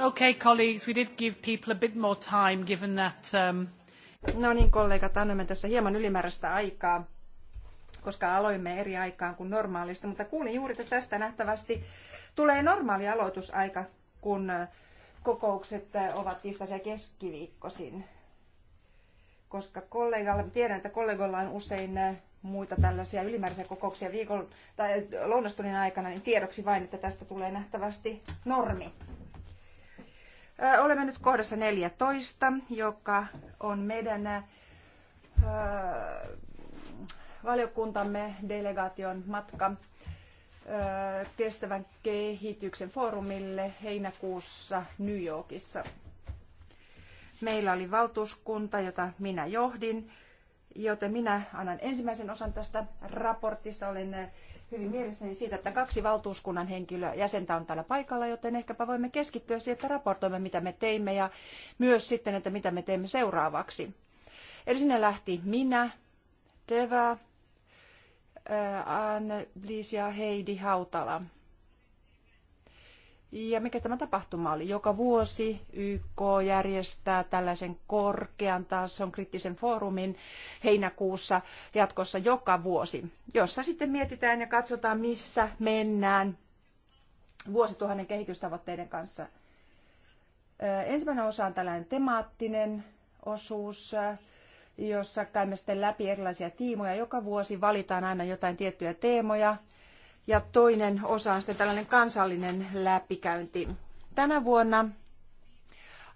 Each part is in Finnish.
Okay, colleagues, we did give people a bit more time given that... Um... No niin, kollegat, annamme tässä hieman ylimääräistä aikaa, koska aloimme eri aikaan kuin normaalisti, mutta kuulin juuri, että tästä nähtävästi tulee normaali aloitusaika, kun äh, kokoukset äh, ovat tiistaisia keskiviikkoisin. Koska kollegalla, tiedän, että kollegoilla on usein äh, muita tällaisia ylimääräisiä kokouksia viikon tai lounastunnin aikana, niin tiedoksi vain, että tästä tulee nähtävästi normi. Olemme nyt kohdassa 14, joka on meidän valiokuntamme delegaation matka kestävän kehityksen foorumille heinäkuussa New Yorkissa. Meillä oli valtuuskunta, jota minä johdin, joten minä annan ensimmäisen osan tästä raportista. Olen hyvin mielessäni siitä, että kaksi valtuuskunnan henkilöä jäsentä on täällä paikalla, joten ehkäpä voimme keskittyä siihen, että raportoimme, mitä me teimme ja myös sitten, että mitä me teemme seuraavaksi. Eli sinne lähti minä, Teva, Anne, Liis ja Heidi Hautala. Ja mikä tämä tapahtuma oli? Joka vuosi YK järjestää tällaisen korkean tason kriittisen foorumin heinäkuussa jatkossa joka vuosi, jossa sitten mietitään ja katsotaan, missä mennään vuosituhannen kehitystavoitteiden kanssa. Ensimmäinen osa on tällainen temaattinen osuus, jossa käymme sitten läpi erilaisia tiimoja. Joka vuosi valitaan aina jotain tiettyjä teemoja, ja toinen osa on sitten tällainen kansallinen läpikäynti. Tänä vuonna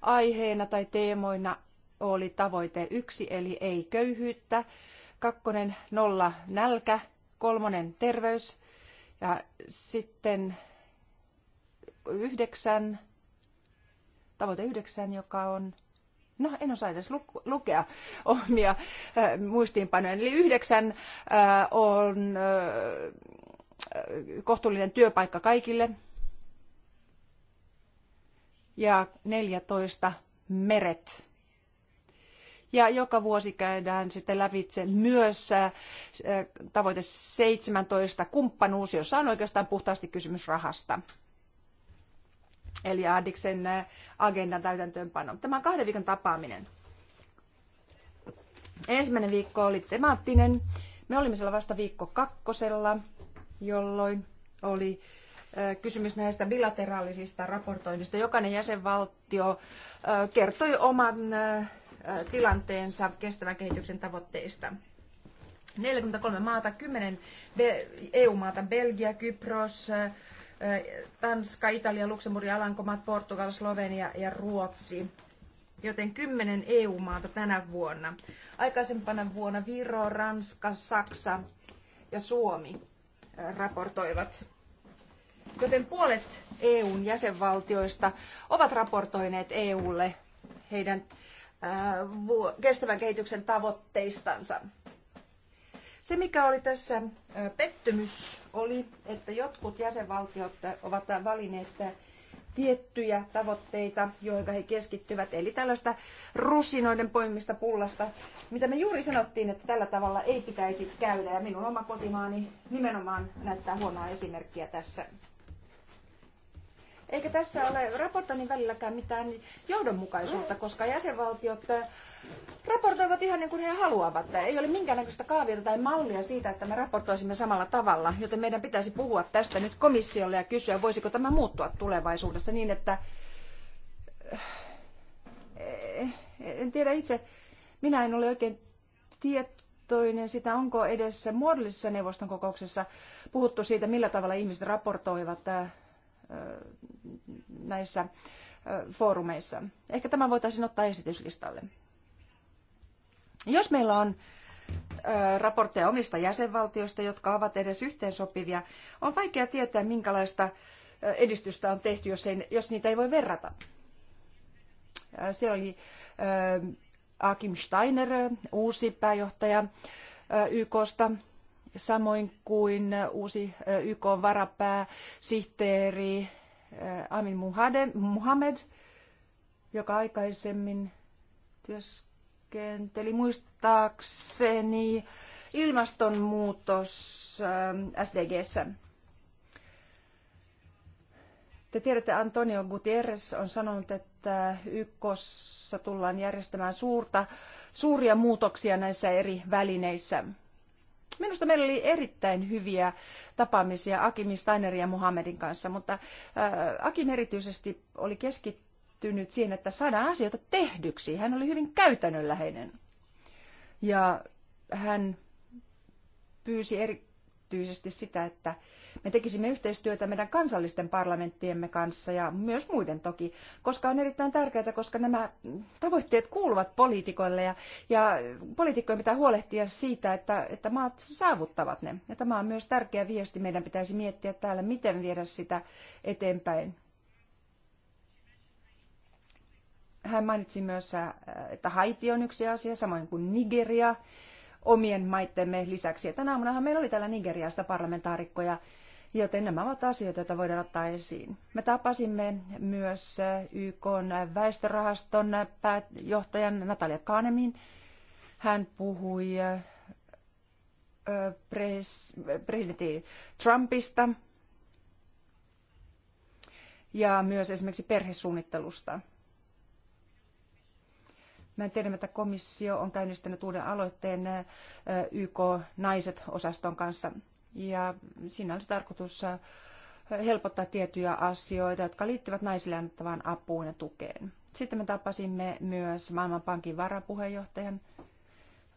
aiheena tai teemoina oli tavoite yksi, eli ei köyhyyttä, kakkonen nolla nälkä, kolmonen terveys ja sitten yhdeksän, tavoite yhdeksän, joka on No, en osaa edes lukea omia äh, muistiinpanoja. Eli yhdeksän äh, on äh, kohtuullinen työpaikka kaikille. Ja 14 meret. Ja joka vuosi käydään sitten lävitse myös tavoite 17 kumppanuus, jossa on oikeastaan puhtaasti kysymys rahasta. Eli Addiksen agendan täytäntöönpano. Tämä on kahden viikon tapaaminen. Ensimmäinen viikko oli temaattinen. Me olimme siellä vasta viikko kakkosella jolloin oli äh, kysymys näistä bilateraalisista raportoinnista. Jokainen jäsenvaltio äh, kertoi oman äh, tilanteensa kestävän kehityksen tavoitteista. 43 maata, 10 EU-maata, Belgia, Kypros, Tanska, Italia, Luxemburg, Alankomaat, Portugal, Slovenia ja Ruotsi. Joten 10 EU-maata tänä vuonna. Aikaisempana vuonna Viro, Ranska, Saksa ja Suomi raportoivat. Joten puolet EUn jäsenvaltioista ovat raportoineet EUlle heidän äh, kestävän kehityksen tavoitteistansa. Se, mikä oli tässä äh, pettymys, oli, että jotkut jäsenvaltiot ovat valinneet tiettyjä tavoitteita, joihin he keskittyvät. Eli tällaista rusinoiden poimista pullasta, mitä me juuri sanottiin, että tällä tavalla ei pitäisi käydä. Ja minun oma kotimaani nimenomaan näyttää huonoa esimerkkiä tässä. Eikä tässä ole raportoinnin välilläkään mitään johdonmukaisuutta, koska jäsenvaltiot eh, raportoivat ihan niin kuin he haluavat. Ei ole minkäännäköistä kaaviota tai mallia siitä, että me raportoisimme samalla tavalla, joten meidän pitäisi puhua tästä nyt komissiolle ja kysyä, voisiko tämä muuttua tulevaisuudessa niin, että... Eh, en tiedä itse, minä en ole oikein tietoinen sitä, onko edessä muodollisessa neuvoston kokouksessa puhuttu siitä, millä tavalla ihmiset raportoivat eh, näissä foorumeissa. Ehkä tämä voitaisiin ottaa esityslistalle. Jos meillä on raportteja omista jäsenvaltioista, jotka ovat edes yhteensopivia, on vaikea tietää, minkälaista edistystä on tehty, jos, ei, jos niitä ei voi verrata. Siellä oli Akim Steiner, uusi pääjohtaja YKsta, samoin kuin uusi YK-varapääsihteeri Äh, Amin Muhammed, joka aikaisemmin työskenteli muistaakseni ilmastonmuutos äh, SDGssä. Te tiedätte, Antonio Guterres on sanonut, että YKssa tullaan järjestämään suurta, suuria muutoksia näissä eri välineissä. Minusta meillä oli erittäin hyviä tapaamisia Akim Steinerin ja Muhammedin kanssa, mutta äh, Akim erityisesti oli keskittynyt siihen, että saadaan asioita tehdyksi. Hän oli hyvin käytännönläheinen. Ja hän pyysi eri erityisesti sitä, että me tekisimme yhteistyötä meidän kansallisten parlamenttiemme kanssa ja myös muiden toki, koska on erittäin tärkeää, koska nämä tavoitteet kuuluvat poliitikoille ja, ja poliitikkojen pitää huolehtia siitä, että, että maat saavuttavat ne. Ja tämä on myös tärkeä viesti. Meidän pitäisi miettiä täällä, miten viedä sitä eteenpäin hän mainitsi myös, että Haiti on yksi asia, samoin kuin Nigeria omien maittemme lisäksi. Ja tänä aamunahan meillä oli täällä Nigeriasta parlamentaarikkoja, joten nämä ovat asioita, joita voidaan ottaa esiin. Me tapasimme myös eh, YK väestörahaston pääjohtajan Natalia Kanemin. Hän puhui eh, eh, presidentti Trumpista ja myös esimerkiksi perhesuunnittelusta. Me tiedämme, että komissio on käynnistänyt uuden aloitteen YK Naiset-osaston kanssa. Ja siinä olisi tarkoitus helpottaa tiettyjä asioita, jotka liittyvät naisille annettavaan apuun ja tukeen. Sitten me tapasimme myös Maailmanpankin varapuheenjohtajan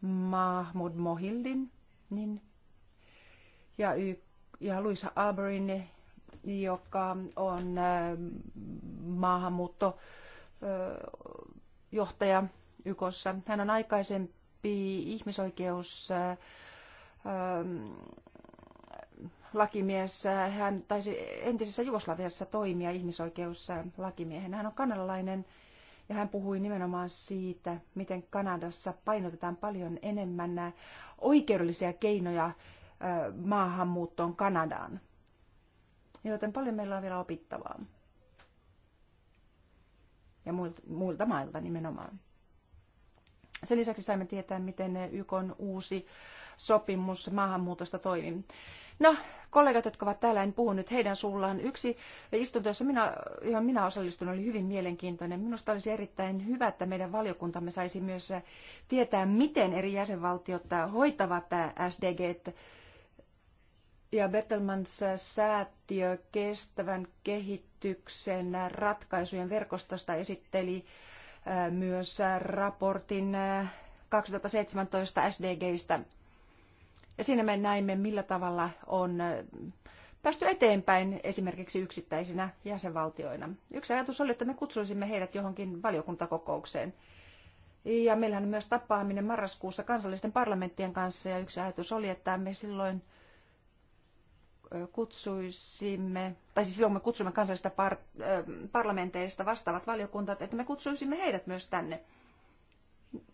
Mahmoud Mohildin niin, ja, y, ja Luisa Alberin, joka on maahanmuuttojohtaja YKssa. Hän on aikaisempi ihmisoikeus ähm, lakimies. Hän taisi entisessä Jugoslaviassa toimia ihmisoikeuslakimiehenä. Hän on kanadalainen ja hän puhui nimenomaan siitä, miten Kanadassa painotetaan paljon enemmän oikeudellisia keinoja äh, maahanmuuttoon Kanadaan. Joten paljon meillä on vielä opittavaa. Ja muilta mailta nimenomaan. Sen lisäksi saimme tietää, miten YK on uusi sopimus maahanmuutosta toimi. No, kollegat, jotka ovat täällä, en puhu nyt heidän suullaan. Yksi istunto, jossa minä, johon minä osallistun, oli hyvin mielenkiintoinen. Minusta olisi erittäin hyvä, että meidän valiokuntamme saisi myös tietää, miten eri jäsenvaltiot hoitavat SDG. Ja Bettelmans säätiö kestävän kehityksen ratkaisujen verkostosta esitteli myös raportin 2017 äh, SDGistä. Ja siinä me näimme, millä tavalla on äh, päästy eteenpäin esimerkiksi yksittäisinä jäsenvaltioina. Yksi ajatus oli, että me kutsuisimme heidät johonkin valiokuntakokoukseen. Ja meillähän on myös tapaaminen marraskuussa kansallisten parlamenttien kanssa ja yksi ajatus oli, että me silloin – kutsuisimme, tai siis silloin me kutsumme kansallisista par, parlamenteista vastaavat valiokuntat, että me kutsuisimme heidät myös tänne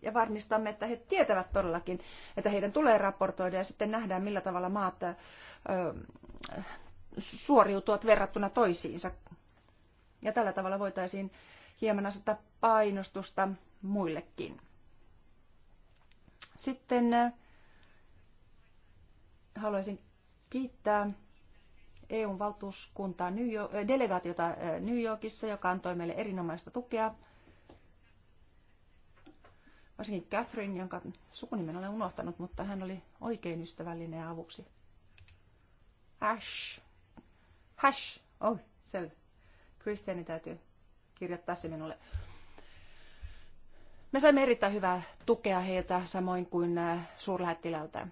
ja varmistamme, että he tietävät todellakin, että heidän tulee raportoida ja sitten nähdään, millä tavalla maat ö, suoriutuvat verrattuna toisiinsa. Ja tällä tavalla voitaisiin hieman asettaa painostusta muillekin. Sitten haluaisin kiittää EUn valtuuskuntaa, New York, äh, delegaatiota äh, New Yorkissa, joka antoi meille erinomaista tukea. Varsinkin Catherine, jonka sukunimen olen unohtanut, mutta hän oli oikein ystävällinen ja avuksi. Ash. Hash. Oh, selvä. Kristiani täytyy kirjoittaa se minulle. Me saimme erittäin hyvää tukea heiltä, samoin kuin äh, suurlähettilältä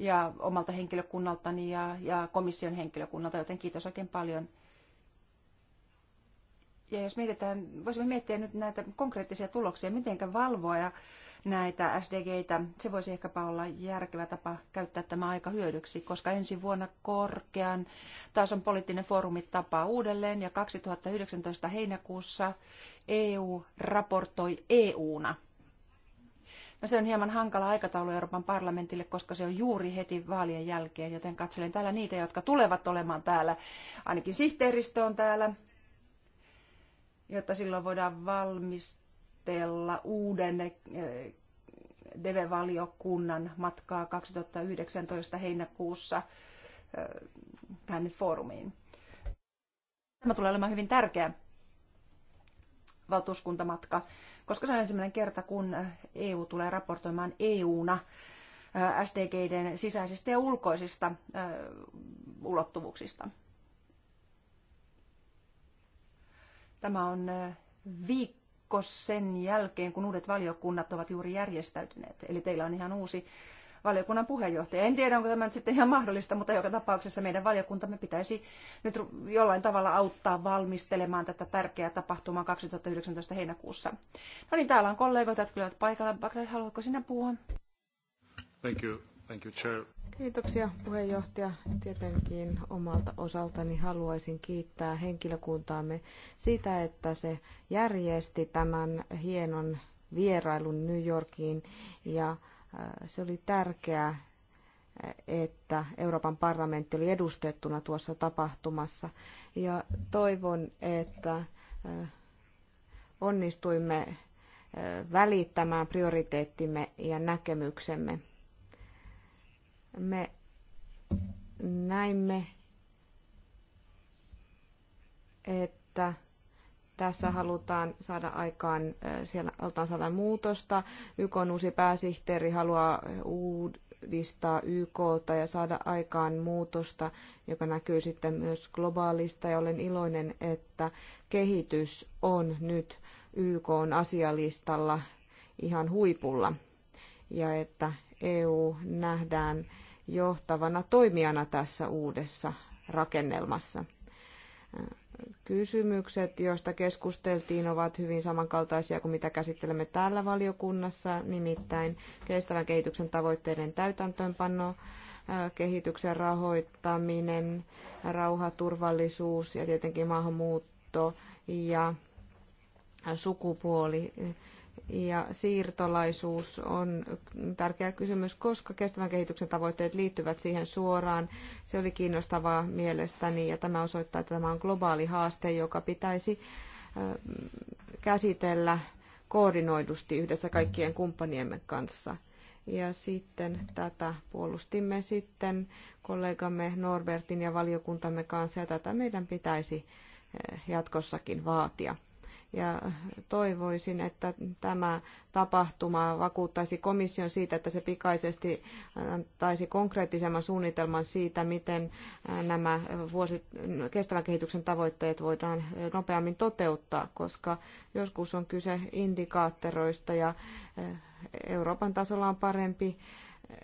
ja omalta henkilökunnaltani ja, ja komission henkilökunnalta, joten kiitos oikein paljon. Ja jos mietitään, voisimme miettiä nyt näitä konkreettisia tuloksia, miten valvoa ja näitä SDGitä. Se voisi ehkäpä olla järkevä tapa käyttää tämä aika hyödyksi, koska ensi vuonna korkean on poliittinen foorumi tapaa uudelleen ja 2019 heinäkuussa EU raportoi EUna – No se on hieman hankala aikataulu Euroopan parlamentille, koska se on juuri heti vaalien jälkeen, joten katselen täällä niitä, jotka tulevat olemaan täällä. Ainakin sihteeristö on täällä, jotta silloin voidaan valmistella uuden eh, DEVE-valiokunnan matkaa 2019 heinäkuussa eh, tänne foorumiin. Tämä tulee olemaan hyvin tärkeä valtuuskuntamatka koska se on ensimmäinen kerta, kun EU tulee raportoimaan EU-na SDGiden sisäisistä ja ulkoisista ulottuvuuksista. Tämä on viikko sen jälkeen, kun uudet valiokunnat ovat juuri järjestäytyneet. Eli teillä on ihan uusi valiokunnan puheenjohtaja. En tiedä, onko tämä nyt sitten ihan mahdollista, mutta joka tapauksessa meidän valiokuntamme pitäisi nyt jollain tavalla auttaa valmistelemaan tätä tärkeää tapahtumaa 2019 heinäkuussa. No niin, täällä on kollegoita, jotka ovat paikalla. Bakre, haluatko sinä puhua? Thank you. Thank you, Chair. Kiitoksia puheenjohtaja. Tietenkin omalta osaltani haluaisin kiittää henkilökuntaamme siitä, että se järjesti tämän hienon vierailun New Yorkiin ja Äh, se oli tärkeää, äh, että Euroopan parlamentti oli edustettuna tuossa tapahtumassa. Ja toivon, että äh, onnistuimme välittämään prioriteettimme ja näkemyksemme. Me näimme, että tässä halutaan saada aikaan, siellä halutaan saada muutosta. YK on uusi pääsihteeri haluaa uudistaa YKta ja saada aikaan muutosta, joka näkyy sitten myös globaalista. Ja olen iloinen, että kehitys on nyt YK on asialistalla ihan huipulla ja että EU nähdään johtavana toimijana tässä uudessa rakennelmassa kysymykset, joista keskusteltiin, ovat hyvin samankaltaisia kuin mitä käsittelemme täällä valiokunnassa, nimittäin kestävän kehityksen tavoitteiden täytäntöönpano, kehityksen rahoittaminen, rauha, turvallisuus ja tietenkin maahanmuutto ja sukupuoli ja siirtolaisuus on tärkeä kysymys, koska kestävän kehityksen tavoitteet liittyvät siihen suoraan. Se oli kiinnostavaa mielestäni ja tämä osoittaa, että tämä on globaali haaste, joka pitäisi käsitellä koordinoidusti yhdessä kaikkien kumppaniemme kanssa. Ja sitten tätä puolustimme sitten kollegamme Norbertin ja valiokuntamme kanssa ja tätä meidän pitäisi jatkossakin vaatia ja toivoisin, että tämä tapahtuma vakuuttaisi komission siitä, että se pikaisesti antaisi konkreettisemman suunnitelman siitä, miten nämä vuosit, kestävän kehityksen tavoitteet voidaan nopeammin toteuttaa, koska joskus on kyse indikaattoreista ja eh, Euroopan tasolla on parempi eh,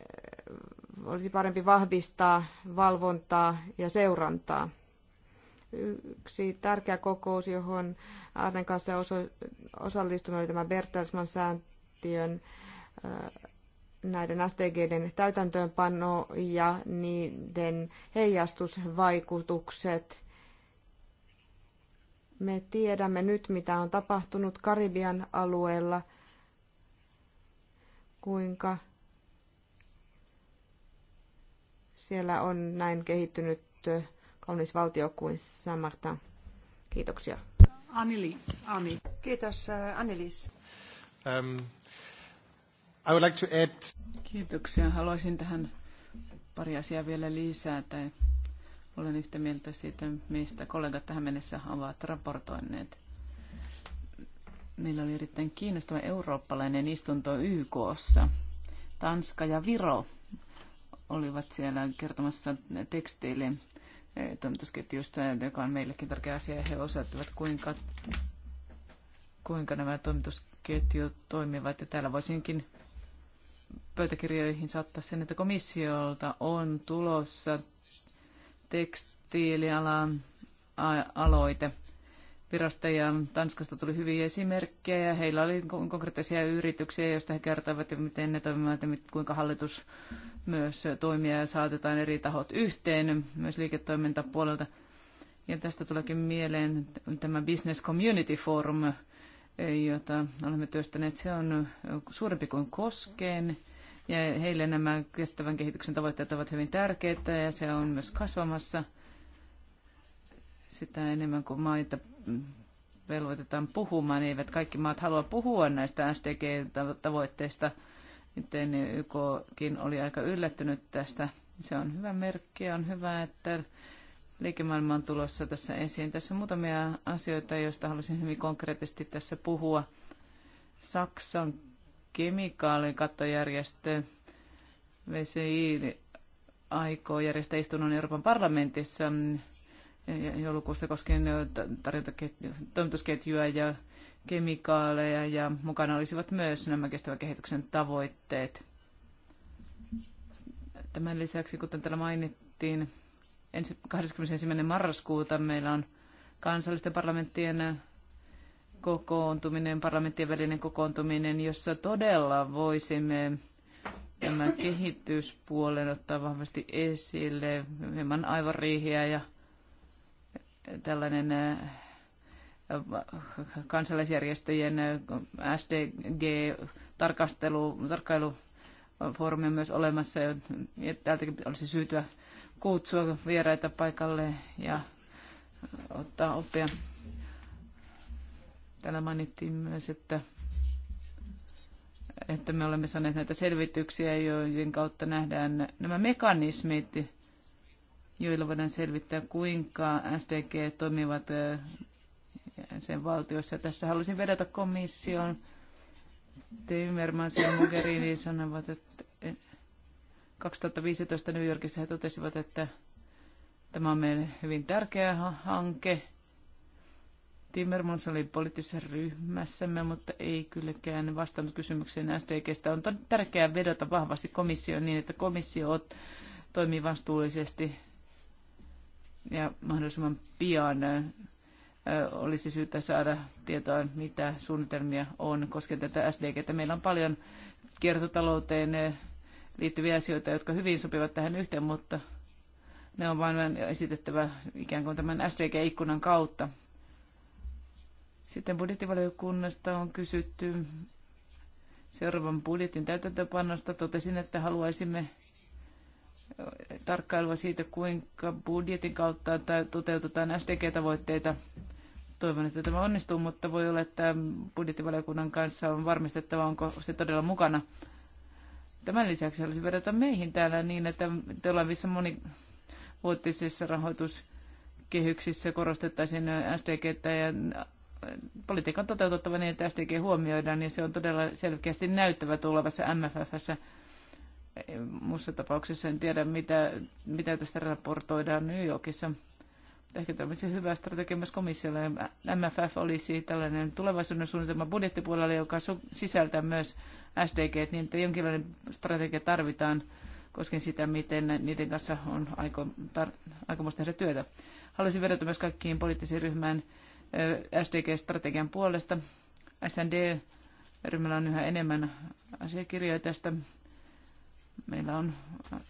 olisi parempi vahvistaa valvontaa ja seurantaa yksi tärkeä kokous, johon Arnen kanssa osallistuminen oli tämä bertelsmann sääntiön äh, näiden STGden täytäntöönpano ja niiden heijastusvaikutukset. Me tiedämme nyt, mitä on tapahtunut Karibian alueella, kuinka siellä on näin kehittynyt äh, kaunis valtio kuin Samarta. Kiitoksia. Annelies. Anni. Kiitos, äh, Annelies. Um, I would like to add... Kiitoksia. Haluaisin tähän pari asiaa vielä lisää. Tai olen yhtä mieltä siitä, mistä kollegat tähän mennessä ovat raportoineet. Meillä oli erittäin kiinnostava eurooppalainen istunto YKssa. Tanska ja Viro olivat siellä kertomassa tekstiilin toimitusketjusta, joka on meillekin tärkeä asia. He osoittavat, kuinka, kuinka nämä toimitusketjut toimivat. Ja täällä voisinkin pöytäkirjoihin saattaa sen, että komissiolta on tulossa tekstiilialan aloite – ja Tanskasta tuli hyviä esimerkkejä. Heillä oli konkreettisia yrityksiä, joista he kertoivat, miten ne toimivat ja kuinka hallitus myös toimia ja saatetaan eri tahot yhteen myös liiketoimintapuolelta. Ja tästä tuleekin mieleen tämä Business Community Forum, jota olemme työstäneet. Se on suurempi kuin koskeen. Ja heille nämä kestävän kehityksen tavoitteet ovat hyvin tärkeitä ja se on myös kasvamassa – sitä enemmän kuin maita velvoitetaan puhumaan, niin eivät kaikki maat halua puhua näistä SDG-tavoitteista. Miten YKkin oli aika yllättynyt tästä. Se on hyvä merkki ja on hyvä, että liikemaailma on tulossa tässä esiin. Tässä muutamia asioita, joista haluaisin hyvin konkreettisesti tässä puhua. Saksan kattojärjestö VCI aikoo järjestää istunnon Euroopan parlamentissa joulukuussa koskien toimitusketjua ja kemikaaleja ja mukana olisivat myös nämä kestävän kehityksen tavoitteet. Tämän lisäksi, kuten täällä mainittiin, 21. marraskuuta meillä on kansallisten parlamenttien kokoontuminen, parlamenttien välinen kokoontuminen, jossa todella voisimme tämän kehityspuolen ottaa vahvasti esille, hieman riihiä ja tällainen kansalaisjärjestöjen SDG-tarkastelu, tarkkailufoorumi on myös olemassa, ja täältäkin olisi syytyä kutsua vieraita paikalle ja ottaa oppia. Täällä mainittiin myös, että, että me olemme saaneet näitä selvityksiä, joiden kautta nähdään nämä mekanismit, joilla voidaan selvittää, kuinka SDG toimivat sen valtioissa. Tässä halusin vedota komission. Timmermans ja Mogherini sanovat, että 2015 New Yorkissa he totesivat, että tämä on meille hyvin tärkeä hanke. Timmermans oli poliittisessa ryhmässämme, mutta ei kylläkään vastannut kysymykseen SDGstä. On tärkeää vedota vahvasti komissioon niin, että komissio toimii vastuullisesti ja mahdollisimman pian olisi syytä saada tietoa, mitä suunnitelmia on koskien tätä SDG. Meillä on paljon kiertotalouteen liittyviä asioita, jotka hyvin sopivat tähän yhteen, mutta ne on vain esitettävä ikään kuin tämän SDG-ikkunan kautta. Sitten budjettivaliokunnasta on kysytty seuraavan budjetin täytäntöpannosta. Totesin, että haluaisimme tarkkailua siitä, kuinka budjetin kautta toteutetaan SDG-tavoitteita. Toivon, että tämä onnistuu, mutta voi olla, että budjettivaliokunnan kanssa on varmistettava, onko se todella mukana. Tämän lisäksi haluaisin vedota meihin täällä niin, että tulevissa monivuotisissa rahoituskehyksissä korostettaisiin SDG ja politiikan toteutettava niin, että SDG huomioidaan, ja se on todella selkeästi näyttävä tulevassa MFFssä. Muussa tapauksessa en tiedä, mitä, mitä tästä raportoidaan New Yorkissa. Ehkä tämmöisen hyvä strategia myös komissiolle. MFF olisi tällainen tulevaisuuden suunnitelma budjettipuolella, joka sisältää myös SDG, niin että jonkinlainen strategia tarvitaan koskien sitä, miten niiden kanssa on aiko, tar- aikomus tehdä työtä. Haluaisin vedota myös kaikkiin poliittisiin ryhmään SDG-strategian puolesta. SND-ryhmällä on yhä enemmän asiakirjoja tästä Meillä on äh,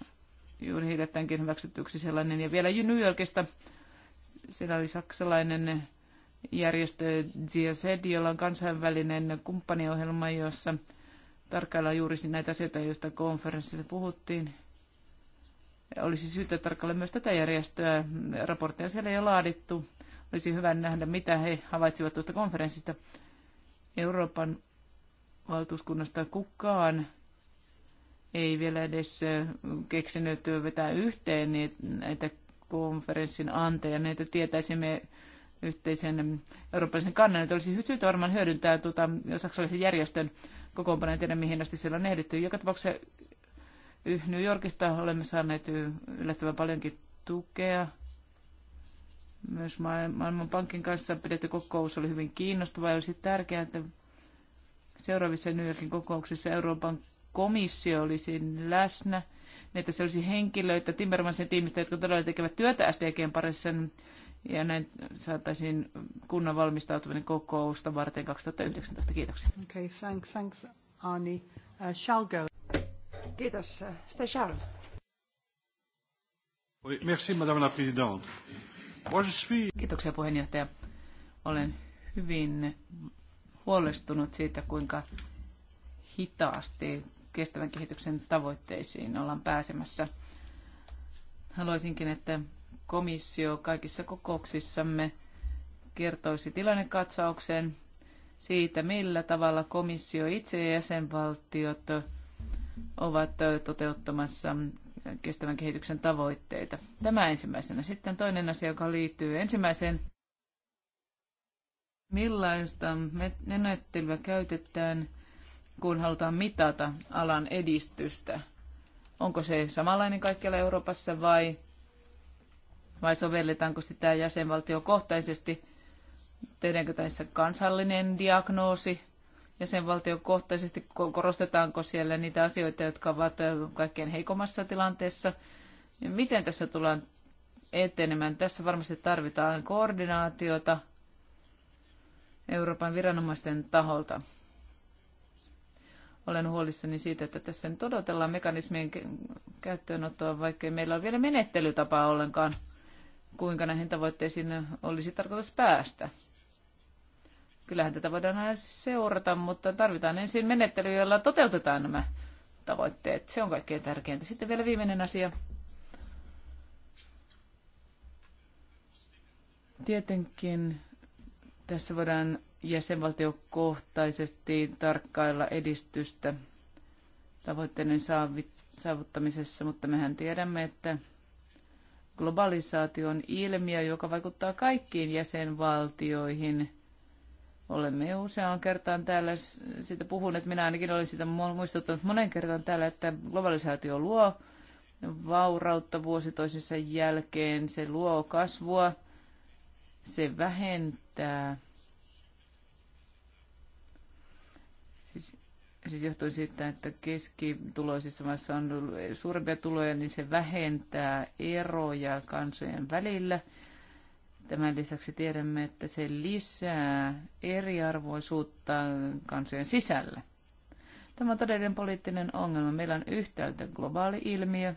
juuri hiljattainkin hyväksytyksi sellainen. Ja vielä New Yorkista, siellä oli saksalainen järjestö GZ, jolla on kansainvälinen kumppaniohjelma, jossa tarkkaillaan juuri näitä asioita, joista konferenssissa puhuttiin. Olisi syytä tarkkailla myös tätä järjestöä. Raportteja siellä ei ole laadittu. Olisi hyvä nähdä, mitä he havaitsivat tuosta konferenssista. Euroopan valtuuskunnasta kukaan ei vielä edes keksinyt vetää yhteen niin näitä konferenssin anteja, näitä niin, tietäisimme yhteisen eurooppalaisen kannan, että olisi syytä varmaan hyödyntää tuota, saksalaisen järjestön kokoonpanoja, en tiedä mihin asti siellä on ehditty. Joka tapauksessa New Yorkista olemme saaneet yllättävän paljonkin tukea. Myös Maailmanpankin kanssa pidetty kokous oli hyvin kiinnostava ja olisi tärkeää, että seuraavissa New Yorkin kokouksissa Euroopan komissio olisi läsnä, niin että se olisi henkilöitä Timmermansin tiimistä, jotka todella tekevät työtä SDGn parissa, ja näin saataisiin kunnan valmistautuminen kokousta varten 2019. Kiitoksia. Okay, thanks, thanks Ani. Uh, shall go. Kiitos. Sitten Charles. Oui, merci, madame la présidente. Moi, je suis... Kiitoksia puheenjohtaja. Olen hyvin huolestunut siitä, kuinka hitaasti kestävän kehityksen tavoitteisiin ollaan pääsemässä. Haluaisinkin, että komissio kaikissa kokouksissamme kertoisi tilannekatsauksen siitä, millä tavalla komissio itse ja jäsenvaltiot ovat toteuttamassa kestävän kehityksen tavoitteita. Tämä ensimmäisenä. Sitten toinen asia, joka liittyy ensimmäiseen. Millaista menettelyä käytetään kun halutaan mitata alan edistystä? Onko se samanlainen kaikkialla Euroopassa vai, vai sovelletaanko sitä jäsenvaltiokohtaisesti? Tehdäänkö tässä kansallinen diagnoosi jäsenvaltiokohtaisesti? Korostetaanko siellä niitä asioita, jotka ovat kaikkein heikommassa tilanteessa? Ja miten tässä tullaan etenemään? Tässä varmasti tarvitaan koordinaatiota Euroopan viranomaisten taholta olen huolissani siitä, että tässä nyt odotellaan mekanismien käyttöönottoa, vaikkei meillä ole vielä menettelytapaa ollenkaan, kuinka näihin tavoitteisiin olisi tarkoitus päästä. Kyllähän tätä voidaan aina seurata, mutta tarvitaan ensin menettely, jolla toteutetaan nämä tavoitteet. Se on kaikkein tärkeintä. Sitten vielä viimeinen asia. Tietenkin tässä voidaan jäsenvaltiokohtaisesti tarkkailla edistystä tavoitteiden saavuttamisessa, mutta mehän tiedämme, että globalisaatio on ilmiö, joka vaikuttaa kaikkiin jäsenvaltioihin. Olemme jo useaan kertaan täällä siitä puhuneet, minä ainakin olen sitä muistuttanut monen kertaan täällä, että globalisaatio luo vaurautta vuosi toisessa jälkeen, se luo kasvua, se vähentää siis johtuu siitä, että keskituloisissa maissa on suurempia tuloja, niin se vähentää eroja kansojen välillä. Tämän lisäksi tiedämme, että se lisää eriarvoisuutta kansojen sisällä. Tämä on todellinen poliittinen ongelma. Meillä on yhtäältä globaali ilmiö,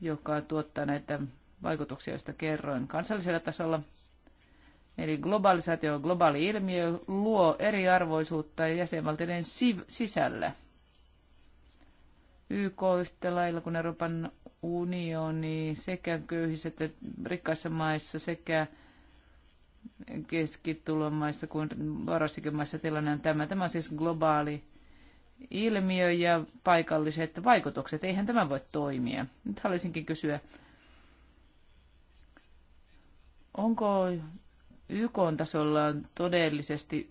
joka tuottaa näitä vaikutuksia, joista kerroin kansallisella tasolla – Eli globalisaatio, globaali ilmiö luo eriarvoisuutta jäsenvaltioiden sisällä. YK yhtä lailla kuin Euroopan unioni sekä köyhissä että rikkaissa maissa sekä keskitulomaissa kuin varassakin maissa tilanne on tämä. Tämä on siis globaali ilmiö ja paikalliset vaikutukset. Eihän tämä voi toimia. Nyt haluaisinkin kysyä, onko YK-tasolla on todellisesti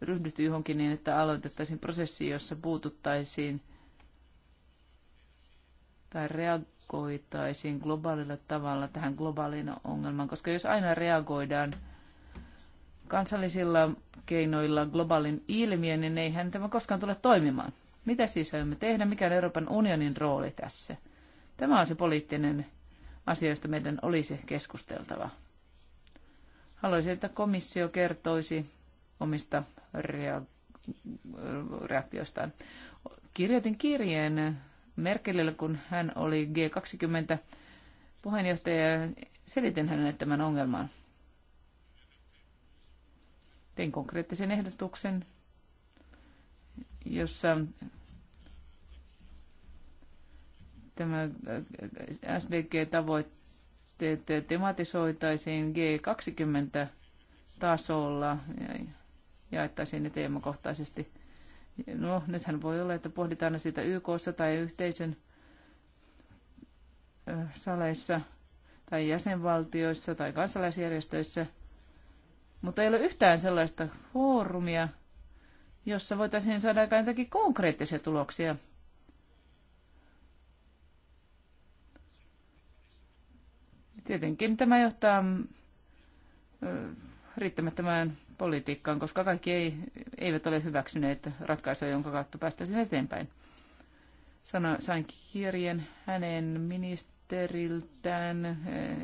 ryhdytty johonkin niin, että aloitettaisiin prosessi, jossa puututtaisiin tai reagoitaisiin globaalilla tavalla tähän globaaliin ongelmaan, koska jos aina reagoidaan kansallisilla keinoilla globaalin ilmiön, niin eihän tämä koskaan tule toimimaan. Mitä siis aiomme tehdä? Mikä on Euroopan unionin rooli tässä? Tämä on se poliittinen asia, josta meidän olisi keskusteltava. Haluaisin, että komissio kertoisi omista reaktioistaan. Kirjoitin kirjeen Merkelille, kun hän oli G20 puheenjohtaja ja selitin hänelle tämän ongelman. Tein konkreettisen ehdotuksen, jossa tämä SDG-tavoitteet tavoitteet tematisoitaisiin G20-tasolla ja jaettaisiin ne teemakohtaisesti. No, nythän voi olla, että pohditaan sitä YK tai yhteisön saleissa tai jäsenvaltioissa tai kansalaisjärjestöissä, mutta ei ole yhtään sellaista foorumia, jossa voitaisiin saada jotakin konkreettisia tuloksia – Tietenkin tämä johtaa mm, riittämättömään politiikkaan, koska kaikki ei, eivät ole hyväksyneet ratkaisua, jonka kautta päästäisiin eteenpäin. Sano, sain kirjeen hänen ministeriltään, eh,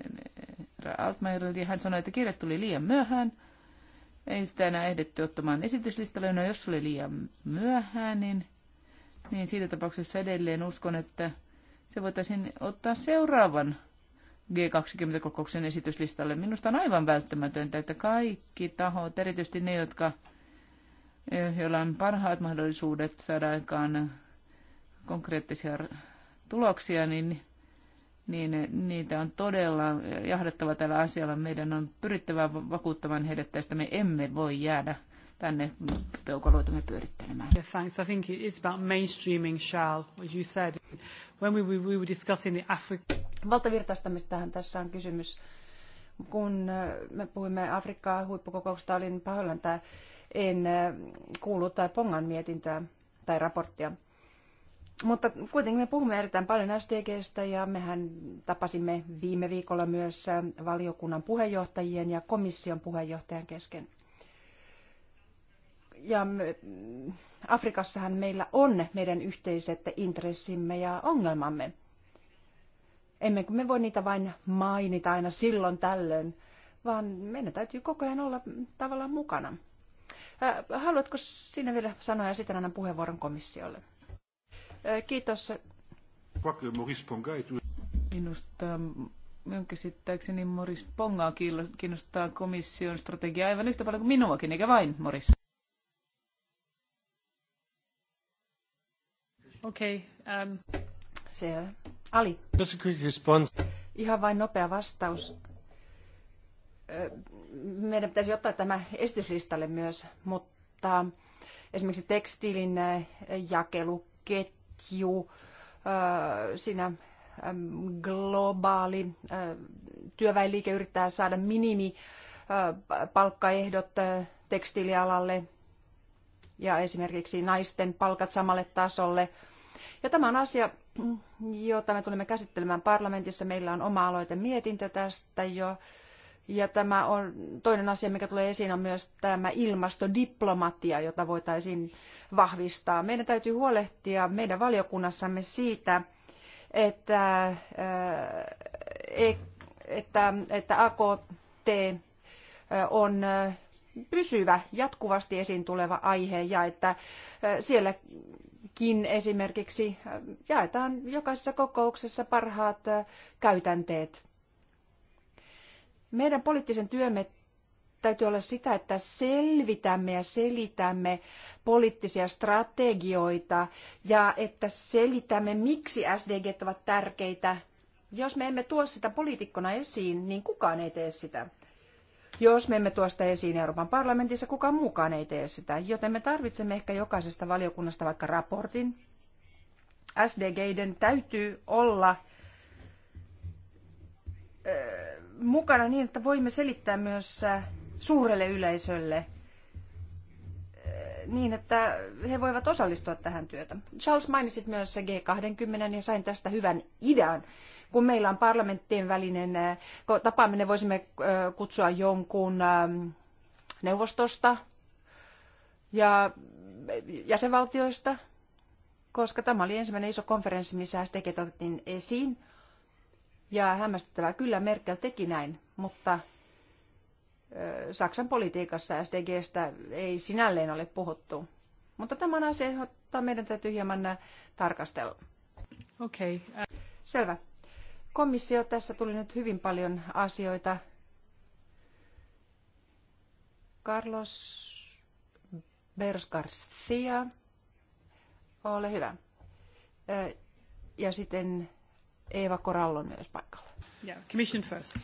Altmaierilta ja hän sanoi, että kirje tuli liian myöhään. Ei sitä enää ehditty ottamaan esityslistalle, no jos oli liian myöhään, niin, niin siinä tapauksessa edelleen uskon, että se voitaisiin ottaa seuraavan G20-kokouksen esityslistalle. Minusta on aivan välttämätöntä, että kaikki tahot, erityisesti ne, jotka, eh, joilla on parhaat mahdollisuudet saada aikaan konkreettisia tuloksia, niin, niin eh, niitä on todella eh, jahdettava tällä asialla. Meidän on pyrittävä vakuuttamaan heidät tästä. Me emme voi jäädä tänne peukaloitamme pyörittelemään. Yeah, thanks. I think it's about mainstreaming, Shell, as you said. When we, we, we were discussing the Africa... Valtavirtaistamistahan tässä on kysymys. Kun äh, me puhuimme Afrikkaa huippukokouksesta, olin pahoillani, että en äh, kuullut tai äh, pongan mietintöä tai raporttia. Mutta kuitenkin me puhumme erittäin paljon SDGstä ja mehän tapasimme viime viikolla myös valiokunnan puheenjohtajien ja komission puheenjohtajan kesken ja me, Afrikassahan meillä on meidän yhteiset intressimme ja ongelmamme. Emme me voi niitä vain mainita aina silloin tällöin, vaan meidän täytyy koko ajan olla tavallaan mukana. Haluatko sinä vielä sanoa ja sitten annan puheenvuoron komissiolle? Kiitos. Minusta minun käsittääkseni Moris Pongaa kiinnostaa komission strategia aivan yhtä paljon kuin minuakin, eikä vain Moris. Okay, um... Ähm, Selvä. Ali. Just a quick response. Ihan vain nopea vastaus. Meidän pitäisi ottaa tämä esityslistalle myös, mutta esimerkiksi tekstiilin jakeluketju, siinä globaali työväenliike yrittää saada minimi palkkaehdot tekstiilialalle ja esimerkiksi naisten palkat samalle tasolle – ja tämä on asia, jota me tulemme käsittelemään parlamentissa. Meillä on oma aloite mietintö tästä jo. Ja tämä on toinen asia, mikä tulee esiin, on myös tämä ilmastodiplomatia, jota voitaisiin vahvistaa. Meidän täytyy huolehtia meidän valiokunnassamme siitä, että, äh, e- että, että AKT äh, on äh, pysyvä, jatkuvasti esiin tuleva aihe ja että siellä Kin esimerkiksi äh, jaetaan jokaisessa kokouksessa parhaat äh, käytänteet. Meidän poliittisen työmme täytyy olla sitä, että selvitämme ja selitämme poliittisia strategioita ja että selitämme, miksi SDG ovat tärkeitä. Jos me emme tuo sitä poliitikkona esiin, niin kukaan ei tee sitä. Jos me emme tuosta esiin Euroopan parlamentissa, kukaan mukaan ei tee sitä, joten me tarvitsemme ehkä jokaisesta valiokunnasta vaikka raportin. SDGiden täytyy olla mukana niin, että voimme selittää myös suurelle yleisölle niin, että he voivat osallistua tähän työtä. Charles mainitsit myös G20 ja sain tästä hyvän idean. Kun meillä on parlamenttien välinen äh, tapaaminen, voisimme äh, kutsua jonkun ähm, neuvostosta ja jäsenvaltioista, koska tämä oli ensimmäinen iso konferenssi, missä STG otettiin esiin. Ja hämmästyttävää kyllä Merkel teki näin, mutta äh, Saksan politiikassa SDGstä ei sinälleen ole puhuttu. Mutta tämä on asia, jota meidän täytyy hieman tarkastella. Okei. Okay. Selvä komissio, tässä tuli nyt hyvin paljon asioita. Carlos Bers ole hyvä. Ja sitten Eeva Korallo myös paikalla. Yeah, commission first.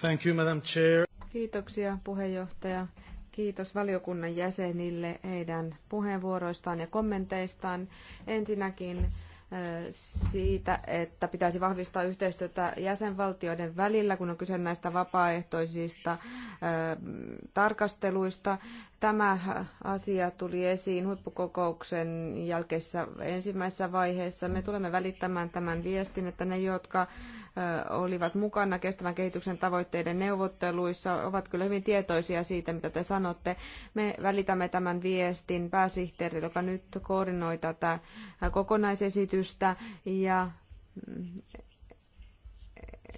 Thank you, Madam Chair. Kiitoksia puheenjohtaja. Kiitos valiokunnan jäsenille heidän puheenvuoroistaan ja kommenteistaan. Ensinnäkin siitä, että pitäisi vahvistaa yhteistyötä jäsenvaltioiden välillä, kun on kyse näistä vapaaehtoisista tarkasteluista. Tämä asia tuli esiin huippukokouksen jälkeisessä ensimmäisessä vaiheessa. Me tulemme välittämään tämän viestin, että ne, jotka olivat mukana kestävän kehityksen tavoitteiden neuvotteluissa, ovat kyllä hyvin tietoisia siitä, mitä te sanotte. Me välitämme tämän viestin pääsihteerille, joka nyt koordinoi tätä kokonaisesitystä ja mm,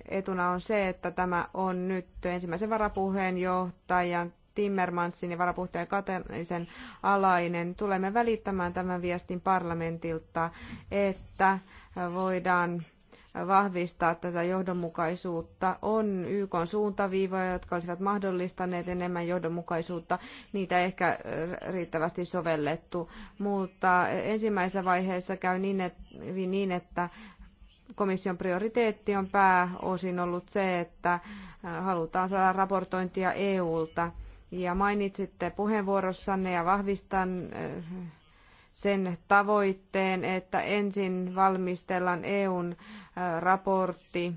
etuna on se, että tämä on nyt ensimmäisen varapuheenjohtajan Timmermansin ja varapuhteen Kataisen alainen. Tulemme välittämään tämän viestin parlamentilta, että voidaan vahvistaa tätä johdonmukaisuutta. On YK suuntaviivoja, jotka olisivat mahdollistaneet enemmän johdonmukaisuutta. Niitä ehkä riittävästi sovellettu, mutta ensimmäisessä vaiheessa käy niin, niin, että komission prioriteetti on pääosin ollut se, että halutaan saada raportointia EUlta. Ja mainitsitte puheenvuorossanne ja vahvistan sen tavoitteen, että ensin valmistellaan EUn äh, raportti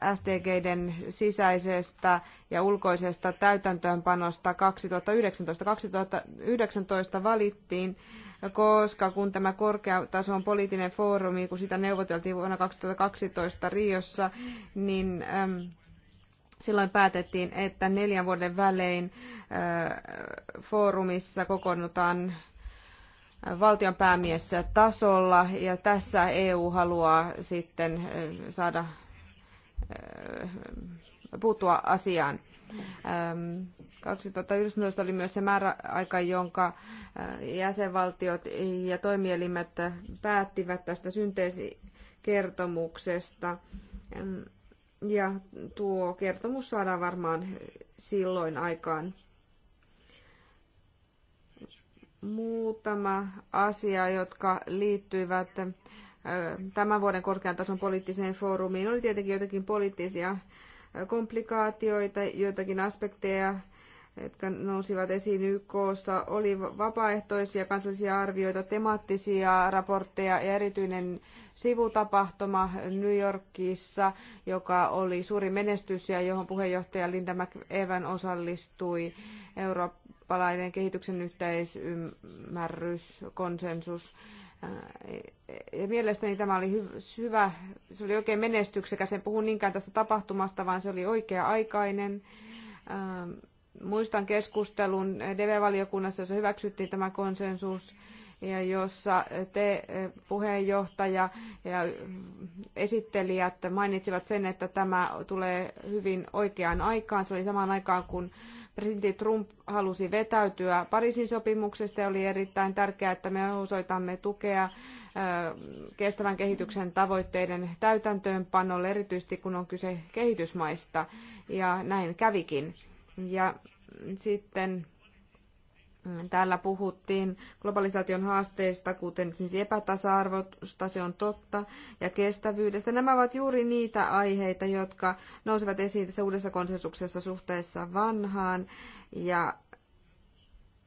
äh, SDGiden sisäisestä ja ulkoisesta täytäntöönpanosta 2019. 2019 valittiin, koska kun tämä korkeatason poliittinen foorumi, kun sitä neuvoteltiin vuonna 2012 Riossa, niin ähm, silloin päätettiin, että neljän vuoden välein äh, foorumissa kokoonnutaan valtion päämies tasolla ja tässä EU haluaa sitten saada puuttua asiaan. 2019 oli myös se määräaika, jonka jäsenvaltiot ja toimielimet päättivät tästä synteesikertomuksesta. Ja tuo kertomus saadaan varmaan silloin aikaan muutama asia, jotka liittyivät tämän vuoden korkean tason poliittiseen foorumiin. Oli tietenkin jotakin poliittisia komplikaatioita, joitakin aspekteja, jotka nousivat esiin YKssa. Oli vapaaehtoisia kansallisia arvioita, temaattisia raportteja ja erityinen sivutapahtuma New Yorkissa, joka oli suuri menestys ja johon puheenjohtaja Linda McEvan osallistui. Eurooppa eurooppalainen kehityksen yhteisymmärrys, konsensus. Ja mielestäni tämä oli hyvä, se oli oikein menestyksekäs. En puhu niinkään tästä tapahtumasta, vaan se oli oikea-aikainen. Ähm, muistan keskustelun DV-valiokunnassa, jossa hyväksyttiin tämä konsensus ja jossa te äh, puheenjohtaja ja esittelijät mainitsivat sen, että tämä tulee hyvin oikeaan aikaan. Se oli samaan aikaan, kun presidentti Trump halusi vetäytyä Pariisin sopimuksesta ja oli erittäin tärkeää, että me osoitamme tukea kestävän kehityksen tavoitteiden täytäntöönpanolle, erityisesti kun on kyse kehitysmaista. Ja näin kävikin. Ja sitten Täällä puhuttiin globalisaation haasteista, kuten siis epätasa-arvosta, se on totta, ja kestävyydestä. Nämä ovat juuri niitä aiheita, jotka nousevat esiin tässä uudessa konsensuksessa suhteessa vanhaan, ja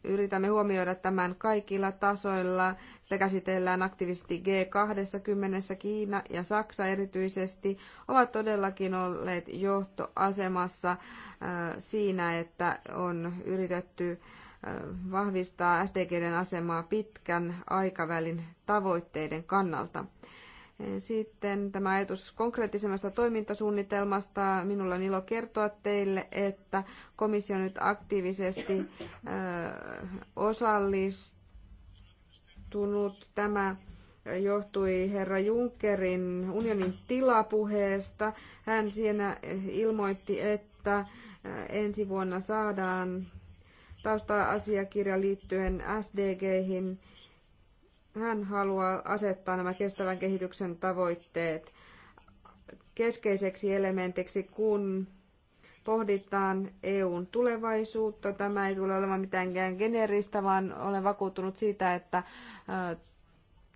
yritämme huomioida tämän kaikilla tasoilla. Sitä käsitellään aktiivisesti G20, Kiina ja Saksa erityisesti ovat todellakin olleet johtoasemassa äh, siinä, että on yritetty vahvistaa SDGn asemaa pitkän aikavälin tavoitteiden kannalta. Sitten tämä ajatus konkreettisemmasta toimintasuunnitelmasta. Minulla on ilo kertoa teille, että komissio nyt aktiivisesti osallistunut. Tämä johtui herra Junckerin unionin tilapuheesta. Hän siinä ilmoitti, että ensi vuonna saadaan tausta-asiakirja liittyen SDGihin. Hän haluaa asettaa nämä kestävän kehityksen tavoitteet keskeiseksi elementiksi, kun pohditaan EUn tulevaisuutta. Tämä ei tule olemaan mitenkään geneeristä, vaan olen vakuuttunut siitä, että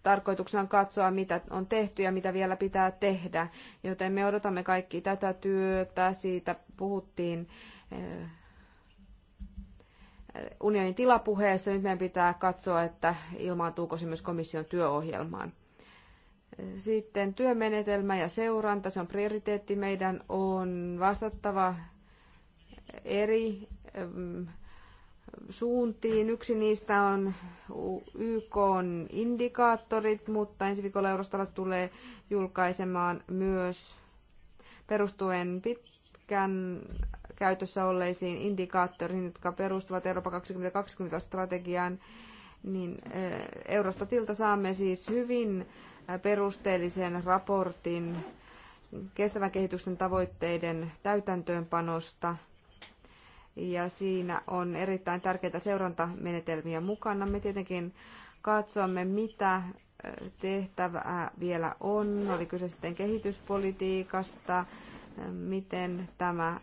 tarkoituksena on katsoa, mitä on tehty ja mitä vielä pitää tehdä. Joten me odotamme kaikki tätä työtä. Siitä puhuttiin unionin tilapuheessa. Nyt meidän pitää katsoa, että ilmaantuuko se myös komission työohjelmaan. Sitten työmenetelmä ja seuranta, se on prioriteetti. Meidän on vastattava eri mm, suuntiin. Yksi niistä on YK on indikaattorit, mutta ensi viikolla Eurostalla tulee julkaisemaan myös perustuen pitkän käytössä olleisiin indikaattoreihin, jotka perustuvat Eurooppa 2020-strategiaan, niin eh, Eurostatilta saamme siis hyvin eh, perusteellisen raportin kestävän kehityksen tavoitteiden täytäntöönpanosta. Ja siinä on erittäin tärkeitä seurantamenetelmiä mukana. Me tietenkin katsomme, mitä eh, tehtävää vielä on. Oli kyse sitten kehityspolitiikasta, miten tämä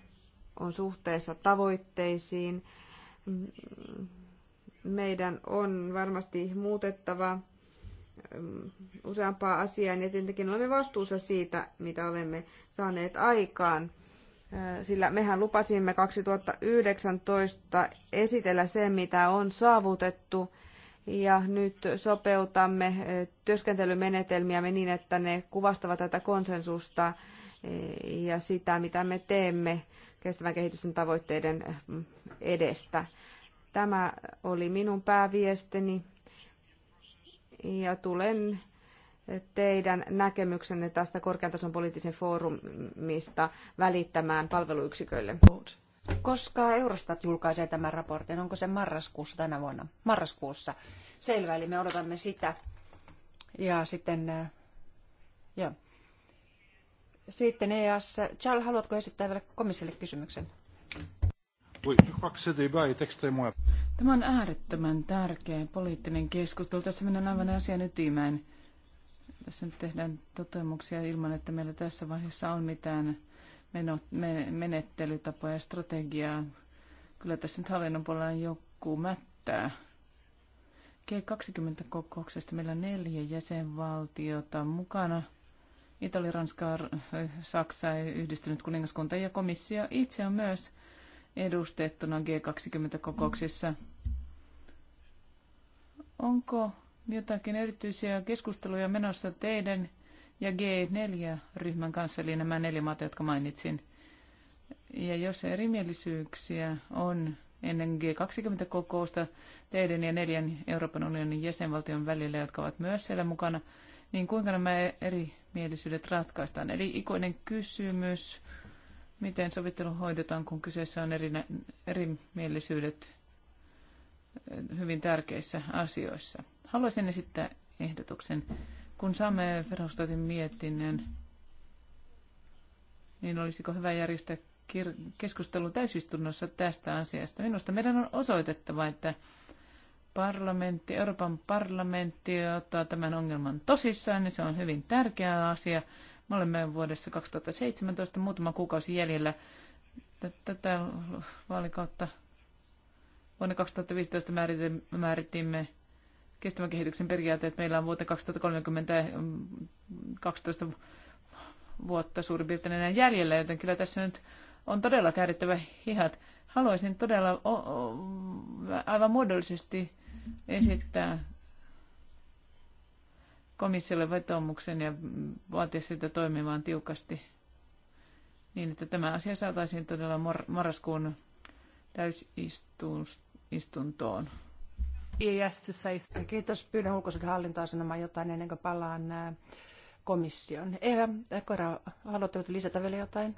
on suhteessa tavoitteisiin. Meidän on varmasti muutettava mm, useampaa asiaa, ja tietenkin olemme vastuussa siitä, mitä olemme saaneet aikaan. Sillä mehän lupasimme 2019 esitellä sen, mitä on saavutettu, ja nyt sopeutamme työskentelymenetelmiämme niin, että ne kuvastavat tätä konsensusta e, ja sitä, mitä me teemme kestävän kehityksen tavoitteiden eh, edestä. Tämä oli minun pääviestini ja tulen teidän näkemyksenne tästä korkean tason poliittisen foorumista välittämään palveluyksiköille? Koska Eurostat julkaisee tämän raportin, onko se marraskuussa tänä vuonna? Marraskuussa. Selvä, eli me odotamme sitä. Ja sitten, eh, ja sitten EAS. Charles, haluatko esittää vielä komissiolle kysymyksen? Tämä on äärettömän tärkeä poliittinen keskustelu. Tässä mennään aivan asian ytimeen. Tässä nyt tehdään toteamuksia ilman, että meillä tässä vaiheessa on mitään menettelytapoja ja strategiaa. Kyllä tässä nyt hallinnon puolella joku mättää. G20-kokouksesta meillä on neljä jäsenvaltiota mukana – Italia, Ranska, Saksa, yhdistynyt kuningaskunta ja komissio itse on myös edustettuna G20-kokouksissa. Onko jotakin erityisiä keskusteluja menossa teidän ja G4-ryhmän kanssa, eli nämä neljä maata, jotka mainitsin? Ja jos erimielisyyksiä on ennen G20-kokousta teidän ja neljän Euroopan unionin jäsenvaltion välillä, jotka ovat myös siellä mukana, niin kuinka nämä eri mielisyydet ratkaistaan. Eli ikoinen kysymys, miten sovittelu hoidetaan, kun kyseessä on eri, mielisyydet eh, hyvin tärkeissä asioissa. Haluaisin esittää ehdotuksen. Kun saamme Verhofstadtin mietinnön, niin olisiko hyvä järjestää keskustelu täysistunnossa tästä asiasta. Minusta meidän on osoitettava, että parlamentti, Euroopan parlamentti ottaa tämän ongelman tosissaan, niin se on hyvin tärkeä asia. Me olemme vuodessa 2017 muutama kuukausi jäljellä tätä vaalikautta. Vuonna 2015 määritimme kestävän kehityksen periaatteet. Meillä on vuoteen 2030 12 mm, vuotta suurin piirtein enää jäljellä, joten kyllä tässä nyt on todella käärittävä hihat. Haluaisin todella aivan muodollisesti esittää komissiolle vetomuksen ja vaatia sitä toimimaan tiukasti niin, että tämä asia saataisiin todella mor- marraskuun täysistuntoon. Kiitos. Pyydän ulkoisen hallintoa sanomaan jotain ennen kuin palaan komission. Eva, Kora, haluatteko lisätä vielä jotain?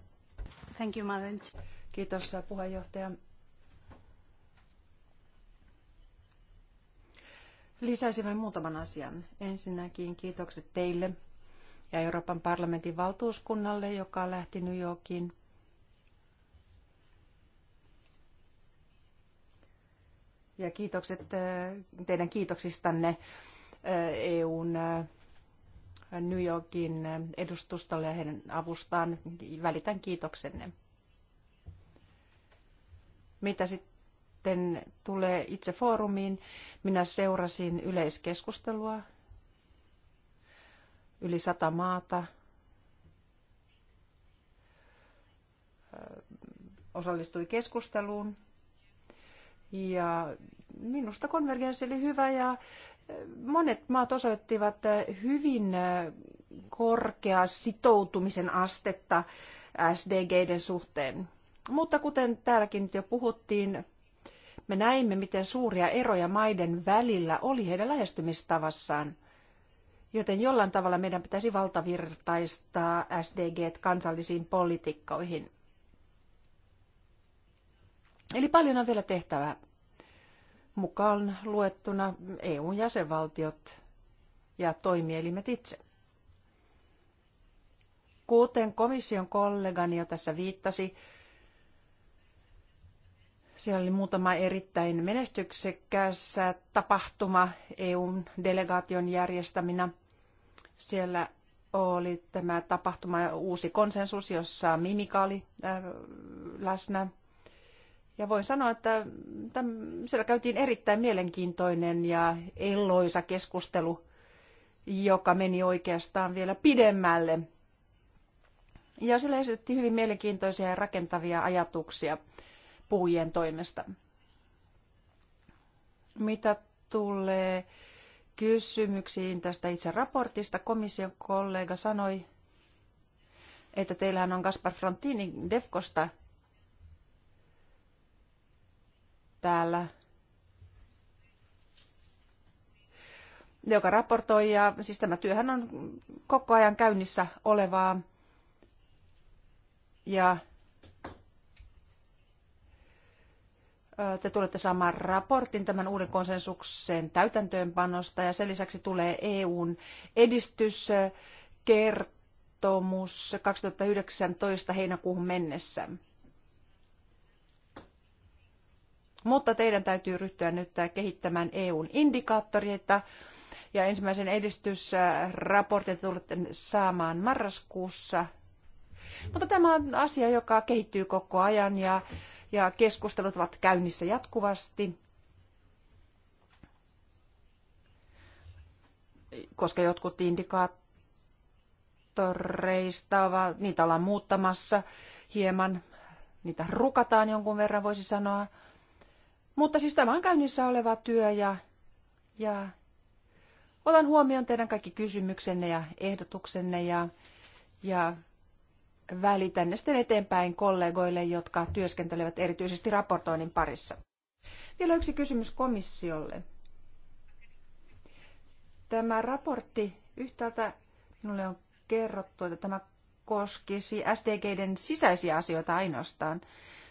Thank you, Madam. Kiitos puheenjohtaja. Lisäisin vain muutaman asian. Ensinnäkin kiitokset teille ja Euroopan parlamentin valtuuskunnalle, joka lähti New Yorkiin ja kiitokset äh, teidän kiitoksistanne äh, EUn äh, New Yorkin edustustolle ja heidän avustaan. Välitän kiitoksenne. Mitä sitten sitten tulee itse foorumiin, minä seurasin yleiskeskustelua yli sata maata osallistui keskusteluun. Ja minusta konvergenssi oli hyvä ja monet maat osoittivat hyvin korkea sitoutumisen astetta SDGden suhteen. Mutta kuten täälläkin nyt jo puhuttiin, me näimme, miten suuria eroja maiden välillä oli heidän lähestymistavassaan. Joten jollain tavalla meidän pitäisi valtavirtaistaa SDG kansallisiin politiikkoihin. Eli paljon on vielä tehtävää. Mukaan luettuna EUn jäsenvaltiot ja toimielimet itse. Kuten komission kollegani jo tässä viittasi, siellä oli muutama erittäin menestyksekäs tapahtuma EUn delegaation järjestäminä. Siellä oli tämä tapahtuma Uusi konsensus, jossa Mimika oli äh, läsnä. Ja voin sanoa, että täm, siellä käytiin erittäin mielenkiintoinen ja elloisa keskustelu, joka meni oikeastaan vielä pidemmälle. Ja siellä esitettiin hyvin mielenkiintoisia ja rakentavia ajatuksia – puhujien toimesta. Mitä tulee kysymyksiin tästä itse raportista, komission kollega sanoi, että teillähän on Gaspar Frontini Defkosta täällä, joka raportoi. Ja siis tämä työhän on koko ajan käynnissä olevaa. Ja Te tulette saamaan raportin tämän uuden konsensuksen täytäntöönpanosta ja sen lisäksi tulee EUn edistyskertomus 2019 heinäkuuhun mennessä. Mutta teidän täytyy ryhtyä nyt kehittämään EUn indikaattoreita ja ensimmäisen edistysraportin tulette saamaan marraskuussa. Mutta tämä on asia, joka kehittyy koko ajan ja ja keskustelut ovat käynnissä jatkuvasti. Koska jotkut indikaattoreista, ovat, niitä ollaan muuttamassa hieman, niitä rukataan jonkun verran voisi sanoa. Mutta siis tämä on käynnissä oleva työ ja, ja otan huomioon teidän kaikki kysymyksenne ja ehdotuksenne ja, ja välitän ne sitten eteenpäin kollegoille, jotka työskentelevät erityisesti raportoinnin parissa. Vielä yksi kysymys komissiolle. Tämä raportti yhtäältä minulle on kerrottu, että tämä koskisi SDGiden sisäisiä asioita ainoastaan.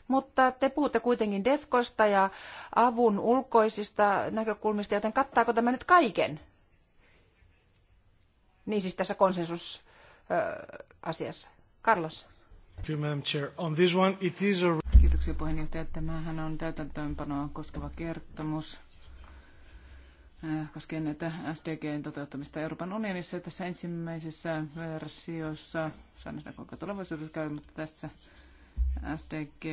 Mutta te puhutte kuitenkin DEFKosta ja avun ulkoisista näkökulmista, joten kattaako tämä nyt kaiken? Niin siis tässä konsensusasiassa. Carlos. Kiitoksia puheenjohtaja. Tämähän on täytäntöönpanoa koskeva kertomus eh, koskien näitä SDGn toteuttamista Euroopan unionissa. Tässä ensimmäisessä versiossa, saan nähdä kuinka tulevaisuudessa käy, mutta tässä SDG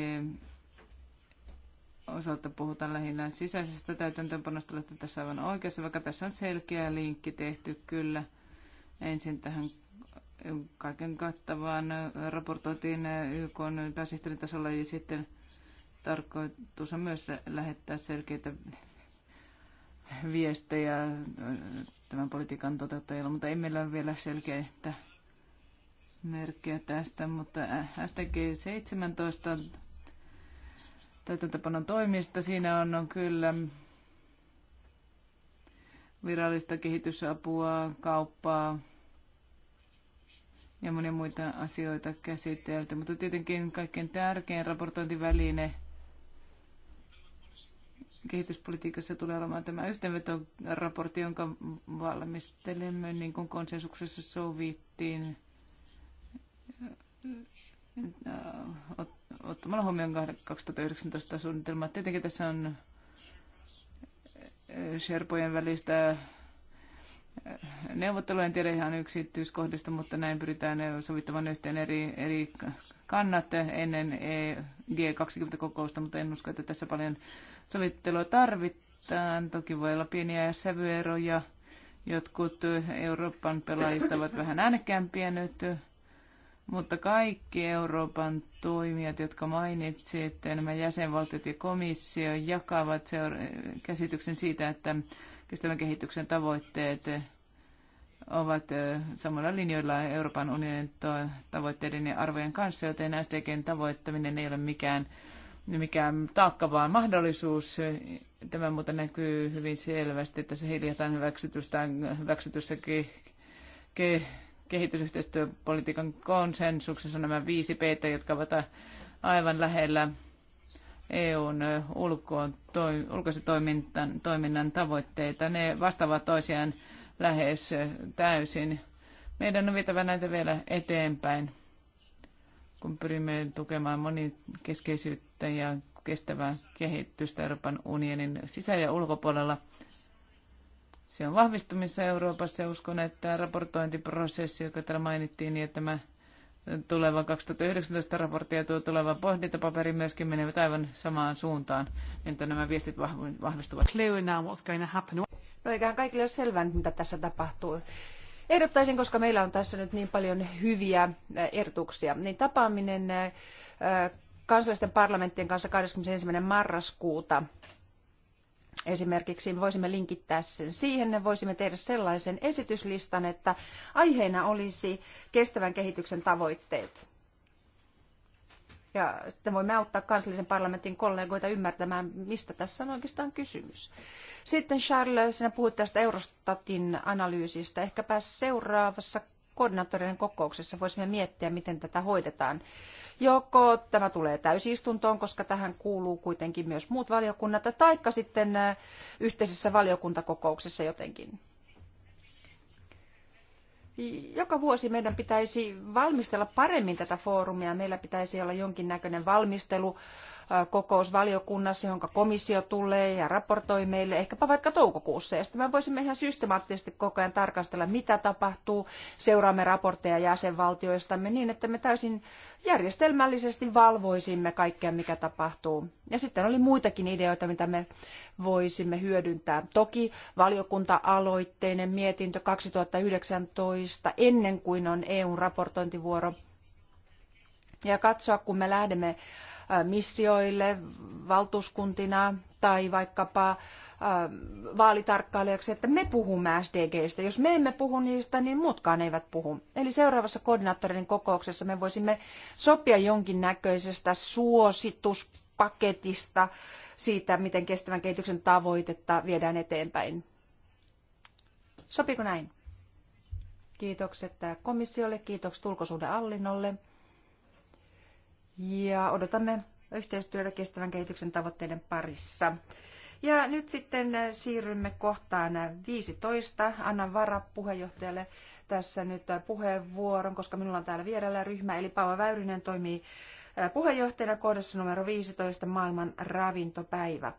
osalta puhutaan lähinnä sisäisestä täytäntöönpanosta, olette tässä aivan oikeassa, vaikka tässä on selkeä linkki tehty kyllä ensin tähän kaiken kattavaan raportoitiin YK pääsihteerin tasolla ja sitten tarkoitus on myös lähettää selkeitä viestejä tämän politiikan toteuttajilla, mutta ei meillä ole vielä selkeitä merkkejä tästä, mutta STG 17 täytäntöpanon toimista, siinä on, on kyllä virallista kehitysapua, kauppaa, ja monia muita asioita käsitelty. Mutta tietenkin kaikkein tärkein raportointiväline kehityspolitiikassa tulee olemaan tämä yhteenvetoraportti, jonka valmistelemme niin kuin konsensuksessa sovittiin äh, ottamalla huomioon 2019 suunnitelmaa. Tietenkin tässä on äh, Sherpojen välistä neuvottelujen tiedä ihan yksityiskohdista, mutta näin pyritään sovittamaan yhteen eri, eri kannat ennen e G20-kokousta, mutta en usko, että tässä paljon sovittelua tarvitaan. Toki voi olla pieniä sävyeroja. Jotkut Euroopan pelaajista ovat vähän äänekkäämpiä nyt, mutta kaikki Euroopan toimijat, jotka mainitsit, nämä jäsenvaltiot ja komissio jakavat käsityksen siitä, että kestävän kehityksen tavoitteet ovat samalla linjoilla Euroopan unionin tavoitteiden ja arvojen kanssa, joten SDGn tavoittaminen ei ole mikään, mikään taakka, vaan mahdollisuus. Tämä muuten näkyy hyvin selvästi tässä se hyväksytystä, hyväksytyssä ke, ke, kehitysyhteistyöpolitiikan konsensuksessa nämä viisi p jotka ovat aivan lähellä EUn ulko, toi, ulkoisen toiminnan, toiminnan tavoitteita. Ne vastaavat toisiaan lähes täysin. Meidän on vietävä näitä vielä eteenpäin, kun pyrimme tukemaan monikeskeisyyttä ja kestävää kehitystä Euroopan unionin sisä- ja ulkopuolella. Se on vahvistumissa Euroopassa ja uskon, että raportointiprosessi, joka täällä mainittiin, niin että tämä tuleva 2019 raportti ja tuo tuleva pohdintapaperi myöskin menevät aivan samaan suuntaan, niin että nämä viestit vahvistuvat. No eiköhän kaikille ole selvää, mitä tässä tapahtuu. Ehdottaisin, koska meillä on tässä nyt niin paljon hyviä äh, ehdotuksia, niin tapaaminen äh, kansallisten parlamenttien kanssa 21. marraskuuta Esimerkiksi voisimme linkittää sen siihen, ja voisimme tehdä sellaisen esityslistan, että aiheena olisi kestävän kehityksen tavoitteet. Ja sitten voimme auttaa kansallisen parlamentin kollegoita ymmärtämään, mistä tässä on oikeastaan kysymys. Sitten Charles, sinä puhuit tästä Eurostatin analyysistä. Ehkäpä seuraavassa koordinaattoreiden kokouksessa voisimme miettiä, miten tätä hoidetaan. Joko tämä tulee täysistuntoon, koska tähän kuuluu kuitenkin myös muut valiokunnat, taikka sitten äh, yhteisessä valiokuntakokouksessa jotenkin. Joka vuosi meidän pitäisi valmistella paremmin tätä foorumia. Meillä pitäisi olla jonkinnäköinen valmistelu kokous valiokunnassa, jonka komissio tulee ja raportoi meille ehkäpä vaikka toukokuussa. Ja sitten me voisimme ihan systemaattisesti koko ajan tarkastella, mitä tapahtuu. Seuraamme raportteja jäsenvaltioistamme niin, että me täysin järjestelmällisesti valvoisimme kaikkea, mikä tapahtuu. Ja sitten oli muitakin ideoita, mitä me voisimme hyödyntää. Toki valiokunta-aloitteinen mietintö 2019 ennen kuin on EUn raportointivuoro ja katsoa, kun me lähdemme missioille valtuuskuntina tai vaikkapa vaalitarkkailijaksi, että me puhumme SDGistä. Jos me emme puhu niistä, niin muutkaan eivät puhu. Eli seuraavassa koordinaattoreiden kokouksessa me voisimme sopia jonkinnäköisestä suosituspaketista siitä, miten kestävän kehityksen tavoitetta viedään eteenpäin. Sopiiko näin? Kiitokset komissiolle, kiitokset ulkosuhdehallinnolle ja odotamme yhteistyötä kestävän kehityksen tavoitteiden parissa. Ja nyt sitten siirrymme kohtaan 15. Annan puheenjohtajalle tässä nyt puheenvuoron, koska minulla on täällä vierellä ryhmä, eli Paavo Väyrynen toimii puheenjohtajana kohdassa numero 15 maailman ravintopäivä.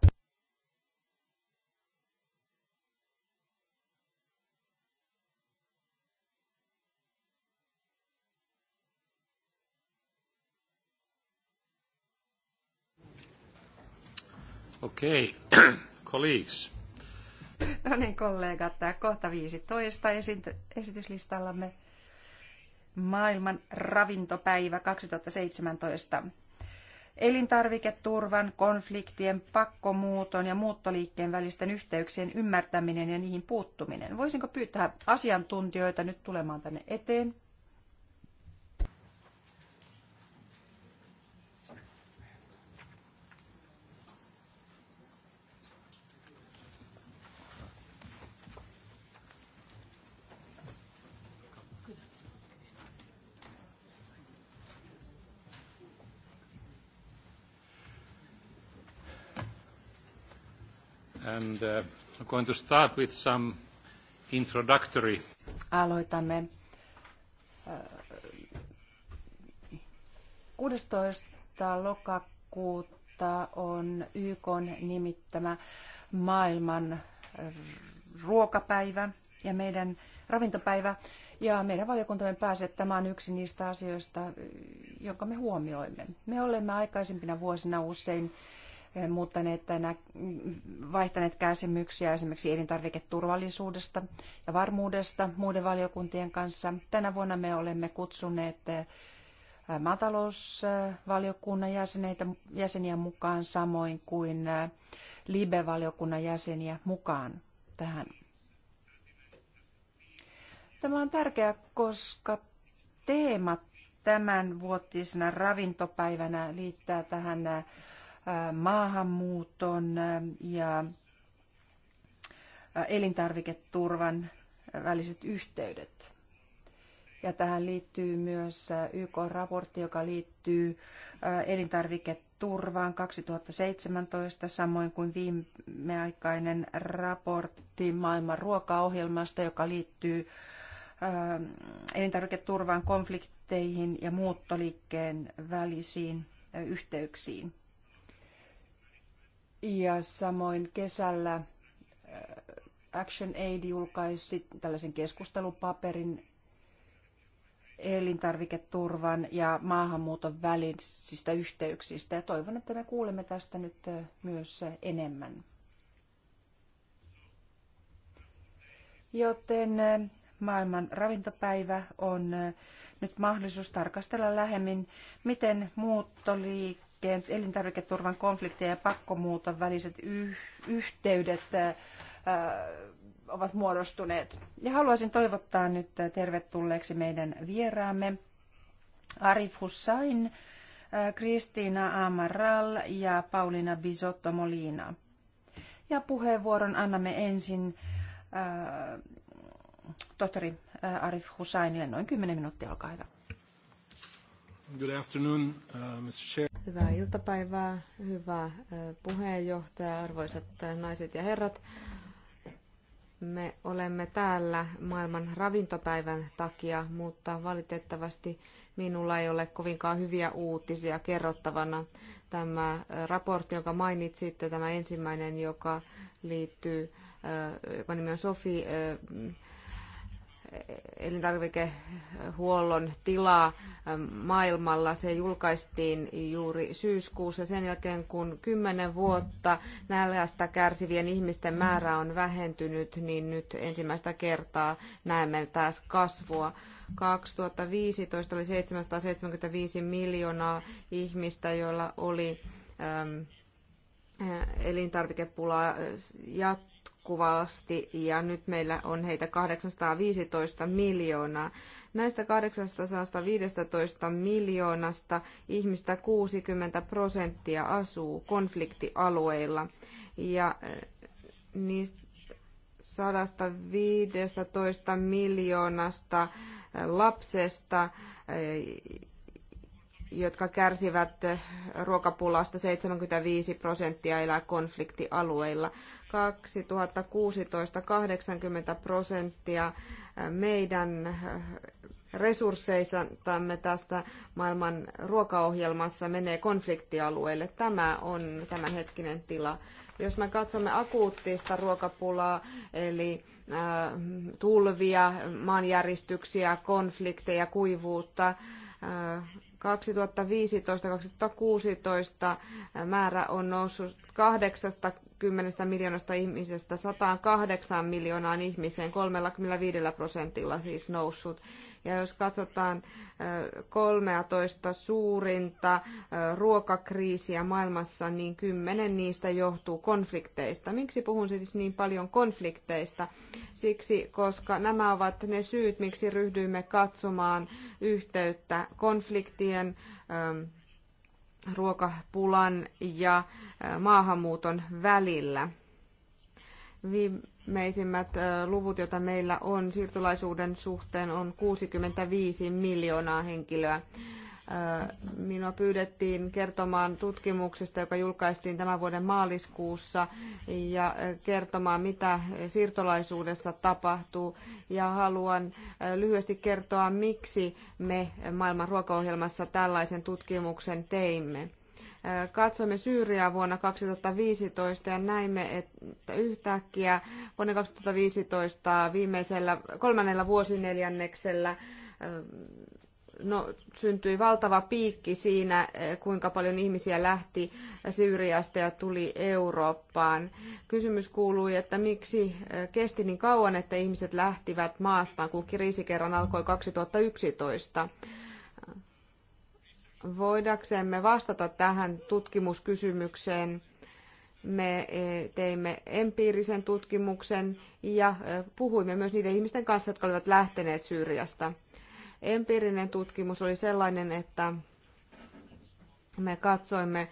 Okei, okay. colleagues. No niin, kollegat, tämä kohta 15 esityslistallamme maailman ravintopäivä 2017. Elintarviketurvan, konfliktien, pakkomuuton ja muuttoliikkeen välisten yhteyksien ymmärtäminen ja niihin puuttuminen. Voisinko pyytää asiantuntijoita nyt tulemaan tänne eteen? And uh, I'm going to start with some introductory. Aloitamme uh, 16. lokakuuta on YK nimittämä maailman ruokapäivä ja meidän ravintopäivä. Ja meidän valiokuntamme pääsee että tämä on yksi niistä asioista, jonka me huomioimme. Me olemme aikaisempina vuosina usein Eh, muuttaneet, vaihtaneet käsimyksiä esimerkiksi elintarviketurvallisuudesta ja varmuudesta muiden valiokuntien kanssa. Tänä vuonna me olemme kutsuneet eh, maatalousvaliokunnan jäseniä, jäseniä mukaan, samoin kuin eh, LIBE-valiokunnan jäseniä mukaan tähän. Tämä on tärkeää, koska teemat tämän vuotisena ravintopäivänä liittää tähän maahanmuuton ja elintarviketurvan väliset yhteydet. Ja tähän liittyy myös YK-raportti, joka liittyy elintarviketurvaan 2017, samoin kuin viimeaikainen raportti maailman ruokaohjelmasta, joka liittyy elintarviketurvaan, konflikteihin ja muuttoliikkeen välisiin yhteyksiin. Ja samoin kesällä äh, Action Aid julkaisi tällaisen keskustelupaperin elintarviketurvan ja maahanmuuton välisistä yhteyksistä. Ja toivon, että me kuulemme tästä nyt äh, myös äh, enemmän. Joten maailman ravintopäivä on nyt mahdollisuus tarkastella lähemmin, miten muuttoliikkeet elintarviketurvan konfliktien ja pakkomuuton väliset yh, yhteydet äh, äh, ovat muodostuneet. Ja haluaisin toivottaa nyt tervetulleeksi meidän vieraamme Arif Hussain, äh, Kristiina Amaral ja Paulina Bisotto Molina. Ja puheenvuoron annamme ensin äh, tohtori Arif Husainille noin 10 minuuttia, olkaa hyvä. Good afternoon, uh, Mr. Chair. Hyvää iltapäivää, hyvä uh, puheenjohtaja, arvoisat uh, naiset ja herrat. Me olemme täällä maailman ravintopäivän takia, mutta valitettavasti minulla ei ole kovinkaan hyviä uutisia kerrottavana. Tämä raportti, jonka mainitsitte, tämä ensimmäinen, joka liittyy, joka nimi on Sofi, elintarvikehuollon tilaa ähm, maailmalla. Se julkaistiin juuri syyskuussa sen jälkeen, kun kymmenen vuotta nälästä kärsivien ihmisten määrä on vähentynyt, niin nyt ensimmäistä kertaa näemme taas kasvua. 2015 oli 775 miljoonaa ihmistä, joilla oli äm, äh, elintarvikepulaa ja äh, jatkuvasti ja nyt meillä on heitä 815 miljoonaa. Näistä 815 miljoonasta ihmistä 60 prosenttia asuu konfliktialueilla ja äh, niistä 115 miljoonasta äh, lapsesta, äh, jotka kärsivät ruokapulasta 75 prosenttia elää konfliktialueilla. 2016 80 prosenttia meidän resursseistamme tästä maailman ruokaohjelmassa menee konfliktialueille. Tämä on tämänhetkinen tila. Jos me katsomme akuuttista ruokapulaa, eli tulvia, maanjäristyksiä, konflikteja, kuivuutta, 2015-2016 määrä on noussut 8 10 miljoonasta ihmisestä 108 miljoonaan ihmiseen, 35 prosentilla siis noussut. Ja jos katsotaan 13 suurinta ruokakriisiä maailmassa, niin kymmenen niistä johtuu konflikteista. Miksi puhun siis niin paljon konflikteista? Siksi, koska nämä ovat ne syyt, miksi ryhdyimme katsomaan yhteyttä konfliktien, ruokapulan ja maahanmuuton välillä. Viimeisimmät luvut, joita meillä on siirtolaisuuden suhteen, on 65 miljoonaa henkilöä. Minua pyydettiin kertomaan tutkimuksesta, joka julkaistiin tämän vuoden maaliskuussa, ja kertomaan, mitä siirtolaisuudessa tapahtuu. Ja haluan äh, lyhyesti kertoa, miksi me maailman ruokaohjelmassa tällaisen tutkimuksen teimme. Äh, katsoimme Syyriaa vuonna 2015 ja näimme, että yhtäkkiä vuonna 2015 viimeisellä kolmannella vuosineljänneksellä äh, no, syntyi valtava piikki siinä, eh, kuinka paljon ihmisiä lähti Syyriasta ja tuli Eurooppaan. Kysymys kuului, että miksi eh, kesti niin kauan, että ihmiset lähtivät maastaan, kun kriisi kerran alkoi 2011. Voidaksemme vastata tähän tutkimuskysymykseen, me eh, teimme empiirisen tutkimuksen ja puhuimme myös niiden ihmisten kanssa, jotka olivat lähteneet Syyriasta. Empiirinen tutkimus oli sellainen, että me katsoimme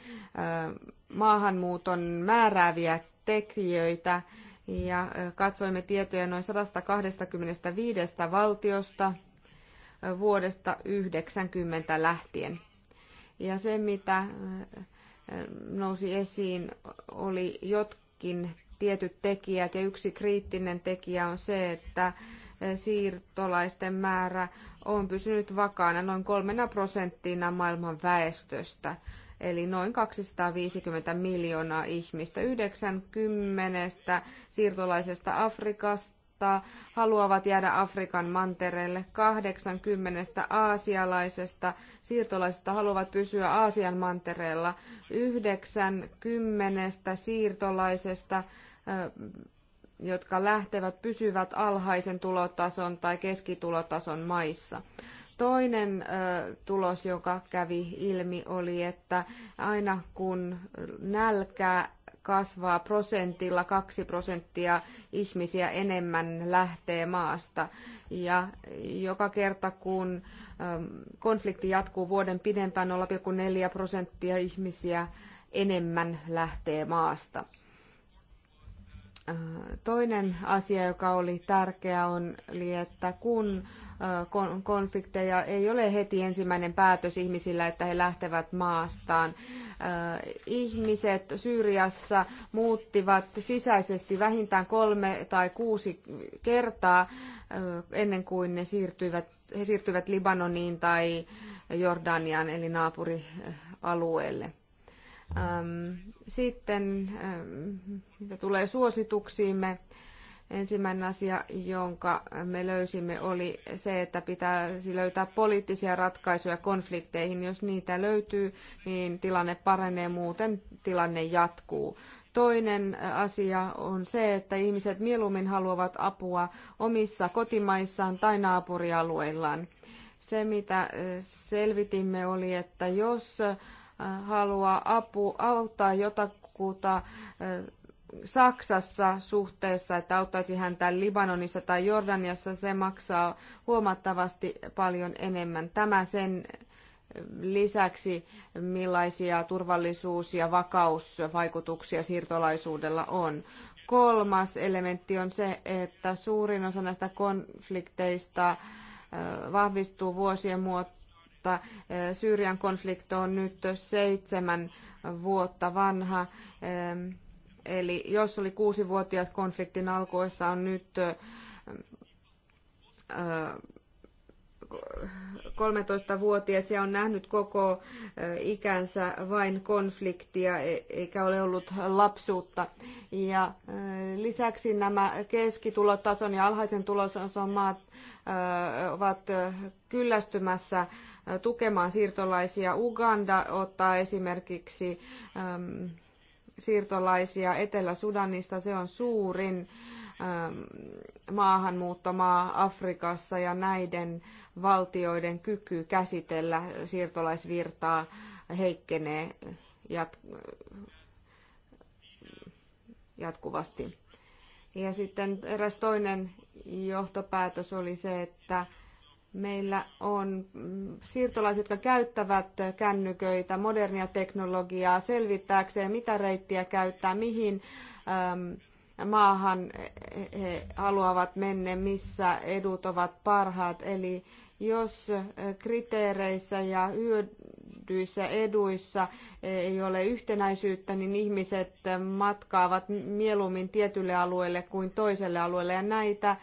maahanmuuton määrääviä tekijöitä ja katsoimme tietoja noin 125 valtiosta vuodesta 90 lähtien. Ja se, mitä nousi esiin, oli jotkin tietyt tekijät ja yksi kriittinen tekijä on se, että siirtolaisten määrä on pysynyt vakaana noin kolmena prosenttina maailman väestöstä, eli noin 250 miljoonaa ihmistä. 90 siirtolaisesta Afrikasta haluavat jäädä Afrikan mantereelle, 80 aasialaisesta siirtolaisesta haluavat pysyä Aasian mantereella, 90 siirtolaisesta jotka lähtevät pysyvät alhaisen tulotason tai keskitulotason maissa. Toinen tulos, joka kävi ilmi, oli, että aina kun nälkä kasvaa prosentilla, kaksi prosenttia ihmisiä enemmän lähtee maasta. Ja joka kerta kun konflikti jatkuu vuoden pidempään, 0,4 prosenttia ihmisiä enemmän lähtee maasta. Äh, toinen asia, joka oli tärkeä, on, oli, että kun äh, konflikteja ei ole heti ensimmäinen päätös ihmisillä, että he lähtevät maastaan. Äh, ihmiset Syyriassa muuttivat sisäisesti vähintään kolme tai kuusi kertaa ennen kuin ne siirtyivät, he siirtyivät Libanoniin tai Jordaniaan eli naapurialueelle. Ähm, sitten ähm, mitä tulee suosituksiimme, ensimmäinen asia, jonka me löysimme, oli se, että pitäisi löytää poliittisia ratkaisuja konflikteihin. Jos niitä löytyy, niin tilanne paranee, muuten tilanne jatkuu. Toinen äh, asia on se, että ihmiset mieluummin haluavat apua omissa kotimaissaan tai naapurialueillaan. Se, mitä äh, selvitimme, oli, että jos äh, haluaa apu, auttaa jotakuta Saksassa suhteessa, että auttaisi häntä Libanonissa tai Jordaniassa, se maksaa huomattavasti paljon enemmän. Tämä sen lisäksi, millaisia turvallisuus- ja vakausvaikutuksia siirtolaisuudella on. Kolmas elementti on se, että suurin osa näistä konflikteista vahvistuu vuosien vuotta. Syyrian konflikti on nyt seitsemän vuotta vanha. Eli jos oli kuusivuotias konfliktin alkuessa, on nyt 13-vuotias ja on nähnyt koko ikänsä vain konfliktia e, eikä ole ollut lapsuutta. Ja lisäksi nämä keskitulotason ja alhaisen tulotason maat ovat kyllästymässä tukemaan siirtolaisia. Uganda ottaa esimerkiksi ähm, siirtolaisia Etelä-Sudanista. Se on suurin ähm, maahanmuuttomaa Afrikassa ja näiden valtioiden kyky käsitellä siirtolaisvirtaa heikkenee jatkuvasti. Ja sitten eräs toinen johtopäätös oli se, että Meillä on mm, siirtolaiset, jotka käyttävät kännyköitä, modernia teknologiaa selvittääkseen, mitä reittiä käyttää, mihin maahan he haluavat mennä, missä edut ovat parhaat. Eli jos kriteereissä ja hyödyissä eduissa ei ole yhtenäisyyttä, niin ihmiset matkaavat mieluummin tietylle alueelle kuin toiselle alueelle. Ja näitä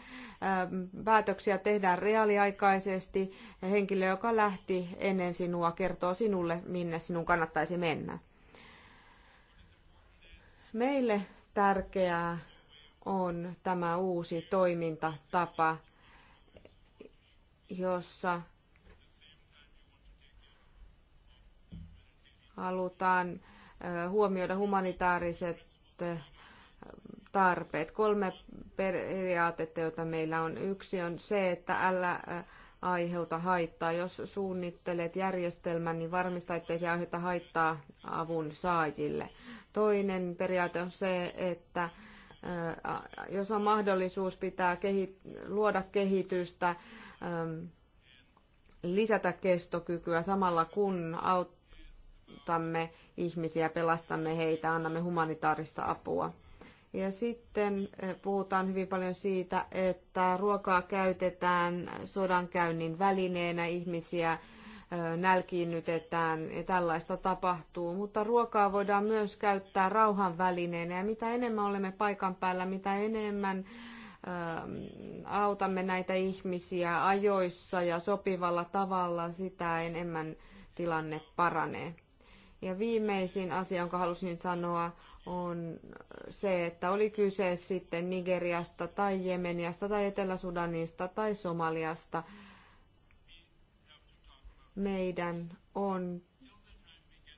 päätöksiä tehdään reaaliaikaisesti. Henkilö, joka lähti ennen sinua, kertoo sinulle, minne sinun kannattaisi mennä. Meille tärkeää on tämä uusi toimintatapa, jossa halutaan huomioida humanitaariset tarpeet. Kolme periaatetta, joita meillä on. Yksi on se, että älä aiheuta haittaa. Jos suunnittelet järjestelmän, niin varmista, ettei se aiheuta haittaa avun saajille. Toinen periaate on se, että jos on mahdollisuus pitää luoda kehitystä, lisätä kestokykyä samalla kun auttamme ihmisiä, pelastamme heitä, annamme humanitaarista apua. Ja sitten eh, puhutaan hyvin paljon siitä, että ruokaa käytetään sodankäynnin välineenä, ihmisiä eh, nälkiinnytetään ja tällaista tapahtuu. Mutta ruokaa voidaan myös käyttää rauhan välineenä ja mitä enemmän olemme paikan päällä, mitä enemmän eh, autamme näitä ihmisiä ajoissa ja sopivalla tavalla, sitä enemmän tilanne paranee. Ja viimeisin asia, jonka halusin sanoa, on se, että oli kyse sitten Nigeriasta tai Jemeniasta tai Etelä-Sudanista tai Somaliasta, meidän on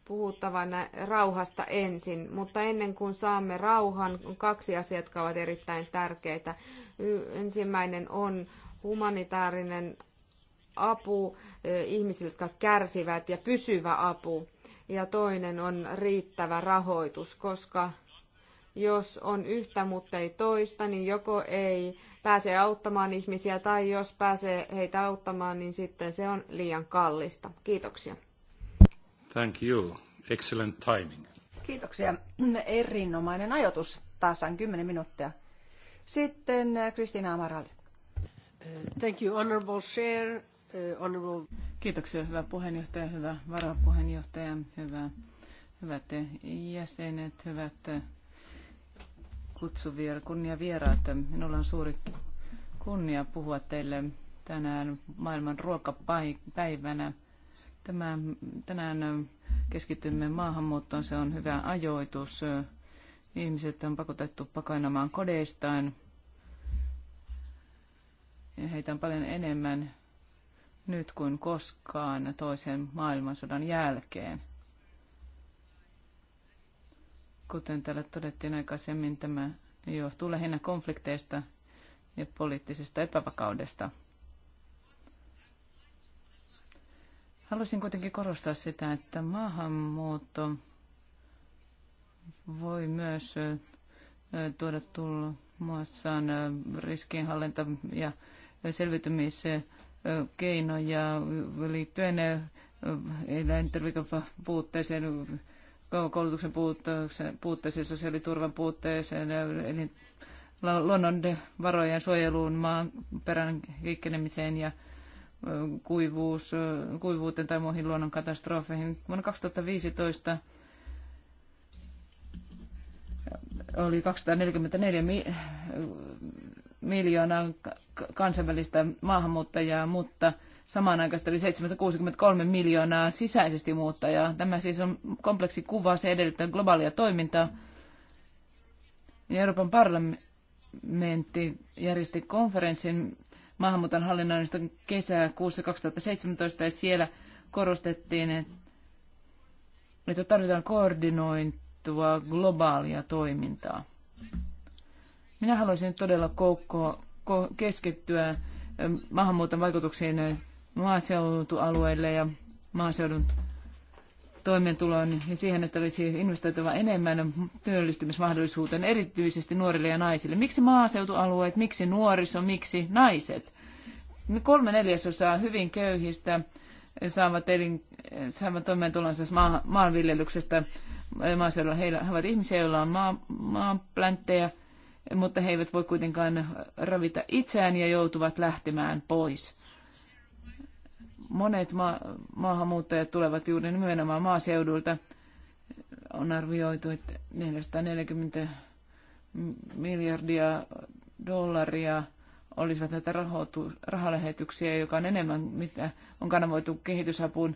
puhuttava rauhasta ensin, mutta ennen kuin saamme rauhan, on kaksi asiaa, jotka ovat erittäin tärkeitä. ensimmäinen on humanitaarinen apu e, ihmisille, jotka kärsivät, ja pysyvä apu ja toinen on riittävä rahoitus, koska jos on yhtä, mutta ei toista, niin joko ei pääse auttamaan ihmisiä tai jos pääsee heitä auttamaan, niin sitten se on liian kallista. Kiitoksia. Thank you. Excellent timing. Kiitoksia. Erinomainen ajoitus. on 10 minuuttia. Sitten äh, Kristina Amaral. Thank you, honorable chair. Äh, honorable... Kiitoksia, hyvä puheenjohtaja, hyvä varapuheenjohtaja, hyvä, hyvät jäsenet, hyvät kutsuvier, kunniavieraat. Minulla on suuri kunnia puhua teille tänään maailman ruokapäivänä. Tämä, tänään keskitymme maahanmuuttoon. Se on hyvä ajoitus. Ihmiset on pakotettu pakoinamaan kodeistaan. Ja heitä on paljon enemmän nyt kuin koskaan toisen maailmansodan jälkeen. Kuten täällä todettiin aikaisemmin, tämä johtuu lähinnä konflikteista ja poliittisesta epävakaudesta. Haluaisin kuitenkin korostaa sitä, että maahanmuutto voi myös tuoda tulla muassaan riskinhallinta ja selviytymiseen keinoja liittyen eh, eläintarvikepuutteeseen, koulutuksen puutteeseen, puutteeseen sosiaaliturvan puutteeseen, eli luonnonvarojen suojeluun, perän heikkenemiseen ja kuivuus, kuivuuteen tai muihin luonnonkatastrofeihin. Vuonna 2015 oli 244 miljoonaa kansainvälistä maahanmuuttajaa, mutta samanaikaisesti oli 763 miljoonaa sisäisesti muuttajaa. Tämä siis on kompleksi kuva, se edellyttää globaalia toimintaa. Euroopan parlamentti järjesti konferenssin maahanmuuton hallinnoinnista kesäkuussa 2017 ja siellä korostettiin, että tarvitaan koordinointua globaalia toimintaa. Minä haluaisin todella koukkoa, ko, keskittyä maahanmuuton vaikutuksiin maaseutualueille ja maaseudun toimeentuloon ja siihen, että olisi investoitava enemmän työllistymismahdollisuuteen, erityisesti nuorille ja naisille. Miksi maaseutualueet, miksi nuoriso, miksi naiset? Kolme neljäsosaa hyvin köyhistä saavat, elin, saavat toimeentulonsa maa, maanviljelyksestä maaseudulla. Heillä, he ovat ihmisiä, joilla on maa, mutta he eivät voi kuitenkaan ravita itseään ja joutuvat lähtemään pois. Monet ma- maahanmuuttajat tulevat juuri nimenomaan maaseudulta. On arvioitu, että 440 miljardia dollaria olisivat näitä rahoitu- rahalähetyksiä, joka on enemmän, mitä on kanavoitu kehitysapuun.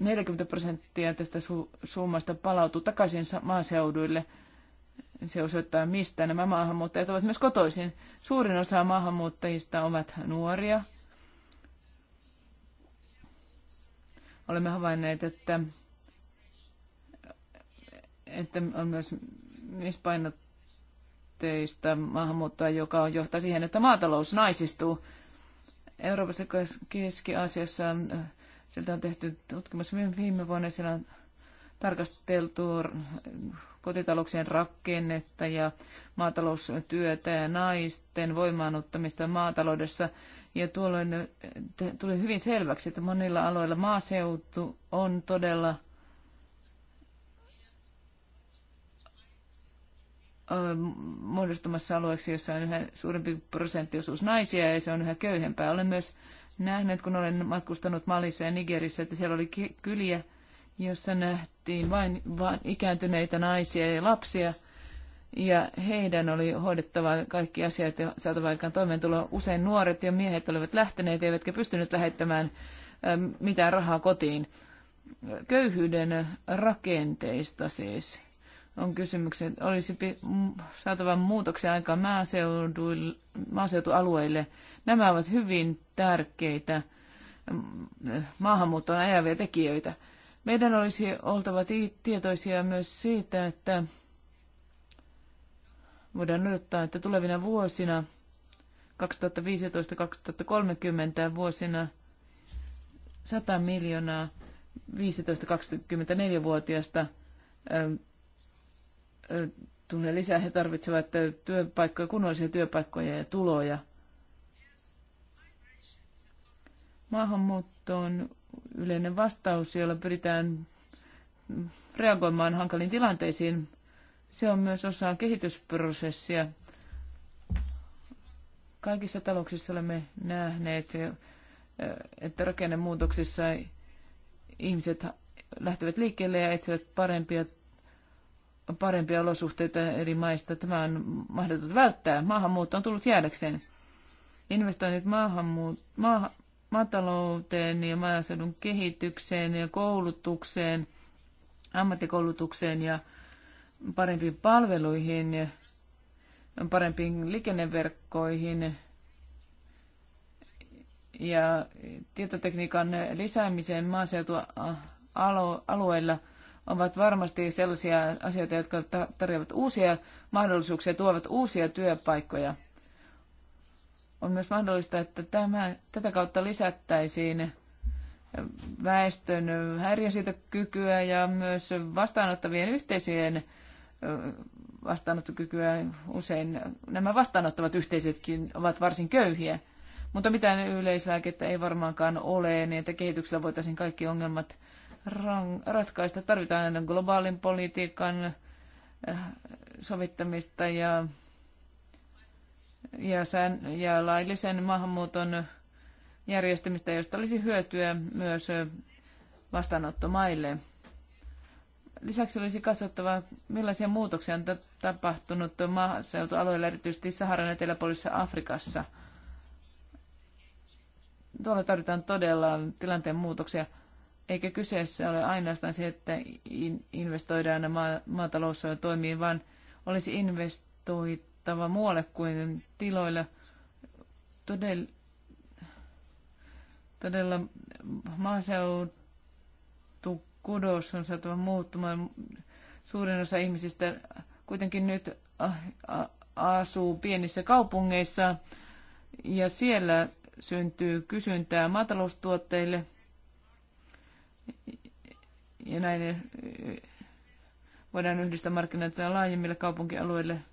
40 prosenttia tästä su- summasta palautuu takaisin maaseuduille – se osoittaa, mistä nämä maahanmuuttajat ovat myös kotoisin. Suurin osa maahanmuuttajista ovat nuoria. Olemme havainneet, että, että on myös mispainotteista maahanmuuttoa, joka johtaa siihen, että maatalous naisistuu. Euroopassa Keski-Aasiassa on, äh, sieltä on tehty tutkimus viime vuonna, siellä on tarkasteltu kotitalouksien rakennetta ja maataloustyötä ja naisten voimaanottamista maataloudessa. Ja tuolloin tuli hyvin selväksi, että monilla aloilla maaseutu on todella muodostumassa alueeksi, jossa on yhä suurempi prosenttiosuus naisia ja se on yhä köyhempää. Olen myös nähnyt, kun olen matkustanut Malissa ja Nigerissä, että siellä oli kyliä, jossa nähtiin vain, vain ikääntyneitä naisia ja lapsia, ja heidän oli hoidettava kaikki asiat ja saatava aikaan toimeentulo. Usein nuoret ja miehet olivat lähteneet, eivätkä pystyneet lähettämään ähm, mitään rahaa kotiin. Köyhyyden rakenteista siis on kysymykset. Olisi saatava muutoksia aikaan maaseutualueille. Nämä ovat hyvin tärkeitä maahanmuuttoon ajavia tekijöitä. Meidän olisi oltava tietoisia myös siitä, että voidaan odottaa, että tulevina vuosina, 2015-2030 vuosina, 100 miljoonaa 15-24-vuotiaista tulee lisää. He tarvitsevat työpaikkoja, kunnollisia työpaikkoja ja tuloja. Maahanmuutto on yleinen vastaus, jolla pyritään reagoimaan hankaliin tilanteisiin. Se on myös osa kehitysprosessia. Kaikissa talouksissa olemme nähneet, että rakennemuutoksissa ihmiset lähtevät liikkeelle ja etsivät parempia, parempia olosuhteita eri maista. Tämä on mahdotonta välttää. Maahanmuutto on tullut jäädäkseen. Investoinnit maahanmuut- maahan maatalouteen ja maaseudun kehitykseen ja koulutukseen, ammattikoulutukseen ja parempiin palveluihin, parempiin liikenneverkkoihin ja tietotekniikan lisäämiseen maaseutualueilla ovat varmasti sellaisia asioita, jotka tarjoavat uusia mahdollisuuksia, tuovat uusia työpaikkoja. On myös mahdollista, että tämä, tätä kautta lisättäisiin väestön häiriönsietokykyä ja myös vastaanottavien yhteisöjen vastaanottokykyä. Usein nämä vastaanottavat yhteisötkin ovat varsin köyhiä, mutta mitään yleislääkettä ei varmaankaan ole, niin että kehityksellä voitaisiin kaikki ongelmat ratkaista. Tarvitaan globaalin politiikan sovittamista ja ja, sään, ja laillisen maahanmuuton järjestämistä, josta olisi hyötyä myös vastaanottomaille. Lisäksi olisi katsottava, millaisia muutoksia on tapahtunut maaseutualueilla, erityisesti Saharan eteläpuolisessa Afrikassa. Tuolla tarvitaan todella tilanteen muutoksia, eikä kyseessä ole ainoastaan se, että investoidaan maatalous toimiin, vaan olisi investoitu suunnattava muualle kuin tiloille. Todella, todella maaseutu kudos on saatava muuttumaan. Suurin osa ihmisistä kuitenkin nyt asuu pienissä kaupungeissa ja siellä syntyy kysyntää maataloustuotteille ja näin voidaan yhdistää markkinoita laajemmille kaupunkialueille –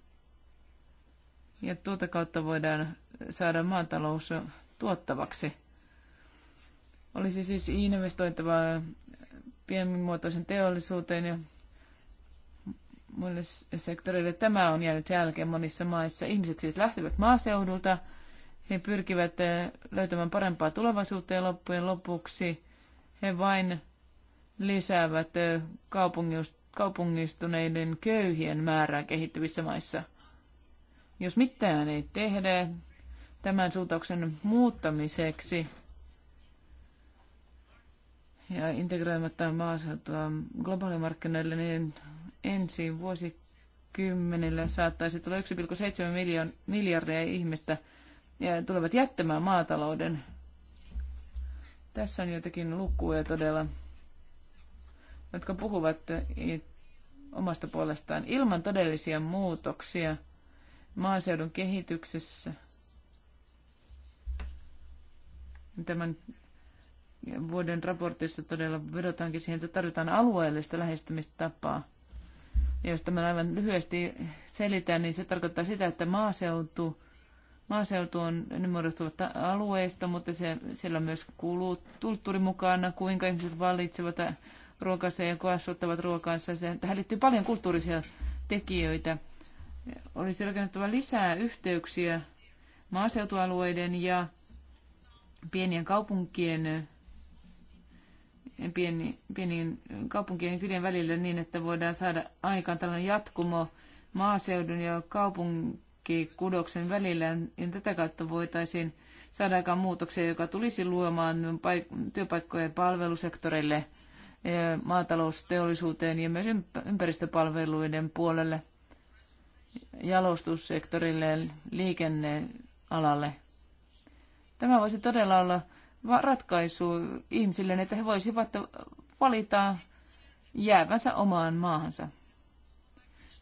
ja tuota kautta voidaan saada maatalous tuottavaksi. Olisi siis investoitava pienimuotoisen teollisuuteen ja muille sektoreille. Tämä on jäänyt jälkeen monissa maissa. Ihmiset siis lähtevät maaseudulta. He pyrkivät löytämään parempaa tulevaisuutta ja loppujen lopuksi he vain lisäävät kaupungistuneiden köyhien määrää kehittyvissä maissa – jos mitään ei tehdä tämän suuntauksen muuttamiseksi ja integroimatta maaseutua globaalimarkkinoille, niin ensi vuosikymmenellä saattaisi tulla 1,7 miljardia ihmistä ja tulevat jättämään maatalouden. Tässä on joitakin lukuja todella, jotka puhuvat omasta puolestaan ilman todellisia muutoksia – maaseudun kehityksessä. Tämän vuoden raportissa todella vedotaankin siihen, että tarvitaan alueellista lähestymistapaa. Ja jos tämän aivan lyhyesti selitän, niin se tarkoittaa sitä, että maaseutu, maaseutu on, ne muodostuvat alueista, mutta se, siellä on myös kuuluu kulttuuri mukana, kuinka ihmiset valitsevat ruokansa ja kasvattavat ruokansa. Se, tähän liittyy paljon kulttuurisia tekijöitä olisi rakennettava lisää yhteyksiä maaseutualueiden ja pienien kaupunkien pieni, pienien kaupunkien kylien välillä niin, että voidaan saada aikaan tällainen jatkumo maaseudun ja kaupunkikudoksen välillä. Ja tätä kautta voitaisiin saada aikaan muutoksia, joka tulisi luomaan työpaikkojen palvelusektorille, maatalousteollisuuteen ja myös ympäristöpalveluiden puolelle jalostussektorille, liikennealalle. Tämä voisi todella olla ratkaisu ihmisille, että he voisivat valita jäävänsä omaan maahansa.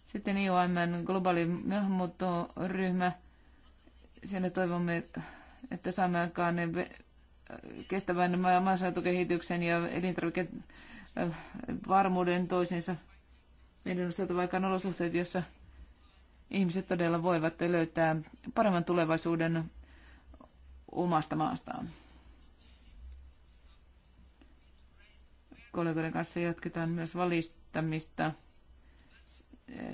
Sitten IOM, globaali ryhmä sinne toivomme, että saamme aikaan kestävän maaseutukehityksen ja elintarvikevarmuuden toisiinsa. Meidän on saatava aikaan olosuhteet, jossa ihmiset todella voivat löytää paremman tulevaisuuden omasta maastaan. Kollegoiden kanssa jatketaan myös valistamista eh,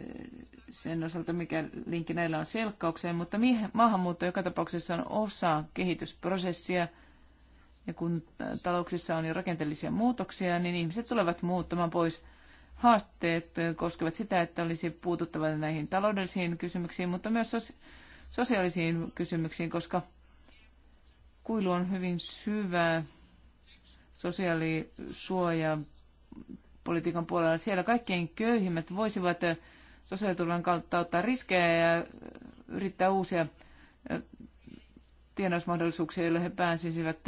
sen osalta, mikä linkki näillä on selkkaukseen, mutta maahanmuutto joka tapauksessa on osa kehitysprosessia. Ja kun talouksissa on jo rakenteellisia muutoksia, niin ihmiset tulevat muuttamaan pois – haasteet koskevat sitä, että olisi puututtava näihin taloudellisiin kysymyksiin, mutta myös sosiaalisiin kysymyksiin, koska kuilu on hyvin syvä sosiaalisuoja politiikan puolella. Siellä kaikkein köyhimmät voisivat sosiaaliturvan kautta ottaa riskejä ja yrittää uusia tienausmahdollisuuksia, joilla he pääsisivät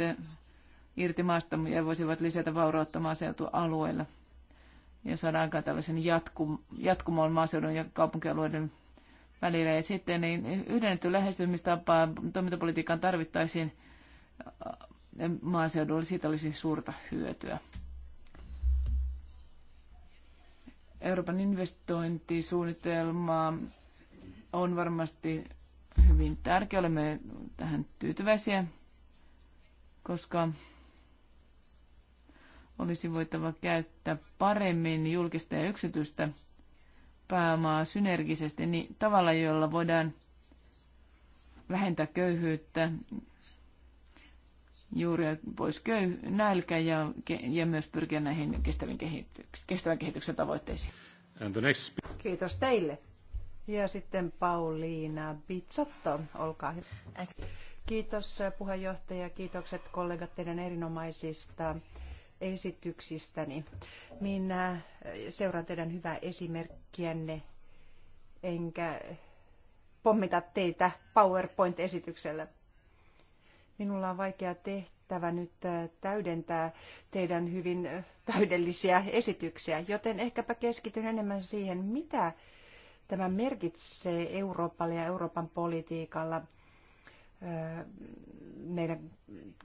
irti maasta ja voisivat lisätä vaurautta maaseutualueilla ja saada aikaan tällaisen jatku, jatkumon maaseudun ja kaupunkialueiden välillä. Ja sitten niin yhdennetty lähestymistapa toimintapolitiikkaan tarvittaisiin maaseudulla, siitä olisi suurta hyötyä. Euroopan investointisuunnitelma on varmasti hyvin tärkeä. Olemme tähän tyytyväisiä, koska olisi voitava käyttää paremmin julkista ja yksityistä pääomaa synergisesti niin tavalla, jolla voidaan vähentää köyhyyttä, juuria pois köy- nälkä ja, ja myös pyrkiä näihin kestävän, kehityksen, kestävän kehityksen tavoitteisiin. Next... Kiitos teille. Ja sitten Pauliina Bitsotto, olkaa hyvä. Kiitos eh, puheenjohtaja, kiitokset kollegat teidän erinomaisista esityksistäni. Minä seuraan teidän hyvää esimerkkiänne, enkä pommita teitä PowerPoint-esityksellä. Minulla on vaikea tehtävä nyt äh, täydentää teidän hyvin äh, täydellisiä esityksiä, joten ehkäpä keskityn enemmän siihen, mitä tämä merkitsee Euroopalle ja Euroopan politiikalla äh, meidän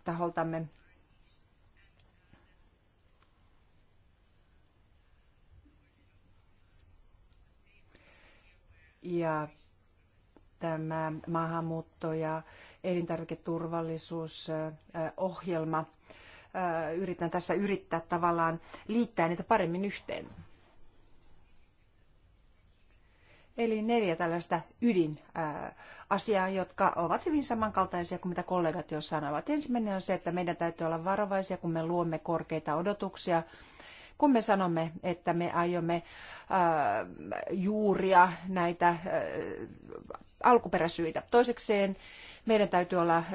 taholtamme ja tämä maahanmuutto- ja elintarviketurvallisuusohjelma. Äh, yritän tässä yrittää tavallaan liittää niitä paremmin yhteen. Eli neljä tällaista ydinasiaa, äh, jotka ovat hyvin samankaltaisia kuin mitä kollegat jo sanovat. Ensimmäinen on se, että meidän täytyy olla varovaisia, kun me luomme korkeita odotuksia kun me sanomme, että me aiomme Äh, juuria, näitä äh, alkuperäsyitä. Toisekseen meidän täytyy olla äh,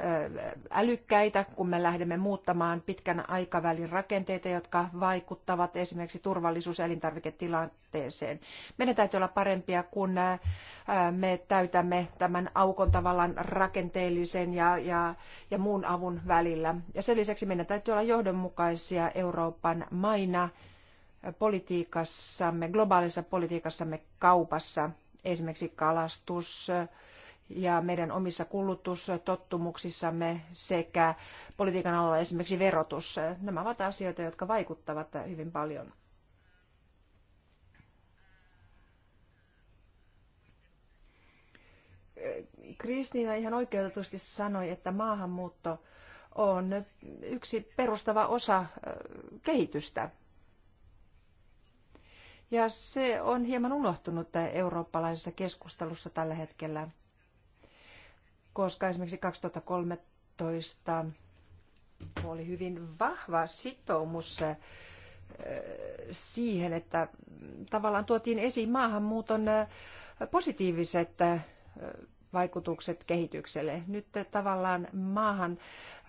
älykkäitä, kun me lähdemme muuttamaan pitkän aikavälin rakenteita, jotka vaikuttavat esimerkiksi turvallisuus- ja elintarviketilanteeseen. Meidän täytyy olla parempia, kun me täytämme tämän aukon tavallaan rakenteellisen ja, ja, ja muun avun välillä. Ja sen lisäksi meidän täytyy olla johdonmukaisia Euroopan maina politiikassamme, globaalissa politiikassamme kaupassa, esimerkiksi kalastus ja meidän omissa kulutustottumuksissamme sekä politiikan alalla esimerkiksi verotus. Nämä ovat asioita, jotka vaikuttavat hyvin paljon. Kristiina ihan oikeutetusti sanoi, että maahanmuutto on yksi perustava osa kehitystä ja se on hieman unohtunut eurooppalaisessa keskustelussa tällä hetkellä, koska esimerkiksi 2013 oli hyvin vahva sitoumus äh, siihen, että tavallaan tuotiin esiin maahanmuuton äh, positiiviset äh, vaikutukset kehitykselle. Nyt tavallaan maahan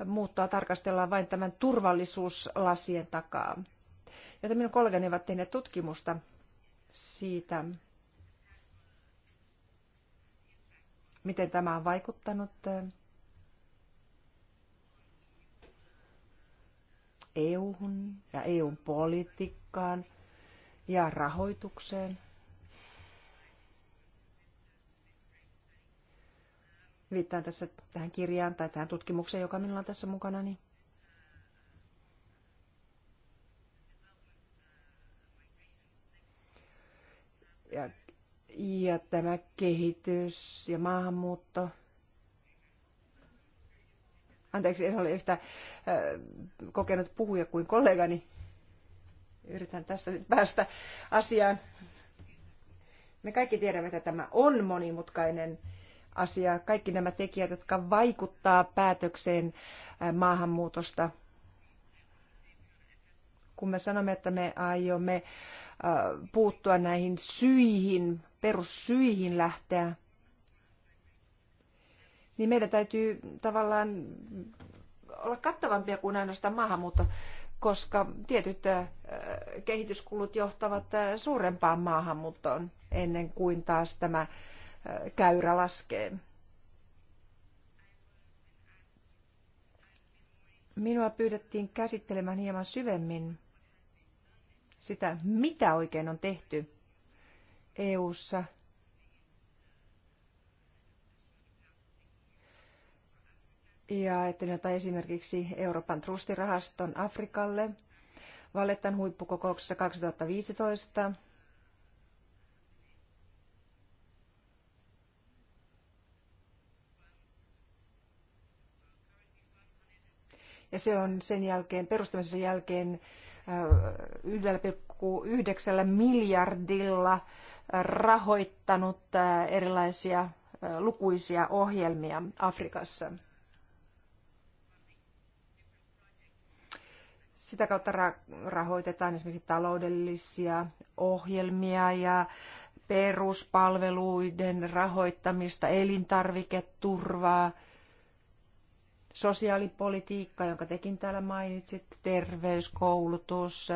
muuttoa tarkastellaan vain tämän turvallisuuslasien takaa. Joten minun kollegani ovat tehneet tutkimusta siitä, miten tämä on vaikuttanut eh, EU-hun ja EUn politiikkaan ja rahoitukseen. Viittaan tässä tähän kirjaan tai tähän tutkimukseen, joka minulla on tässä mukana. Niin Ja, ja tämä kehitys ja maahanmuutto. Anteeksi, en ole yhtä äh, kokenut puhuja kuin kollegani. Yritän tässä nyt päästä asiaan. Me kaikki tiedämme, että tämä on monimutkainen asia. Kaikki nämä tekijät, jotka vaikuttaa päätökseen maahanmuutosta – kun me sanomme, että me aiomme äh, puuttua näihin syihin, perussyihin lähteä, niin meidän täytyy tavallaan olla kattavampia kuin ainoastaan maahanmuutto, koska tietyt äh, kehityskulut johtavat äh, suurempaan maahanmuuttoon ennen kuin taas tämä käyrä laskee. Minua pyydettiin käsittelemään hieman syvemmin sitä, mitä oikein on tehty EU:ssa. Ja että jotain esimerkiksi Euroopan trustirahaston Afrikalle Valettan huippukokouksessa 2015 ja se on sen jälkeen, perustamisen jälkeen 1,9 miljardilla rahoittanut erilaisia lukuisia ohjelmia Afrikassa. Sitä kautta rahoitetaan esimerkiksi taloudellisia ohjelmia ja peruspalveluiden rahoittamista, elintarviketurvaa, sosiaalipolitiikka, jonka tekin täällä mainitsit, terveys, koulutus,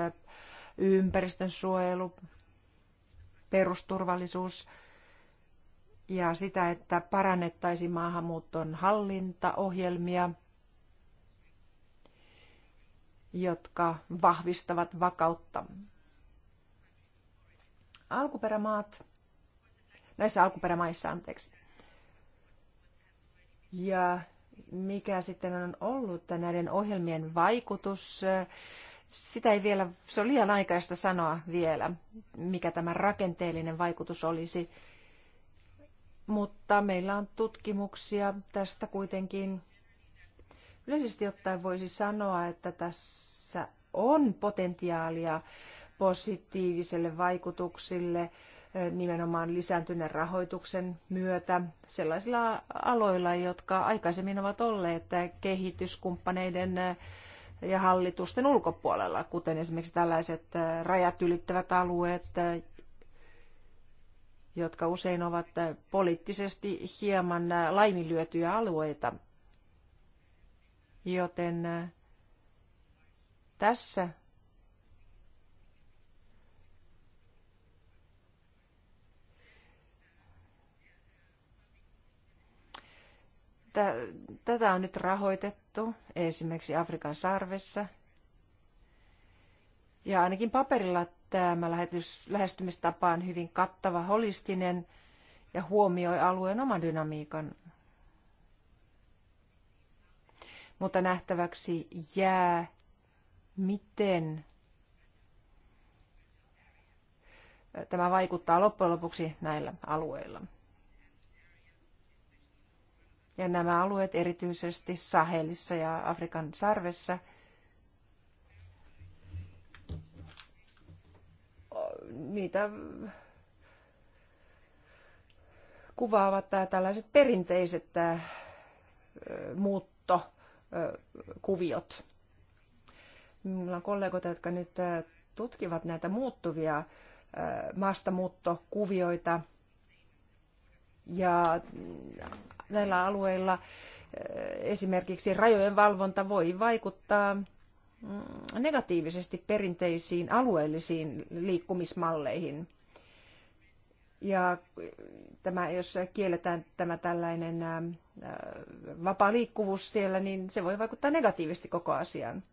ympäristönsuojelu, perusturvallisuus ja sitä, että parannettaisiin maahanmuuton hallintaohjelmia, jotka vahvistavat vakautta. Alkuperämaat, näissä alkuperämaissa anteeksi. Ja mikä sitten on ollut näiden ohjelmien vaikutus, sitä ei vielä, se on liian aikaista sanoa vielä, mikä tämä rakenteellinen vaikutus olisi. Mutta meillä on tutkimuksia tästä kuitenkin. Yleisesti ottaen voisi sanoa, että tässä on potentiaalia positiiviselle vaikutuksille nimenomaan lisääntyneen rahoituksen myötä sellaisilla aloilla, jotka aikaisemmin ovat olleet kehityskumppaneiden ja hallitusten ulkopuolella, kuten esimerkiksi tällaiset rajat ylittävät alueet, jotka usein ovat poliittisesti hieman laiminlyötyjä alueita. Joten tässä tätä on nyt rahoitettu esimerkiksi Afrikan sarvessa. Ja ainakin paperilla tämä lähetys, lähestymistapa on hyvin kattava, holistinen ja huomioi alueen oman dynamiikan. Mutta nähtäväksi jää, miten tämä vaikuttaa loppujen lopuksi näillä alueilla. Ja nämä alueet erityisesti Sahelissa ja Afrikan sarvessa niitä kuvaavat tällaiset perinteiset muuttokuviot. Minulla on kollegoita, jotka nyt tutkivat näitä muuttuvia maastamuuttokuvioita ja näillä alueilla eh, esimerkiksi rajojen valvonta voi vaikuttaa mm, negatiivisesti perinteisiin alueellisiin liikkumismalleihin. Ja eh, tämä, jos kielletään tämä tällainen eh, vapaa liikkuvuus siellä, niin se voi vaikuttaa negatiivisesti koko asiaan.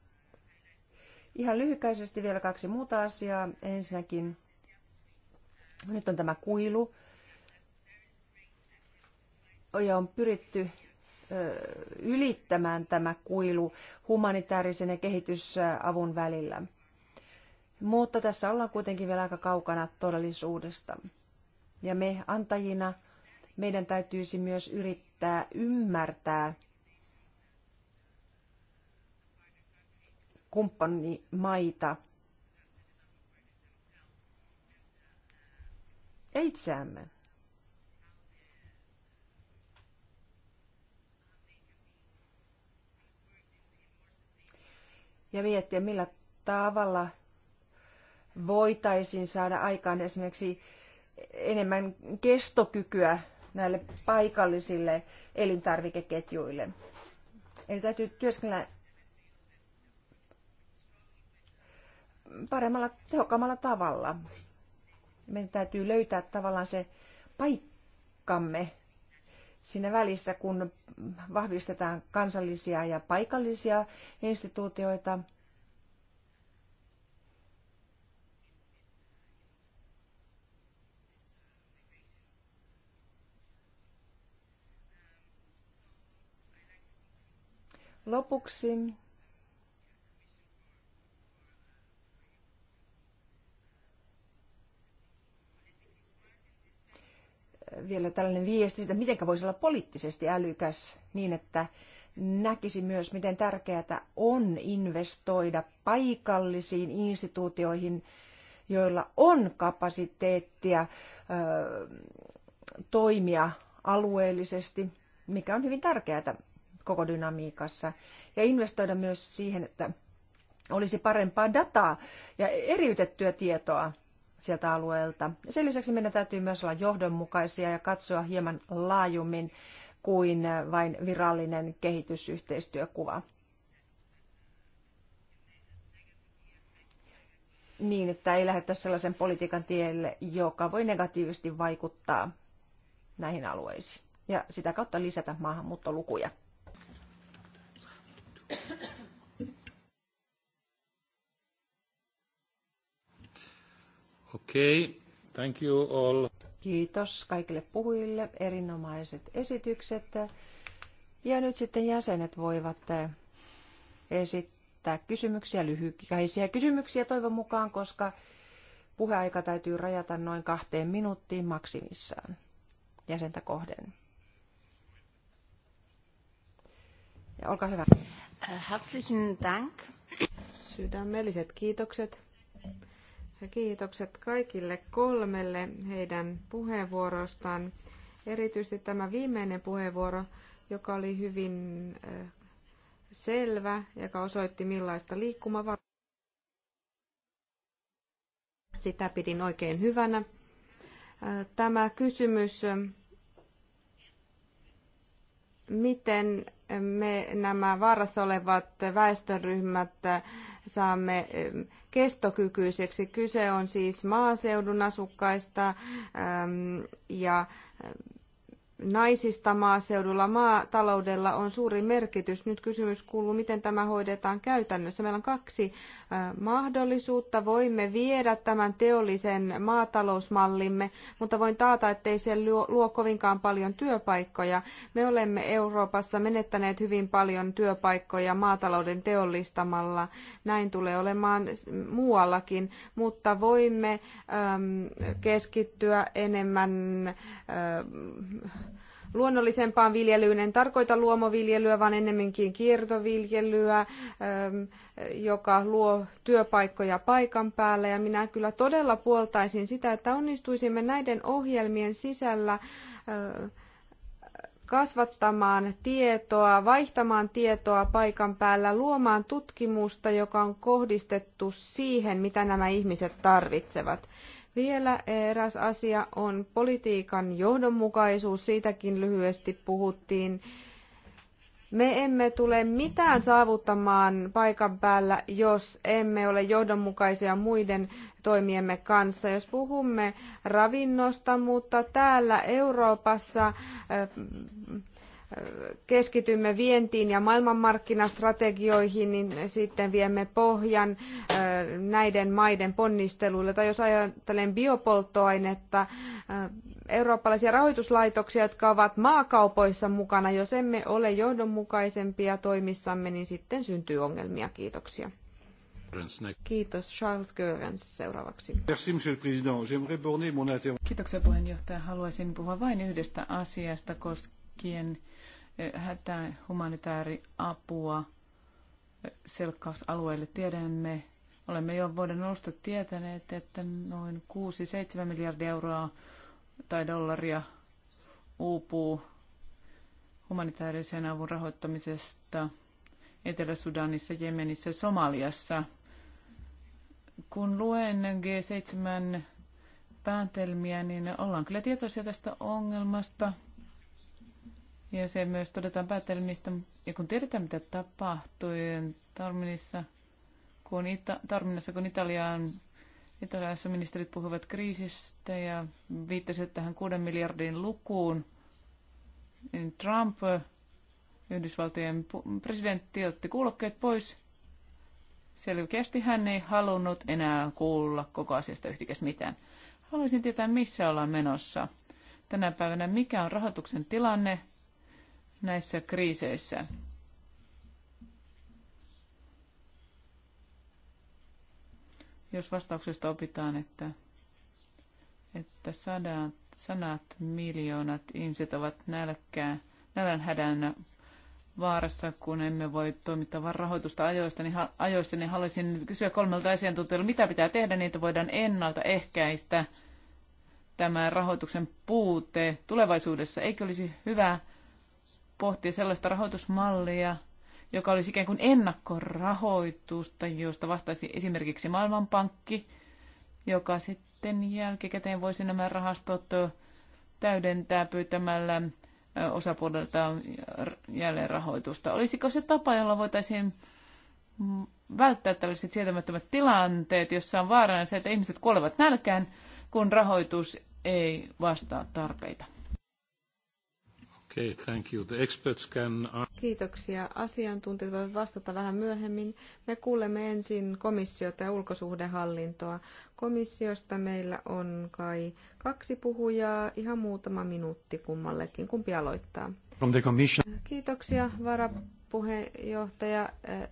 Ihan lyhykäisesti vielä kaksi muuta asiaa. Ensinnäkin nyt on tämä kuilu ja on pyritty ylittämään tämä kuilu humanitaarisen ja kehitysavun välillä. Mutta tässä ollaan kuitenkin vielä aika kaukana todellisuudesta. Ja me antajina, meidän täytyisi myös yrittää ymmärtää kumppanimaita ja itseämme. ja miettiä, millä tavalla voitaisiin saada aikaan esimerkiksi enemmän kestokykyä näille paikallisille elintarvikeketjuille. Eli täytyy työskennellä paremmalla, tehokkaammalla tavalla. Meidän täytyy löytää tavallaan se paikkamme siinä välissä, kun vahvistetaan kansallisia ja paikallisia instituutioita. Lopuksi vielä tällainen viesti siitä, miten voisi olla poliittisesti älykäs niin, että näkisi myös, miten tärkeää on investoida paikallisiin instituutioihin, joilla on kapasiteettia toimia alueellisesti, mikä on hyvin tärkeää koko dynamiikassa, ja investoida myös siihen, että olisi parempaa dataa ja eriytettyä tietoa sieltä alueelta. Sen lisäksi meidän täytyy myös olla johdonmukaisia ja katsoa hieman laajummin kuin vain virallinen kehitysyhteistyökuva. Niin, että ei lähdetä sellaisen politiikan tielle, joka voi negatiivisesti vaikuttaa näihin alueisiin ja sitä kautta lisätä maahanmuuttolukuja. Okay. Thank you all. Kiitos kaikille puhujille, erinomaiset esitykset. Ja nyt sitten jäsenet voivat eh, esittää kysymyksiä, lyhykäisiä kysymyksiä toivon mukaan, koska puheaika täytyy rajata noin kahteen minuuttiin maksimissaan jäsentä kohden. Ja olkaa hyvä. Herzlichen Dank. Sydämelliset kiitokset Kiitokset kaikille kolmelle heidän puheenvuorostaan. Erityisesti tämä viimeinen puheenvuoro, joka oli hyvin selvä, joka osoitti millaista liikkumavaraa. Sitä pidin oikein hyvänä. Tämä kysymys, miten me nämä vaarassa olevat väestöryhmät saamme kestokykyiseksi. Kyse on siis maaseudun asukkaista ja naisista maaseudulla maataloudella on suuri merkitys. Nyt kysymys kuuluu, miten tämä hoidetaan käytännössä. Meillä on kaksi äh, mahdollisuutta. Voimme viedä tämän teollisen maatalousmallimme, mutta voin taata, ettei se luo, luo kovinkaan paljon työpaikkoja. Me olemme Euroopassa menettäneet hyvin paljon työpaikkoja maatalouden teollistamalla. Näin tulee olemaan muuallakin, mutta voimme äm, keskittyä enemmän äm, luonnollisempaan viljelyyn. En tarkoita luomoviljelyä, vaan ennemminkin kiertoviljelyä, ähm, joka luo työpaikkoja paikan päällä. Ja minä kyllä todella puoltaisin sitä, että onnistuisimme näiden ohjelmien sisällä äh, kasvattamaan tietoa, vaihtamaan tietoa paikan päällä, luomaan tutkimusta, joka on kohdistettu siihen, mitä nämä ihmiset tarvitsevat. Vielä eräs asia on politiikan johdonmukaisuus. Siitäkin lyhyesti puhuttiin. Me emme tule mitään saavuttamaan paikan päällä, jos emme ole johdonmukaisia muiden toimiemme kanssa. Jos puhumme ravinnosta, mutta täällä Euroopassa keskitymme vientiin ja maailmanmarkkinastrategioihin, niin sitten viemme pohjan näiden maiden ponnisteluille. Tai jos ajattelen biopolttoainetta, eurooppalaisia rahoituslaitoksia, jotka ovat maakaupoissa mukana, jos emme ole johdonmukaisempia toimissamme, niin sitten syntyy ongelmia. Kiitoksia. Kiitos. Charles Görens seuraavaksi. Kiitoksia puheenjohtaja. Haluaisin puhua vain yhdestä asiasta koskien hätä humanitaariapua selkkausalueille. Tiedämme, olemme jo vuoden alusta tietäneet, että noin 6-7 miljardia euroa tai dollaria uupuu humanitaarisen avun rahoittamisesta Etelä-Sudanissa, Jemenissä ja Somaliassa. Kun luen G7 päätelmiä, niin ollaan kyllä tietoisia tästä ongelmasta – ja se myös todetaan päätelmistä. Ja kun tiedetään, mitä tapahtui Tarminissa, kun, Ita- Tarminassa, kun Italiaan, Italiassa ministerit puhuvat kriisistä ja viittasivat tähän 6 miljardin lukuun, niin Trump, Yhdysvaltojen presidentti, otti kuulokkeet pois. Selkeästi hän ei halunnut enää kuulla koko asiasta yhtikäs mitään. Haluaisin tietää, missä ollaan menossa tänä päivänä, mikä on rahoituksen tilanne, näissä kriiseissä. Jos vastauksesta opitaan, että, että sadat, sanat miljoonat ihmiset ovat nälkää, nälänhädän vaarassa, kun emme voi toimittaa vain rahoitusta ajoista, niin, ajoissa, niin haluaisin kysyä kolmelta asiantuntijalta, mitä pitää tehdä, niin että voidaan ennaltaehkäistä tämä rahoituksen puute tulevaisuudessa. Eikö olisi hyvä pohtia sellaista rahoitusmallia, joka olisi ikään kuin ennakkorahoitusta, josta vastaisi esimerkiksi Maailmanpankki, joka sitten jälkikäteen voisi nämä rahastot täydentää pyytämällä osapuolelta jälleenrahoitusta. Olisiko se tapa, jolla voitaisiin välttää tällaiset sietämättömät tilanteet, jossa on vaarana se, että ihmiset kuolevat nälkään, kun rahoitus ei vastaa tarpeita? Okay, thank you. The experts can... Kiitoksia. Asiantuntijat voivat vastata vähän myöhemmin. Me kuulemme ensin komissiota ja ulkosuhdehallintoa. Komissiosta meillä on kai kaksi puhujaa, ihan muutama minuutti kummallekin. Kumpi aloittaa? From the commission. Kiitoksia, varapuheenjohtaja. Äh,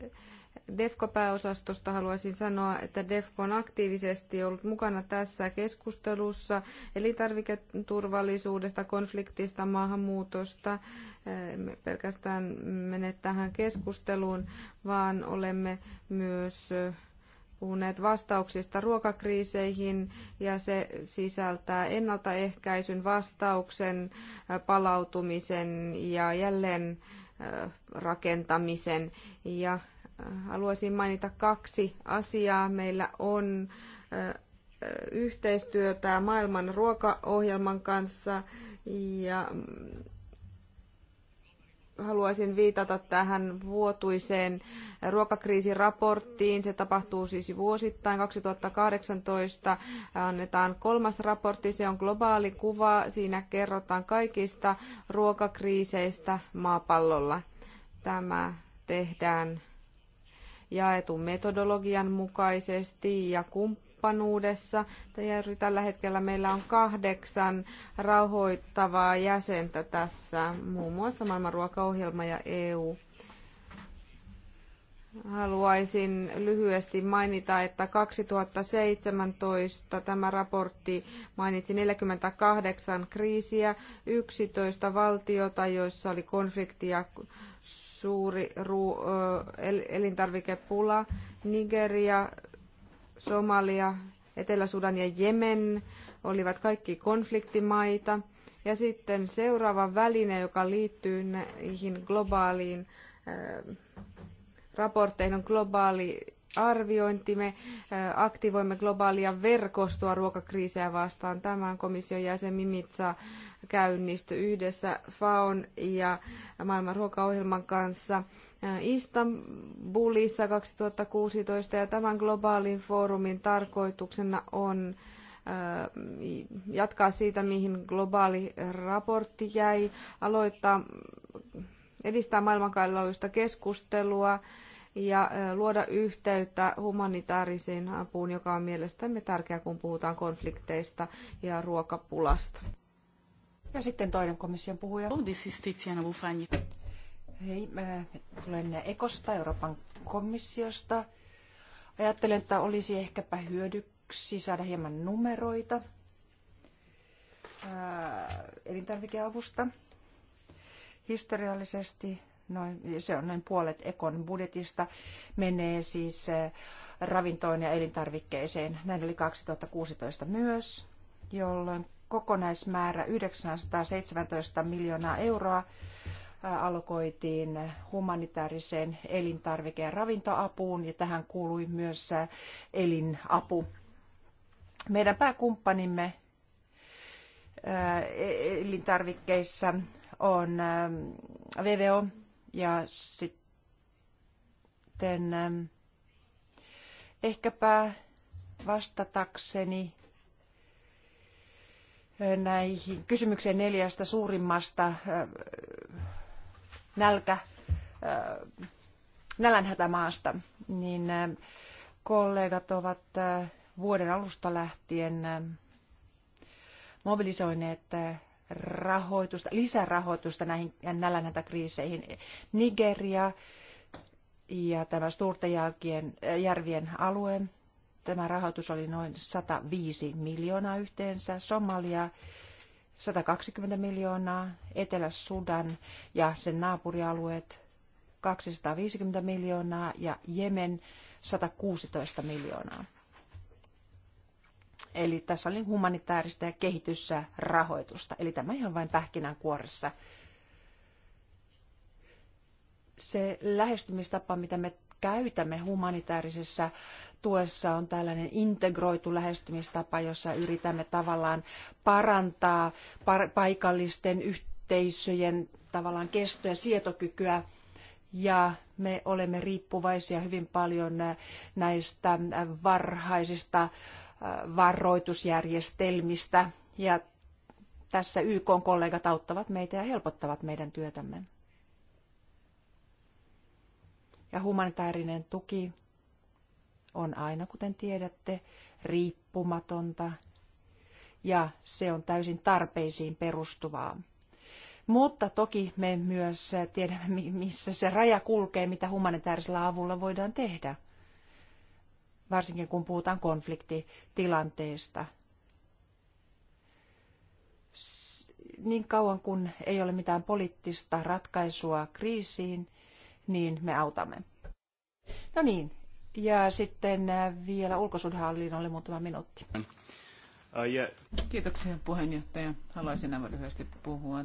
DEFCO-pääosastosta haluaisin sanoa, että DEFCO on aktiivisesti ollut mukana tässä keskustelussa elintarviketurvallisuudesta, konfliktista, maahanmuutosta. Eh, me pelkästään mene tähän keskusteluun, vaan olemme myös eh, puhuneet vastauksista ruokakriiseihin ja se sisältää ennaltaehkäisyn vastauksen, eh, palautumisen ja jälleen rakentamisen ja haluaisin mainita kaksi asiaa. Meillä on yhteistyötä maailman ruokaohjelman kanssa ja mm, haluaisin viitata tähän vuotuiseen ruokakriisiraporttiin. Se tapahtuu siis vuosittain 2018. Annetaan kolmas raportti, se on globaali kuva. Siinä kerrotaan kaikista ruokakriiseistä maapallolla. Tämä tehdään jaetun metodologian mukaisesti ja kumppanuudessa. tällä hetkellä meillä on kahdeksan rauhoittavaa jäsentä tässä, muun muassa maailman ruokaohjelma ja EU. Haluaisin lyhyesti mainita, että 2017 tämä raportti mainitsi 48 kriisiä, 11 valtiota, joissa oli konfliktia suuri ruu, elintarvikepula. Nigeria, Somalia, Etelä-Sudan ja Jemen olivat kaikki konfliktimaita. Ja sitten seuraava väline, joka liittyy näihin globaaliin raportteihin, on globaali arviointi. Me aktivoimme globaalia verkostoa ruokakriisejä vastaan. Tämän komission jäsen Mimitsa käynnisty yhdessä FAON ja maailman ruokaohjelman kanssa Istanbulissa 2016 ja tämän globaalin foorumin tarkoituksena on jatkaa siitä, mihin globaali raportti jäi, aloittaa edistää maailmanlaajuista keskustelua ja luoda yhteyttä humanitaariseen apuun, joka on mielestämme tärkeää, kun puhutaan konflikteista ja ruokapulasta. Ja sitten toinen komission puhuja. This is Tiziana Buffagni. Hei, mä tulen Ekosta, Euroopan komissiosta. Ajattelen, että olisi ehkäpä hyödyksi saada hieman numeroita ää, äh, elintarvikeavusta. Historiallisesti noin, se on noin puolet Ekon budjetista, menee siis äh, ravintoon ja elintarvikkeeseen. Näin oli 2016 myös jolloin kokonaismäärä 917 miljoonaa euroa alkoitiin humanitaariseen elintarvike- ja ravintoapuun ja tähän kuului myös elinapu. Meidän pääkumppanimme e- elintarvikkeissa on VVO ja sitten ehkäpä vastatakseni näihin kysymykseen neljästä suurimmasta nälkä, nälänhätämaasta, niin kollegat ovat vuoden alusta lähtien mobilisoineet rahoitusta, lisärahoitusta näihin nälänhätäkriiseihin. Nigeria ja tämä Suurten järvien alue tämä rahoitus oli noin 105 miljoonaa yhteensä, Somalia 120 miljoonaa, Etelä-Sudan ja sen naapurialueet 250 miljoonaa ja Jemen 116 miljoonaa. Eli tässä oli humanitaarista ja kehityssä rahoitusta. Eli tämä ihan vain pähkinänkuoressa. Se lähestymistapa, mitä me käytämme humanitaarisessa tuessa on tällainen integroitu lähestymistapa, jossa yritämme tavallaan parantaa paikallisten yhteisöjen tavallaan kestoa ja sietokykyä ja me olemme riippuvaisia hyvin paljon näistä varhaisista äh, varoitusjärjestelmistä ja tässä YK kollegat auttavat meitä ja helpottavat meidän työtämme. Ja humanitaarinen tuki on aina, kuten tiedätte, riippumatonta ja se on täysin tarpeisiin perustuvaa. Mutta toki me myös tiedämme, missä se raja kulkee, mitä humanitaarisella avulla voidaan tehdä, varsinkin kun puhutaan konfliktitilanteesta. Niin kauan kun ei ole mitään poliittista ratkaisua kriisiin, niin me autamme. No niin, ja sitten äh, vielä ulkosuhdehallinnolle muutama minuutti. Uh, yeah. Kiitoksia puheenjohtaja. Haluaisin aivan lyhyesti puhua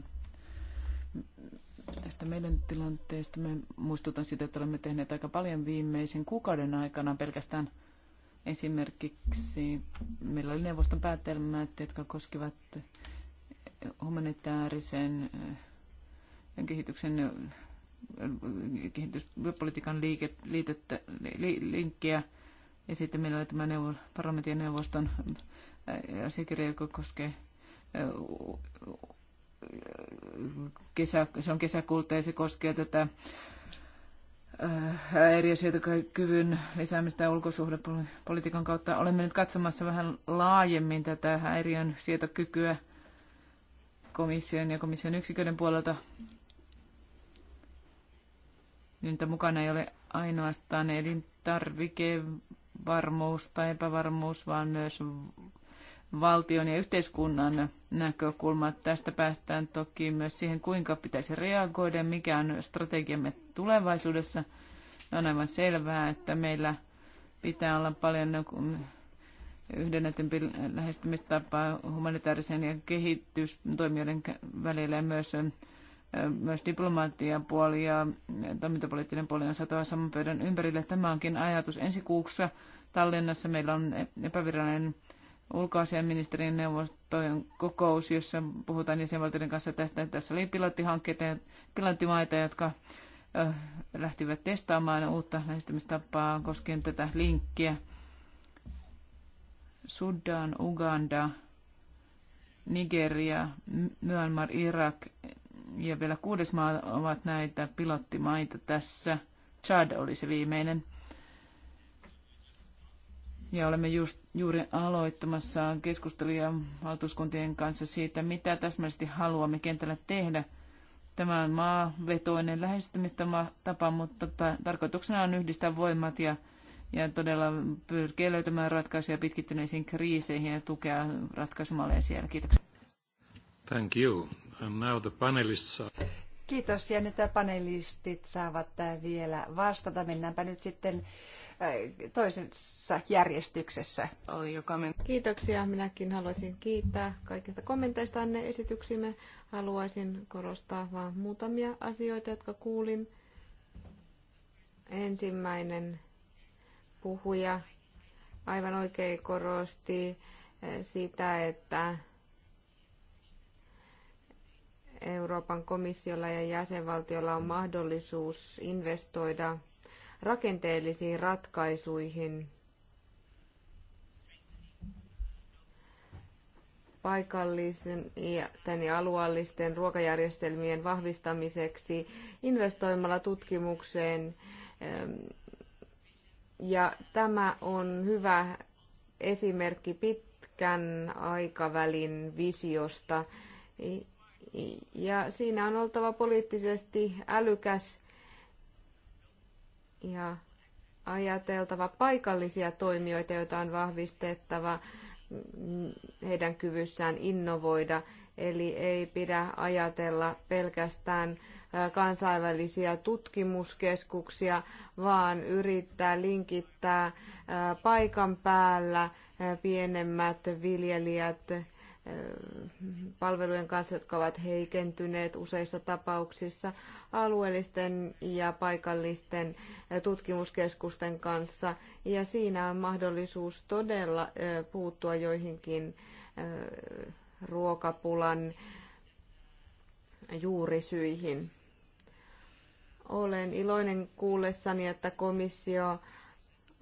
tästä meidän tilanteesta. Me muistutan siitä, että olemme tehneet aika paljon viimeisen kuukauden aikana pelkästään esimerkiksi meillä oli neuvoston päätelmät, jotka koskivat humanitaarisen äh, kehityksen kehityspolitiikan liiket, liitettä, li, linkkiä. Ja sitten meillä oli tämä neuvo, parlamentin neuvoston asiakirja, joka koskee kesä, se on kesäkuulta ja se koskee tätä häiriösietokyvyn lisäämistä ulkosuhdepolitiikan kautta. Olemme nyt katsomassa vähän laajemmin tätä häiriön sietokykyä komission ja komission yksiköiden puolelta Niitä mukana ei ole ainoastaan elintarvikevarmuus tai epävarmuus, vaan myös valtion ja yhteiskunnan näkökulma. Tästä päästään toki myös siihen, kuinka pitäisi reagoida, mikä on strategiamme tulevaisuudessa. On aivan selvää, että meillä pitää olla paljon yhdennetympi lähestymistapa humanitaarisen ja kehitystoimijoiden välillä ja myös myös diplomaattien puoli ja toimintapoliittinen puoli on saatava saman pöydän ympärille. Tämä onkin ajatus ensi kuussa Tallinnassa. Meillä on epävirallinen ulkoasiainministerin neuvostojen kokous, jossa puhutaan jäsenvaltioiden kanssa tästä. Tässä oli pilottihankkeita ja pilottimaita, jotka lähtivät testaamaan uutta lähestymistapaa koskien tätä linkkiä. Sudan, Uganda, Nigeria, Myanmar, Irak, ja vielä kuudes maa ovat näitä pilottimaita tässä. Chad oli se viimeinen. Ja olemme just, juuri aloittamassa keskustelua valtuuskuntien kanssa siitä, mitä täsmällisesti haluamme kentällä tehdä. Tämä on maavetoinen lähestymistapa, mutta ta- tarkoituksena on yhdistää voimat ja, ja todella pyrkiä löytämään ratkaisuja pitkittyneisiin kriiseihin ja tukea ratkaisumalleja siellä. Kiitoksia. Thank you. Kiitos ja nyt panelistit saavat äh, vielä vastata. Mennäänpä nyt sitten äh, toisessa järjestyksessä. Kiitoksia. Minäkin haluaisin kiittää kaikista kommenteistanne esityksimme. Haluaisin korostaa vain muutamia asioita, jotka kuulin. Ensimmäinen puhuja aivan oikein korosti äh, sitä, että Euroopan komissiolla ja jäsenvaltiolla on mahdollisuus investoida rakenteellisiin ratkaisuihin paikallisen ja alueellisten ruokajärjestelmien vahvistamiseksi investoimalla tutkimukseen. Ja tämä on hyvä esimerkki pitkän aikavälin visiosta, ja siinä on oltava poliittisesti älykäs ja ajateltava paikallisia toimijoita, joita on vahvistettava heidän kyvyssään innovoida. Eli ei pidä ajatella pelkästään kansainvälisiä tutkimuskeskuksia, vaan yrittää linkittää paikan päällä pienemmät viljelijät palvelujen kanssa, jotka ovat heikentyneet useissa tapauksissa, alueellisten ja paikallisten tutkimuskeskusten kanssa. Ja siinä on mahdollisuus todella puuttua joihinkin ruokapulan juurisyihin. Olen iloinen kuullessani, että komissio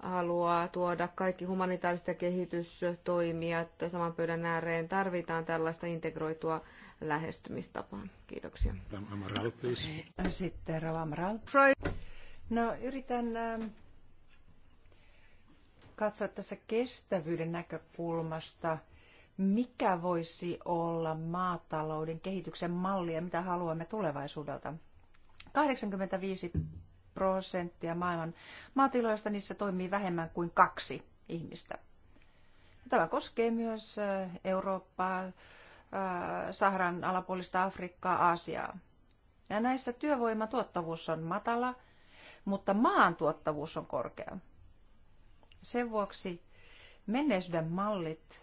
haluaa tuoda kaikki humanitaariset ja kehitystoimijat saman pöydän ääreen. Tarvitaan tällaista integroitua lähestymistapaa. Kiitoksia. Amaral, Sitten Rava Amaral. No, yritän ähm, katsoa tässä kestävyyden näkökulmasta, mikä voisi olla maatalouden kehityksen malli ja mitä haluamme tulevaisuudelta. 85 prosenttia maailman maatiloista, niissä toimii vähemmän kuin kaksi ihmistä. Tämä koskee myös Eurooppaa, Saharan alapuolista Afrikkaa, Aasiaa. Ja näissä työvoimatuottavuus on matala, mutta maan tuottavuus on korkea. Sen vuoksi menneisyyden mallit,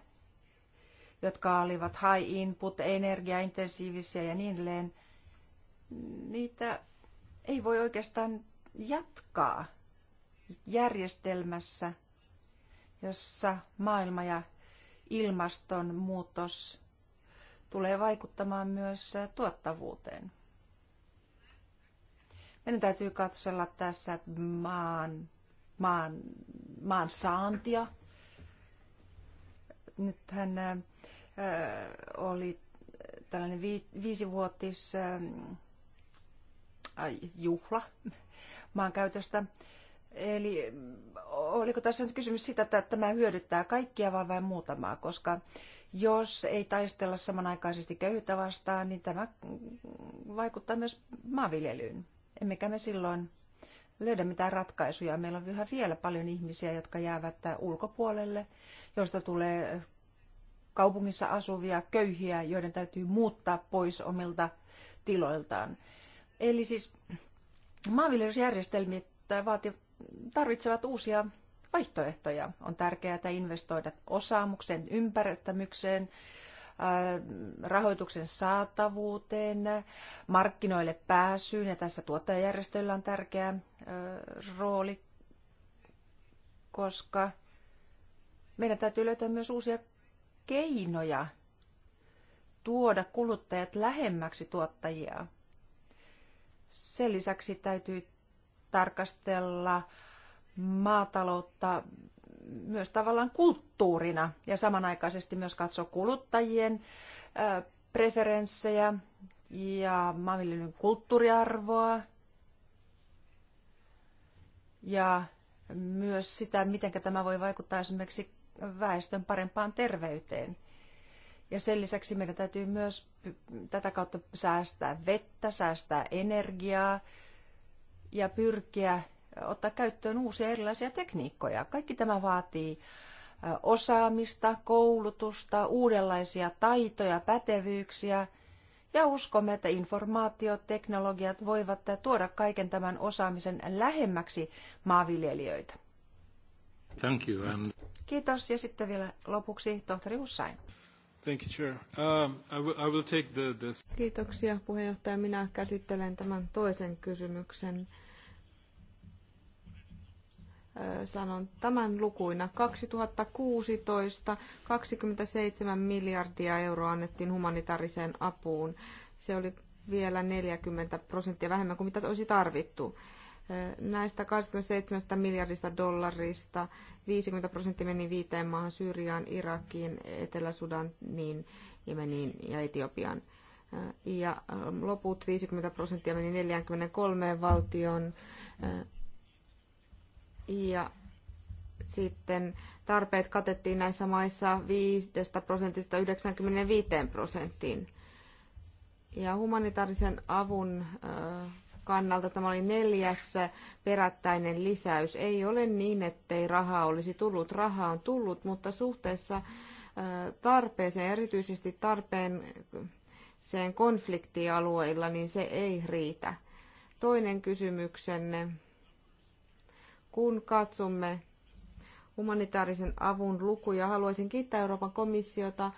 jotka olivat high input, energiaintensiivisiä ja niin edelleen, niitä ei voi oikeastaan jatkaa järjestelmässä, jossa maailma ja ilmastonmuutos tulee vaikuttamaan myös tuottavuuteen. Meidän täytyy katsella tässä maan, maan, maan saantia. Nythän äh, oli tällainen vi, viisivuotis äh, juhla, maankäytöstä. Eli oliko tässä nyt kysymys sitä, että tämä hyödyttää kaikkia vai vain muutamaa, koska jos ei taistella samanaikaisesti köyhyyttä vastaan, niin tämä vaikuttaa myös maanviljelyyn. Emmekä me silloin löydä mitään ratkaisuja. Meillä on yhä vielä paljon ihmisiä, jotka jäävät ulkopuolelle, joista tulee kaupungissa asuvia köyhiä, joiden täytyy muuttaa pois omilta tiloiltaan. Eli siis Maanviljelysjärjestelmät vaativat, tarvitsevat uusia vaihtoehtoja. On tärkeää investoida osaamukseen, ymmärtämykseen, äh, rahoituksen saatavuuteen, markkinoille pääsyyn ja tässä tuottajajärjestöillä on tärkeä äh, rooli, koska meidän täytyy löytää myös uusia keinoja tuoda kuluttajat lähemmäksi tuottajia. Sen lisäksi täytyy tarkastella maataloutta myös tavallaan kulttuurina ja samanaikaisesti myös katsoa kuluttajien preferenssejä ja maanviljelyn kulttuuriarvoa ja myös sitä, miten tämä voi vaikuttaa esimerkiksi väestön parempaan terveyteen. Ja sen lisäksi meidän täytyy myös tätä kautta säästää vettä, säästää energiaa ja pyrkiä ottaa käyttöön uusia erilaisia tekniikkoja. Kaikki tämä vaatii osaamista, koulutusta, uudenlaisia taitoja, pätevyyksiä. Ja uskomme, että informaatioteknologiat voivat tuoda kaiken tämän osaamisen lähemmäksi maanviljelijöitä. Thank you. And... Kiitos. Ja sitten vielä lopuksi tohtori Hussain. Thank you, Chair. Um, I will, I will take the, this. Kiitoksia puheenjohtaja. Minä käsittelen tämän toisen kysymyksen. Sanon tämän lukuina. 2016 27 miljardia euroa annettiin humanitaariseen apuun. Se oli vielä 40 prosenttia vähemmän kuin mitä olisi tarvittu. Näistä 27 miljardista dollarista 50 prosenttia meni viiteen maahan Syyriaan, Irakiin, Etelä-Sudaniin, Jemeniin ja Etiopiaan. Ja loput 50 prosenttia meni 43 valtion. Ja sitten tarpeet katettiin näissä maissa 5 prosentista 95 prosenttiin. Ja humanitaarisen avun kannalta tämä oli neljäs perättäinen lisäys. Ei ole niin, ettei rahaa olisi tullut. Rahaa on tullut, mutta suhteessa tarpeeseen, erityisesti tarpeen sen konfliktialueilla, niin se ei riitä. Toinen kysymyksenne. Kun katsomme humanitaarisen avun lukuja, haluaisin kiittää Euroopan komissiota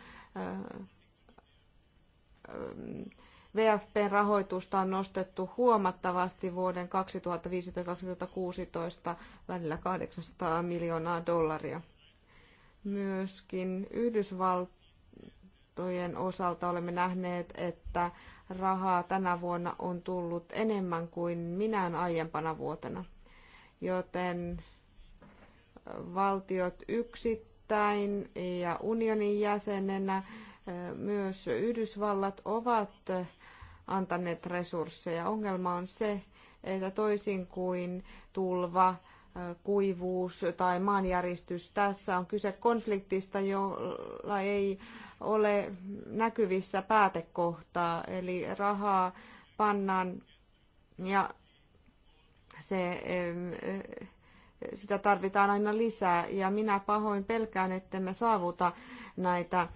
VFPn rahoitusta on nostettu huomattavasti vuoden 2015-2016 välillä 800 miljoonaa dollaria. Myöskin Yhdysvaltojen osalta olemme nähneet, että rahaa tänä vuonna on tullut enemmän kuin minään aiempana vuotena. Joten valtiot yksittäin ja unionin jäsenenä myös Yhdysvallat ovat antaneet resursseja. Ongelma on se, että toisin kuin tulva, kuivuus tai maanjäristys, tässä on kyse konfliktista, jolla ei ole näkyvissä päätekohtaa, eli rahaa pannaan ja se, sitä tarvitaan aina lisää ja minä pahoin pelkään, että me saavuta näitä äh,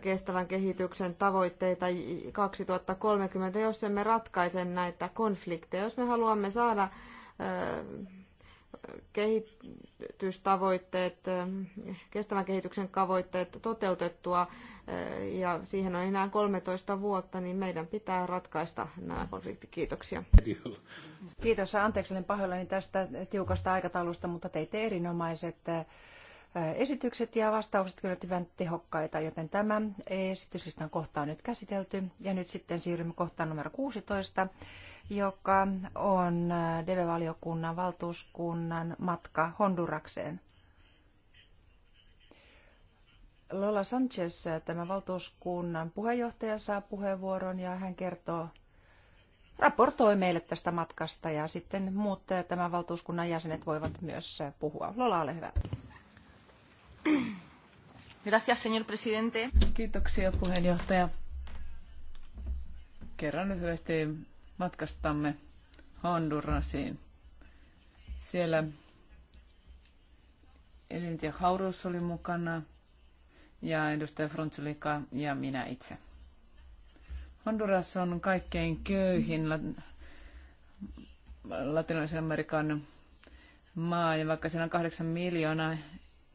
kestävän kehityksen tavoitteita 2030, jos emme ratkaise näitä konflikteja. Jos me haluamme saada äh, kehitystavoitteet, äh, kestävän kehityksen tavoitteet toteutettua ja siihen on enää 13 vuotta, niin meidän pitää ratkaista nämä konfliktit. Kiitoksia. Kiitos. Anteeksi, olen pahoillani tästä tiukasta aikataulusta, mutta teitte erinomaiset esitykset ja vastaukset kyllä hyvän tehokkaita, joten tämä esityslistan kohta on nyt käsitelty. Ja nyt sitten siirrymme kohtaan numero 16, joka on DEVE-valiokunnan valtuuskunnan matka Hondurakseen. Lola Sanchez, tämä valtuuskunnan puheenjohtaja, saa puheenvuoron ja hän kertoo, raportoi meille tästä matkasta ja sitten muut tämän valtuuskunnan jäsenet voivat myös puhua. Lola, ole hyvä. Gracias, señor presidente. Kiitoksia, puheenjohtaja. Kerran lyhyesti matkastamme Hondurasiin. Siellä Elint ja Haurus oli mukana ja edustaja Frontsulika ja minä itse. Honduras on kaikkein köyhin latinalaisen Amerikan maa, ja vaikka siellä on kahdeksan miljoonaa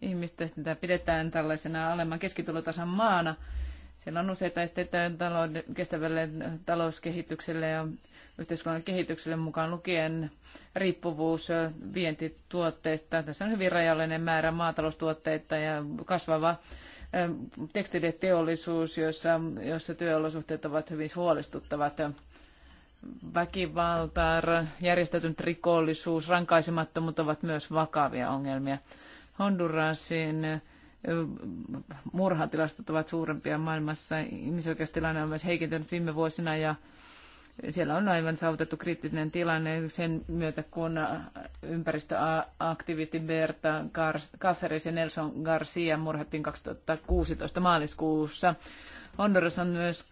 ihmistä, sitä pidetään tällaisena alemman keskitulotason maana. Siellä on useita esteitä talouden, kestävälle talouskehitykselle ja yhteiskunnan kehitykselle mukaan lukien riippuvuus vientituotteista. Tässä on hyvin rajallinen määrä maataloustuotteita ja kasvava tekstiiliteollisuus, jossa, jossa työolosuhteet ovat hyvin huolestuttavat. Väkivalta, järjestäytynyt rikollisuus, rankaisemattomuus ovat myös vakavia ongelmia. Hondurasin murhatilastot ovat suurempia maailmassa. Ihmisoikeustilanne on myös heikentynyt viime vuosina ja siellä on aivan saavutettu kriittinen tilanne sen myötä, kun ympäristöaktivisti Berta Cáceres ja Nelson Garcia murhattiin 2016 maaliskuussa. Honduras on myös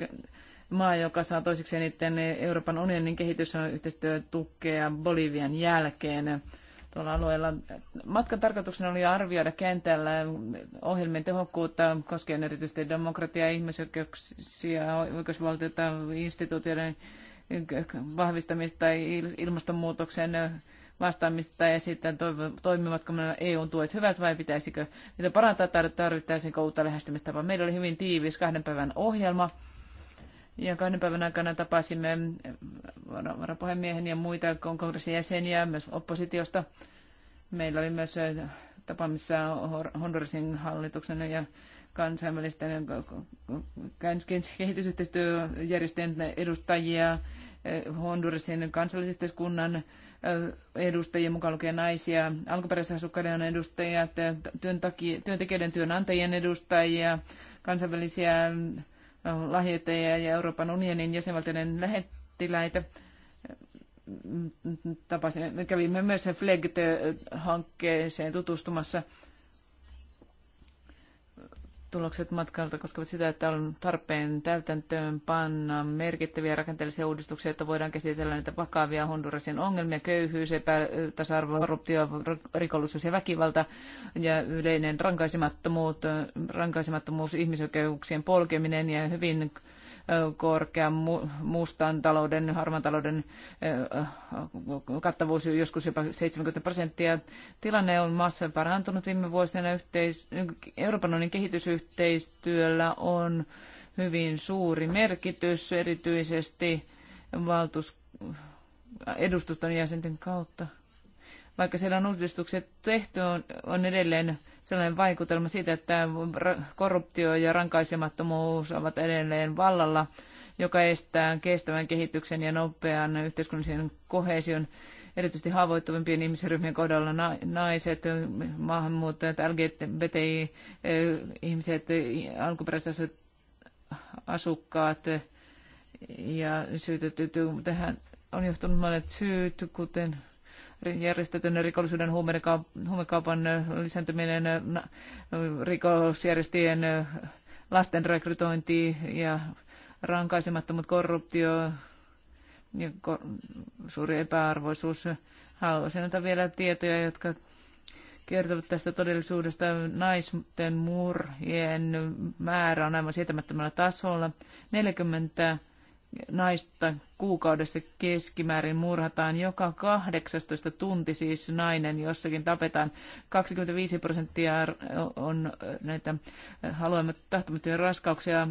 maa, joka saa toiseksi eniten Euroopan unionin kehitysyhteistyötukea Bolivian jälkeen tuolla alueella. Matkan tarkoituksena oli arvioida kentällä ohjelmien tehokkuutta koskien erityisesti demokratiaa, ihmisoikeuksia, oikeusvaltiota, instituutioiden vahvistamista, ilmastonmuutoksen vastaamista ja sitten toimivatko nämä eu tuet hyvät vai pitäisikö niitä parantaa tai tarvittaisiinko uutta lähestymistapaa. Meillä oli hyvin tiivis kahden päivän ohjelma ja kahden päivän aikana tapasimme varapuhemiehen ja muita kongressin jäseniä myös oppositiosta. Meillä oli myös tapaamissa Hondurasin hallituksen ja kansainvälisten kehitysyhteistyöjärjestöjen edustajia, Hondurasin kansallisyhteiskunnan edustajia, mukaan lukien naisia, asukkaiden edustajia, työntekijöiden työnantajien edustajia, kansainvälisiä lahjoittajia ja Euroopan unionin jäsenvaltioiden lähettiläitä. Tapasin, kävimme myös FLEGT-hankkeeseen tutustumassa – tulokset matkalta koskevat sitä, että on tarpeen täytäntöön panna merkittäviä rakenteellisia uudistuksia, että voidaan käsitellä näitä vakavia Hondurasin ongelmia, köyhyys, epätasa-arvo, korruptio, rikollisuus ja väkivalta ja yleinen rankaisemattomuus, rankaisemattomuus ihmisoikeuksien polkeminen ja hyvin korkean mustan talouden, harmaan talouden kattavuus joskus jopa 70 prosenttia. Tilanne on maassa parantunut viime vuosina. Yhteis- Euroopan unionin kehitysyhteistyöllä on hyvin suuri merkitys, erityisesti valtuus edustuston jäsenten kautta. Vaikka siellä on uudistukset tehty, on, on edelleen sellainen vaikutelma siitä, että korruptio ja rankaisemattomuus ovat edelleen vallalla, joka estää kestävän kehityksen ja nopean yhteiskunnallisen kohesion erityisesti haavoittuvimpien ihmisryhmien kohdalla naiset, maahanmuuttajat, LGBTI-ihmiset, eh, alkuperäiset asukkaat ja syytetyt. Tähän on johtunut monet syyt, kuten järjestetyn rikollisuuden huumekaupan lisääntyminen, rikollisjärjestöjen lasten rekrytointi ja rankaisemattomat korruptio ja suuri epäarvoisuus. Haluaisin antaa vielä tietoja, jotka kertovat tästä todellisuudesta. Naisten murhien määrä on aivan sietämättömällä tasolla. 40 naista kuukaudessa keskimäärin murhataan. Joka 18 tunti siis nainen jossakin tapetaan. 25 prosenttia on näitä haluamme tahtomattomia raskauksia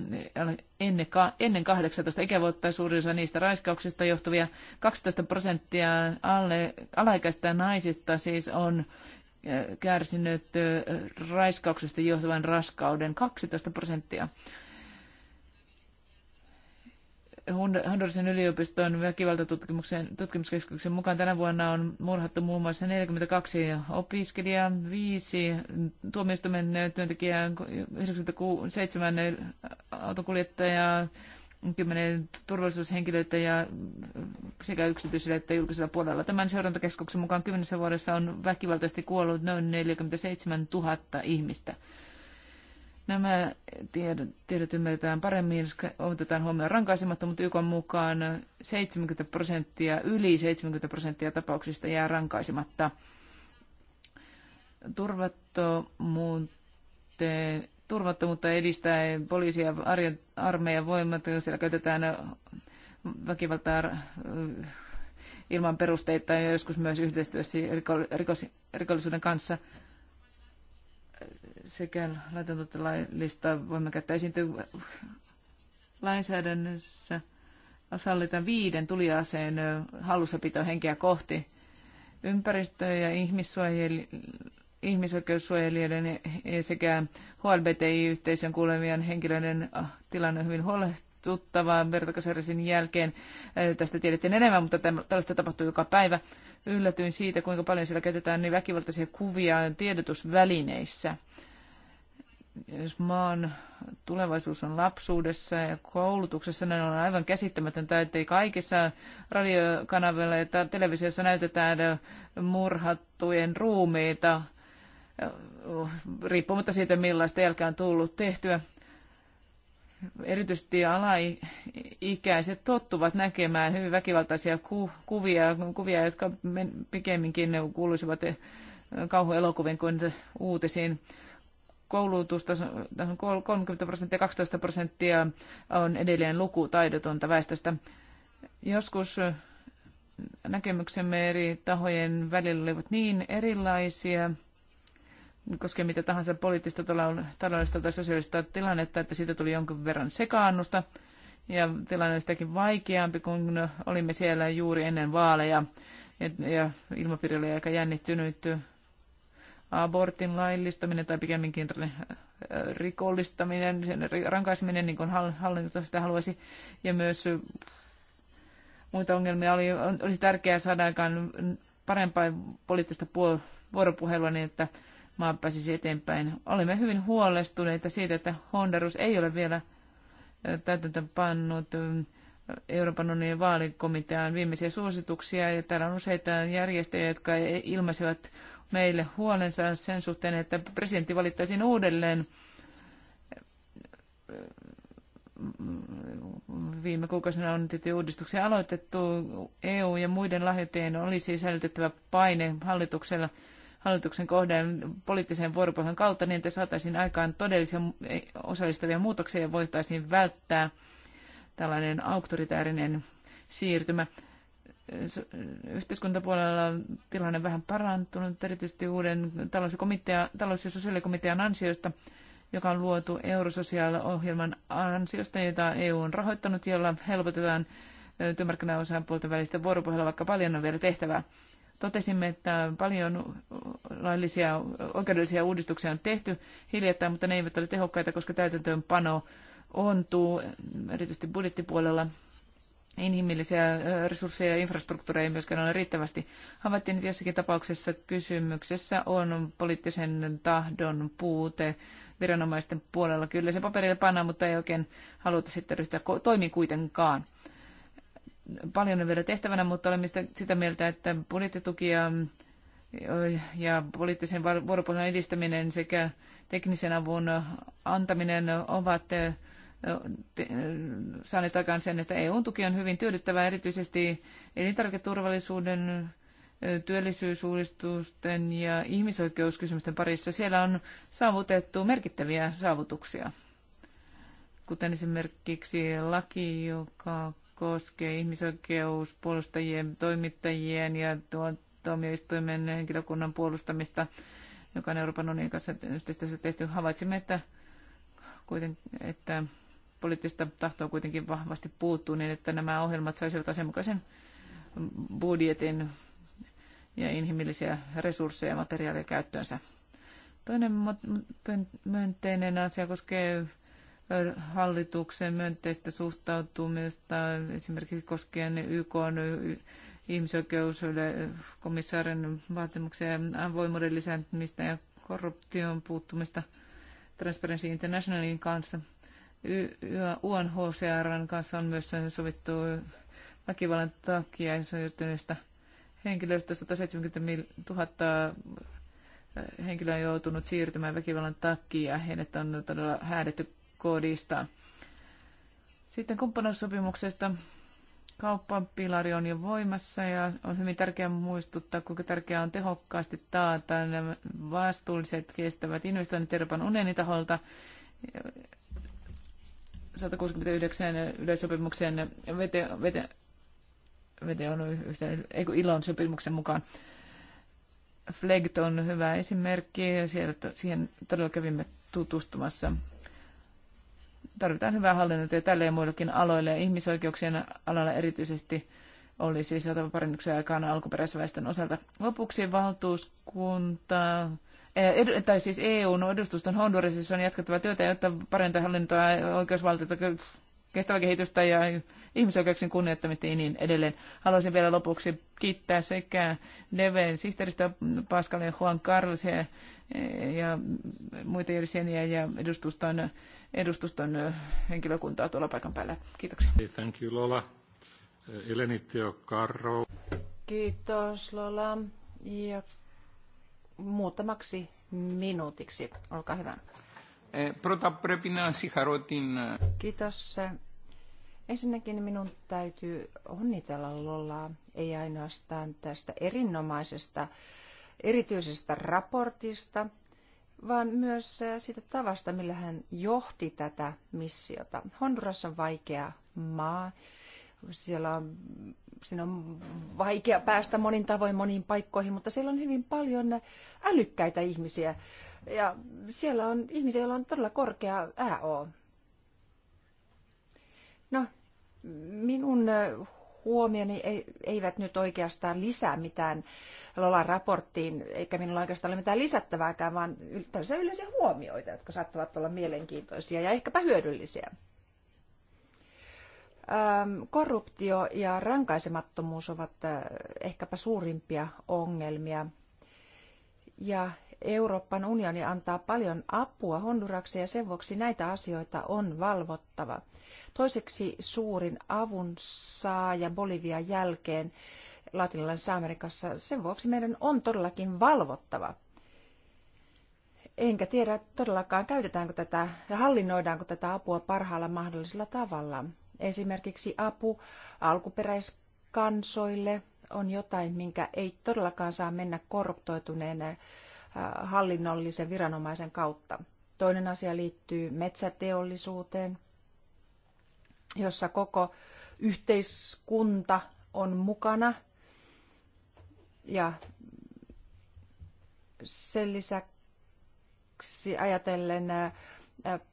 ennen, ennen 18 ikävuotta suurin osa niistä raiskauksista johtuvia. 12 prosenttia alle, alaikäistä naisista siis on äh, kärsinyt äh, raiskauksesta johtuvan raskauden 12 prosenttia. Hondurasin yliopiston väkivaltatutkimuksen tutkimuskeskuksen mukaan tänä vuonna on murhattu muun muassa 42 opiskelijaa, 5 tuomioistuimen työntekijää, 97 autokuljettajaa, 10 turvallisuushenkilöitä ja sekä yksityisellä että julkisella puolella. Tämän seurantakeskuksen mukaan 10 vuodessa on väkivaltaisesti kuollut noin 47 000 ihmistä. Nämä tiedot, tiedot ymmärretään paremmin, koska otetaan huomioon rankaisematta, mutta YK mukaan 70 prosenttia, yli 70 prosenttia tapauksista jää rankaisematta. turvattomuutta edistää poliisi ja armeijan voimat, siellä käytetään väkivaltaa äh, ilman perusteita ja joskus myös yhteistyössä rikollisuuden kanssa – sekä laitonta listaa, voimme käyttää esiintyy lainsäädännössä sallitaan viiden tuliaseen hallussapito henkeä kohti. Ympäristö- ja ihmisoikeussuojelijoiden sekä HLBTI-yhteisön kuulevien henkilöiden tilanne on hyvin huolestuttava vertakasarisin jälkeen. Tästä tiedettiin enemmän, mutta tällaista tapahtuu joka päivä. Yllätyin siitä, kuinka paljon siellä käytetään niin väkivaltaisia kuvia tiedotusvälineissä jos maan tulevaisuus on lapsuudessa ja koulutuksessa, niin on aivan käsittämätöntä, ei kaikissa radiokanavilla ja televisiossa näytetään murhattujen ruumiita, riippumatta siitä, millaista jälkeen on tullut tehtyä. Erityisesti alaikäiset tottuvat näkemään hyvin väkivaltaisia kuvia, kuvia jotka pikemminkin kuuluisivat kauhuelokuviin kuin uutisiin koulutusta, on 30 prosenttia, 12 prosenttia on edelleen lukutaidotonta väestöstä. Joskus näkemyksemme eri tahojen välillä olivat niin erilaisia, koskee mitä tahansa poliittista, taloudellista tai sosiaalista tilannetta, että siitä tuli jonkin verran sekaannusta. Ja tilanne oli sitäkin vaikeampi, kun olimme siellä juuri ennen vaaleja. Ja, ja ilmapiiri oli aika jännittynyt abortin laillistaminen tai pikemminkin äh, rikollistaminen, sen rankaiseminen niin kuin hallinto sitä haluaisi, ja myös äh, muita ongelmia oli, olisi tärkeää saada aikaan parempaa poliittista vuoropuhelua niin, että maa pääsisi eteenpäin. Olimme hyvin huolestuneita siitä, että Honduras ei ole vielä äh, täytäntä pannut Euroopan unionin vaalikomitean viimeisiä suosituksia, ja täällä on useita järjestöjä, jotka ilmaisivat meille huolensa sen suhteen, että presidentti valittaisiin uudelleen viime kuukausina on tietysti uudistuksia aloitettu. EU ja muiden lahjoittajien olisi sisällytettävä paine hallituksella, hallituksen kohdan poliittisen vuoropuhelun kautta niin, että saataisiin aikaan todellisia osallistavia muutoksia ja voitaisiin välttää tällainen auktoritäärinen siirtymä yhteiskuntapuolella tilanne vähän parantunut, erityisesti uuden talous- ja, komitea, talous- ja sosiaalikomitean ansiosta, joka on luotu eurososiaaliohjelman ansiosta, jota EU on rahoittanut, jolla helpotetaan työmarkkinaosapuolten välistä vuoropuhelua, vaikka paljon on vielä tehtävää. Totesimme, että paljon laillisia oikeudellisia uudistuksia on tehty hiljattain, mutta ne eivät ole tehokkaita, koska täytäntöönpano ontuu erityisesti budjettipuolella inhimillisiä resursseja ja infrastruktuureja ei myöskään ole riittävästi. Havaittiin, että jossakin tapauksessa kysymyksessä on poliittisen tahdon puute viranomaisten puolella. Kyllä se paperille pannaan, mutta ei oikein haluta sitten ryhtyä toimiin kuitenkaan. Paljon on vielä tehtävänä, mutta olemme sitä mieltä, että budjettituki ja, ja poliittisen vuoropuhelun edistäminen sekä teknisen avun antaminen ovat saaneet aikaan sen, että EU-tuki on hyvin tyydyttävää erityisesti elintarviketurvallisuuden, työllisyysuudistusten ja ihmisoikeuskysymysten parissa. Siellä on saavutettu merkittäviä saavutuksia, kuten esimerkiksi laki, joka koskee ihmisoikeuspuolustajien, toimittajien ja tuomioistuimen henkilökunnan puolustamista, joka on Euroopan unionin kanssa yhteistyössä tehty. Havaitsimme, että kuitenkin, että poliittista tahtoa kuitenkin vahvasti puuttuu niin, että nämä ohjelmat saisivat asianmukaisen budjetin ja inhimillisiä resursseja ja materiaaleja käyttöönsä. Toinen myönteinen asia koskee hallituksen myönteistä suhtautumista esimerkiksi koskien YK ihmisoikeuskomissaarin vaatimuksia avoimuuden lisäämistä ja korruption puuttumista Transparency Internationalin kanssa – UNHCRn kanssa on myös sovittu väkivallan takia siirtyneistä henkilöistä 170 000 henkilöä on joutunut siirtymään väkivallan takia. Heidät on todella häädetty kodista. Sitten kumppanuussopimuksesta pilari on jo voimassa ja on hyvin tärkeää muistuttaa, kuinka tärkeää on tehokkaasti taata nämä vastuulliset kestävät investoinnit Euroopan unionin taholta 169 yleissopimuksen vete, vete, vete on yhtä, ei kun ilon sopimuksen mukaan. Flegt on hyvä esimerkki ja siellä siihen todella kävimme tutustumassa. Tarvitaan hyvää hallinnointia tälle ja muillekin aloille ja ihmisoikeuksien alalla erityisesti olisi siis saatava parannuksia aikaan alkuperäisväestön osalta. Lopuksi valtuuskunta tai siis EUn edustuston Hondurasissa on jatkettava työtä, jotta parempaa hallintoa, oikeusvaltiota, kestävä kehitystä ja ihmisoikeuksien kunnioittamista ja niin edelleen. Haluaisin vielä lopuksi kiittää sekä Neven sihteeristä Pascal ja Juan Carlos ja, ja muita jäseniä ja edustuston, edustuston henkilökuntaa tuolla paikan päällä. Kiitoksia. Thank you, Lola. Elenitio Karro. Kiitos, Lola. Ja muutamaksi minuutiksi. Olkaa hyvä. Πρώτα πρέπει να συγχαρώ την... Kiitos. Ensinnäkin minun täytyy onnitella Lollaa, ei ainoastaan tästä erinomaisesta, erityisestä raportista, vaan myös äh, siitä tavasta, millä hän johti tätä missiota. Honduras on vaikea maa siellä on, siinä on vaikea päästä monin tavoin moniin paikkoihin, mutta siellä on hyvin paljon älykkäitä ihmisiä. Ja siellä on ihmisiä, joilla on todella korkea ääo. No, minun huomioni eivät nyt oikeastaan lisää mitään Lolan raporttiin, eikä minulla oikeastaan ole mitään lisättävääkään, vaan tällaisia yleisiä huomioita, jotka saattavat olla mielenkiintoisia ja ehkäpä hyödyllisiä. Ähm, korruptio ja rankaisemattomuus ovat äh, ehkäpä suurimpia ongelmia. Ja Euroopan unioni antaa paljon apua Hondurakseen ja sen vuoksi näitä asioita on valvottava. Toiseksi suurin avun saaja Bolivian jälkeen Latinalaisessa Amerikassa, sen vuoksi meidän on todellakin valvottava. Enkä tiedä todellakaan, käytetäänkö tätä ja hallinnoidaanko tätä apua parhaalla mahdollisella tavalla. Esimerkiksi apu alkuperäiskansoille on jotain, minkä ei todellakaan saa mennä korruptoituneen äh, hallinnollisen viranomaisen kautta. Toinen asia liittyy metsäteollisuuteen, jossa koko yhteiskunta on mukana. Ja sen lisäksi ajatellen äh,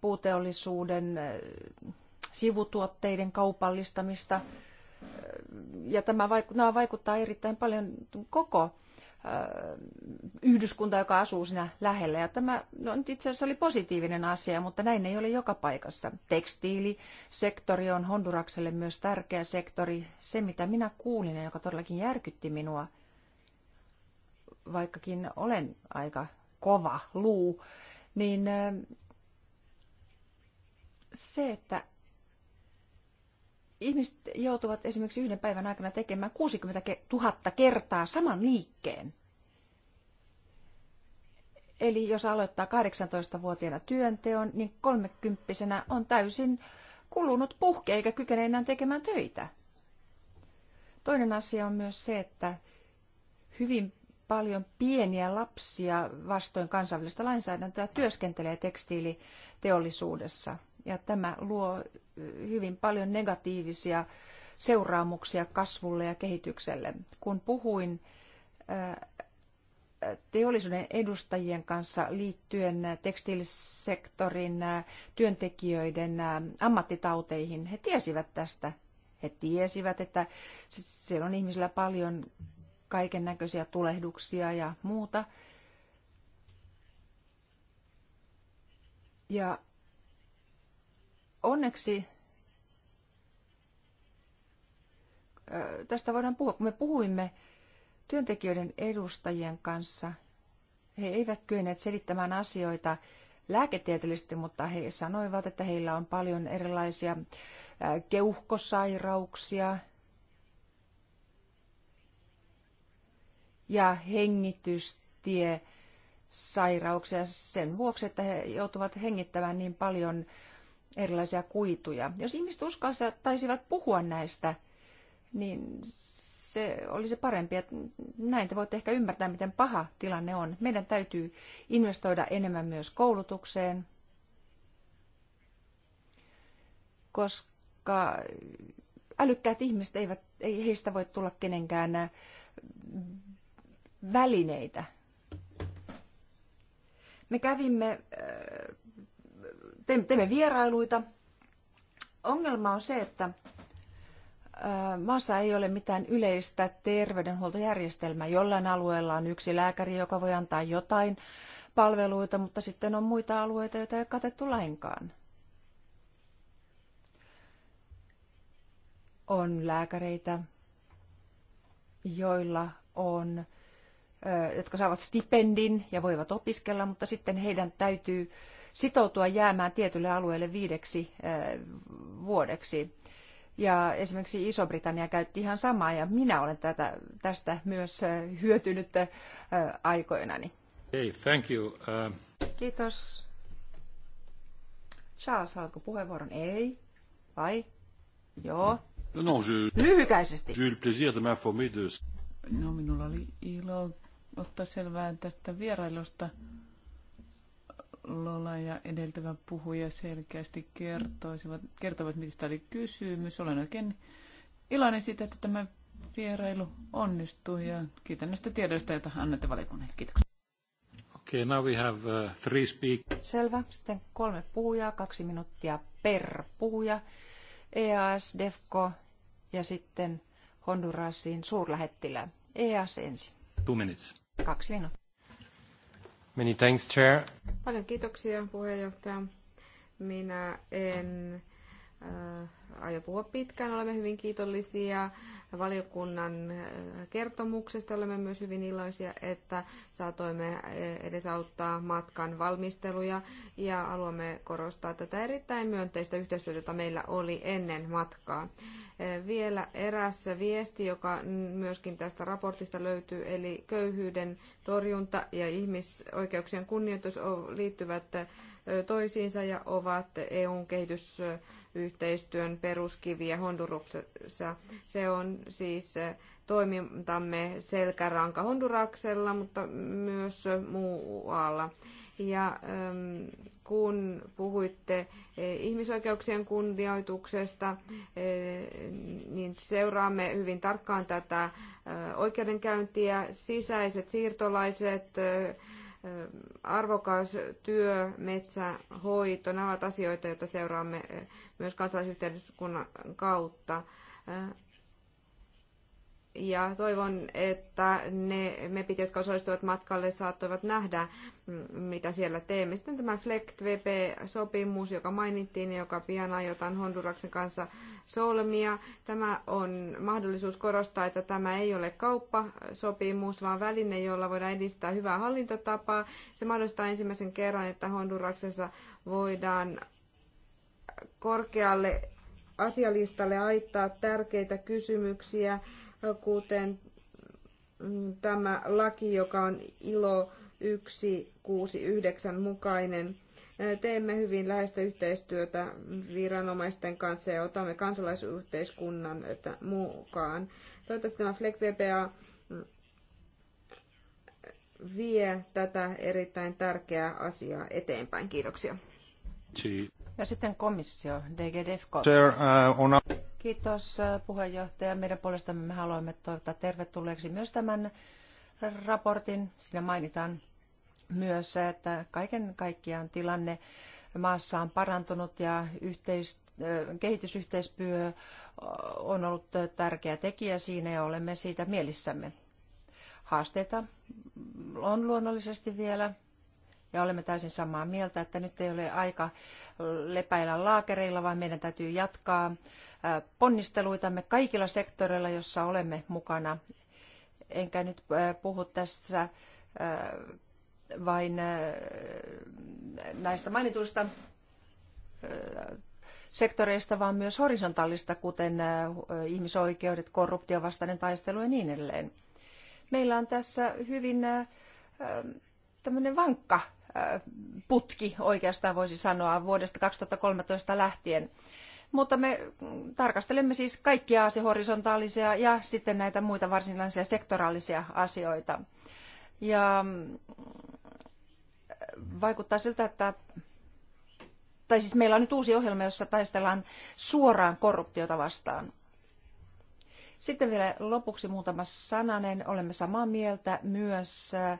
puuteollisuuden äh, sivutuotteiden kaupallistamista. Ja tämä nämä vaikuttaa erittäin paljon koko äh, yhdyskunta, joka asuu siinä lähellä. Ja tämä no, itse asiassa oli positiivinen asia, mutta näin ei ole joka paikassa. Tekstiilisektori on Hondurakselle myös tärkeä sektori. Se, mitä minä kuulin ja joka todellakin järkytti minua, vaikkakin olen aika kova luu, niin äh, se, että Ihmiset joutuvat esimerkiksi yhden päivän aikana tekemään 60 000 kertaa saman liikkeen. Eli jos aloittaa 18-vuotiaana työnteon, niin kolmekymppisenä on täysin kulunut puhke eikä kykene enää tekemään töitä. Toinen asia on myös se, että hyvin paljon pieniä lapsia vastoin kansainvälistä lainsäädäntöä työskentelee tekstiiliteollisuudessa – ja tämä luo hyvin paljon negatiivisia seuraamuksia kasvulle ja kehitykselle. Kun puhuin teollisuuden edustajien kanssa liittyen tekstiilisektorin työntekijöiden ammattitauteihin. He tiesivät tästä. He tiesivät, että siellä on ihmisillä paljon kaiken näköisiä tulehduksia ja muuta. Ja onneksi tästä voidaan puhua. Kun me puhuimme työntekijöiden edustajien kanssa, he eivät kyenneet selittämään asioita lääketieteellisesti, mutta he sanoivat, että heillä on paljon erilaisia keuhkosairauksia ja hengitystie sairauksia sen vuoksi, että he joutuvat hengittämään niin paljon erilaisia kuituja. Jos ihmiset uskaltaisivat puhua näistä, niin se olisi parempi. Että näin te voitte ehkä ymmärtää, miten paha tilanne on. Meidän täytyy investoida enemmän myös koulutukseen, koska älykkäät ihmiset eivät, ei heistä voi tulla kenenkään äh, välineitä. Me kävimme äh, teemme vierailuita. Ongelma on se, että maassa ei ole mitään yleistä terveydenhuoltojärjestelmää. Jollain alueella on yksi lääkäri, joka voi antaa jotain palveluita, mutta sitten on muita alueita, joita ei ole katettu lainkaan. On lääkäreitä, joilla on, jotka saavat stipendin ja voivat opiskella, mutta sitten heidän täytyy sitoutua jäämään tietylle alueelle viideksi eh, vuodeksi. Ja esimerkiksi Iso-Britannia käytti ihan samaa ja minä olen tätä, tästä myös eh, hyötynyt eh, aikoinani. Hey, thank you. Uh... Kiitos. Charles, haluatko puheenvuoron? Ei. Vai? Joo. No, no, je... Lyhykäisesti. J'ai le plaisir de m'informer de... No, minulla oli ilo ottaa selvää tästä vierailusta. Mm Lola ja edeltävä puhuja selkeästi kertoisivat, kertovat, mistä oli kysymys. Olen oikein iloinen siitä, että tämä vierailu onnistui ja kiitän näistä tiedoista, joita annatte valiokunnalle. Kiitoksia. Okay, now we have uh, three speak. Selvä. Sitten kolme puhujaa, kaksi minuuttia per puhuja. EAS, DEFCO ja sitten Hondurasin suurlähettilä. EAS ensin. Two minutes. Kaksi minuuttia. Many thanks, Chair. Paljon kiitoksia puheenjohtaja. Minä en Äh, aio puhua pitkään. Olemme hyvin kiitollisia valiokunnan äh, kertomuksesta. Olemme myös hyvin iloisia, että saatoimme äh, edesauttaa matkan valmisteluja ja haluamme korostaa tätä erittäin myönteistä yhteistyötä, jota meillä oli ennen matkaa. Vielä eräs viesti, joka myöskin tästä raportista löytyy, eli köyhyyden torjunta ja ihmisoikeuksien kunnioitus liittyvät toisiinsa ja ovat EUn kehitysyhteistyön peruskiviä Honduruksessa. Se on siis toimintamme selkäranka Honduraksella, mutta myös muualla. Ja kun puhuitte e, ihmisoikeuksien kunnioituksesta, e, niin seuraamme hyvin tarkkaan tätä oikeudenkäyntiä. Sisäiset siirtolaiset, arvokas työ, hoito, nämä ovat asioita, joita seuraamme myös kansalaisyhteiskunnan kautta ja toivon, että ne mepit, jotka osallistuvat matkalle, saattoivat nähdä, mm, mitä siellä teemme. Sitten tämä FLECT-VP-sopimus, joka mainittiin ja joka pian aiotaan Honduraksen kanssa solmia. Tämä on mahdollisuus korostaa, että tämä ei ole kauppasopimus, vaan väline, jolla voidaan edistää hyvää hallintotapaa. Se mahdollistaa ensimmäisen kerran, että Honduraksessa voidaan korkealle asialistalle aittaa tärkeitä kysymyksiä, kuten mm, tämä laki, joka on ILO 169 mukainen. Teemme hyvin läheistä yhteistyötä viranomaisten kanssa ja otamme kansalaisyhteiskunnan mukaan. Toivottavasti tämä VPA mm, vie tätä erittäin tärkeää asiaa eteenpäin. Kiitoksia. Ja sitten komissio, DGDF Sir, uh, on... Kiitos äh, puheenjohtaja. Meidän puolestamme me haluamme toivottaa tervetulleeksi myös tämän raportin. Siinä mainitaan myös, että kaiken kaikkiaan tilanne maassa on parantunut ja yhteis, äh, kehitysyhteistyö äh, on ollut tärkeä tekijä siinä ja olemme siitä mielissämme. Haasteita on luonnollisesti vielä, ja olemme täysin samaa mieltä, että nyt ei ole aika lepäillä laakereilla, vaan meidän täytyy jatkaa ponnisteluitamme kaikilla sektoreilla, jossa olemme mukana. Enkä nyt puhu tässä vain näistä mainituista sektoreista, vaan myös horisontaalista, kuten ihmisoikeudet, korruptiovastainen taistelu ja niin edelleen. Meillä on tässä hyvin tämmöinen vankka putki oikeastaan voisi sanoa vuodesta 2013 lähtien. Mutta me tarkastelemme siis kaikkia asioita, horisontaalisia ja sitten näitä muita varsinaisia sektoraalisia asioita. Ja mm, vaikuttaa siltä, että tai siis meillä on nyt uusi ohjelma, jossa taistellaan suoraan korruptiota vastaan. Sitten vielä lopuksi muutama sananen. Olemme samaa mieltä myös äh,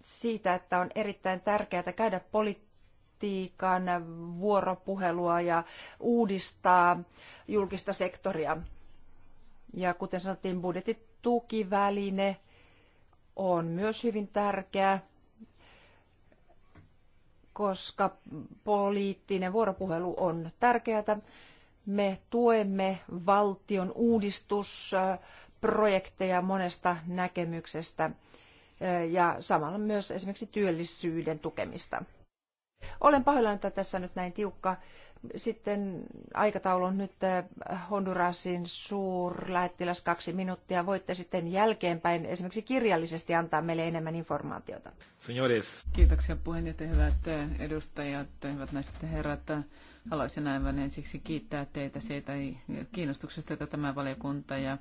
siitä, että on erittäin tärkeää käydä politiikan vuoropuhelua ja uudistaa julkista sektoria. Ja kuten sanottiin, budjettitukiväline on myös hyvin tärkeä, koska poliittinen vuoropuhelu on tärkeää. Me tuemme valtion uudistusprojekteja monesta näkemyksestä ja samalla myös esimerkiksi työllisyyden tukemista. Olen pahoillani, että tässä nyt näin tiukka. Sitten aikataulu on nyt Hondurasin suurlähettiläs kaksi minuuttia. Voitte sitten jälkeenpäin esimerkiksi kirjallisesti antaa meille enemmän informaatiota. Senores. Kiitoksia puheenjohtaja, hyvät edustajat, hyvät naiset ja herrat. Haluaisin aivan ensiksi kiittää teitä siitä kiinnostuksesta, että tämä valiokunta ja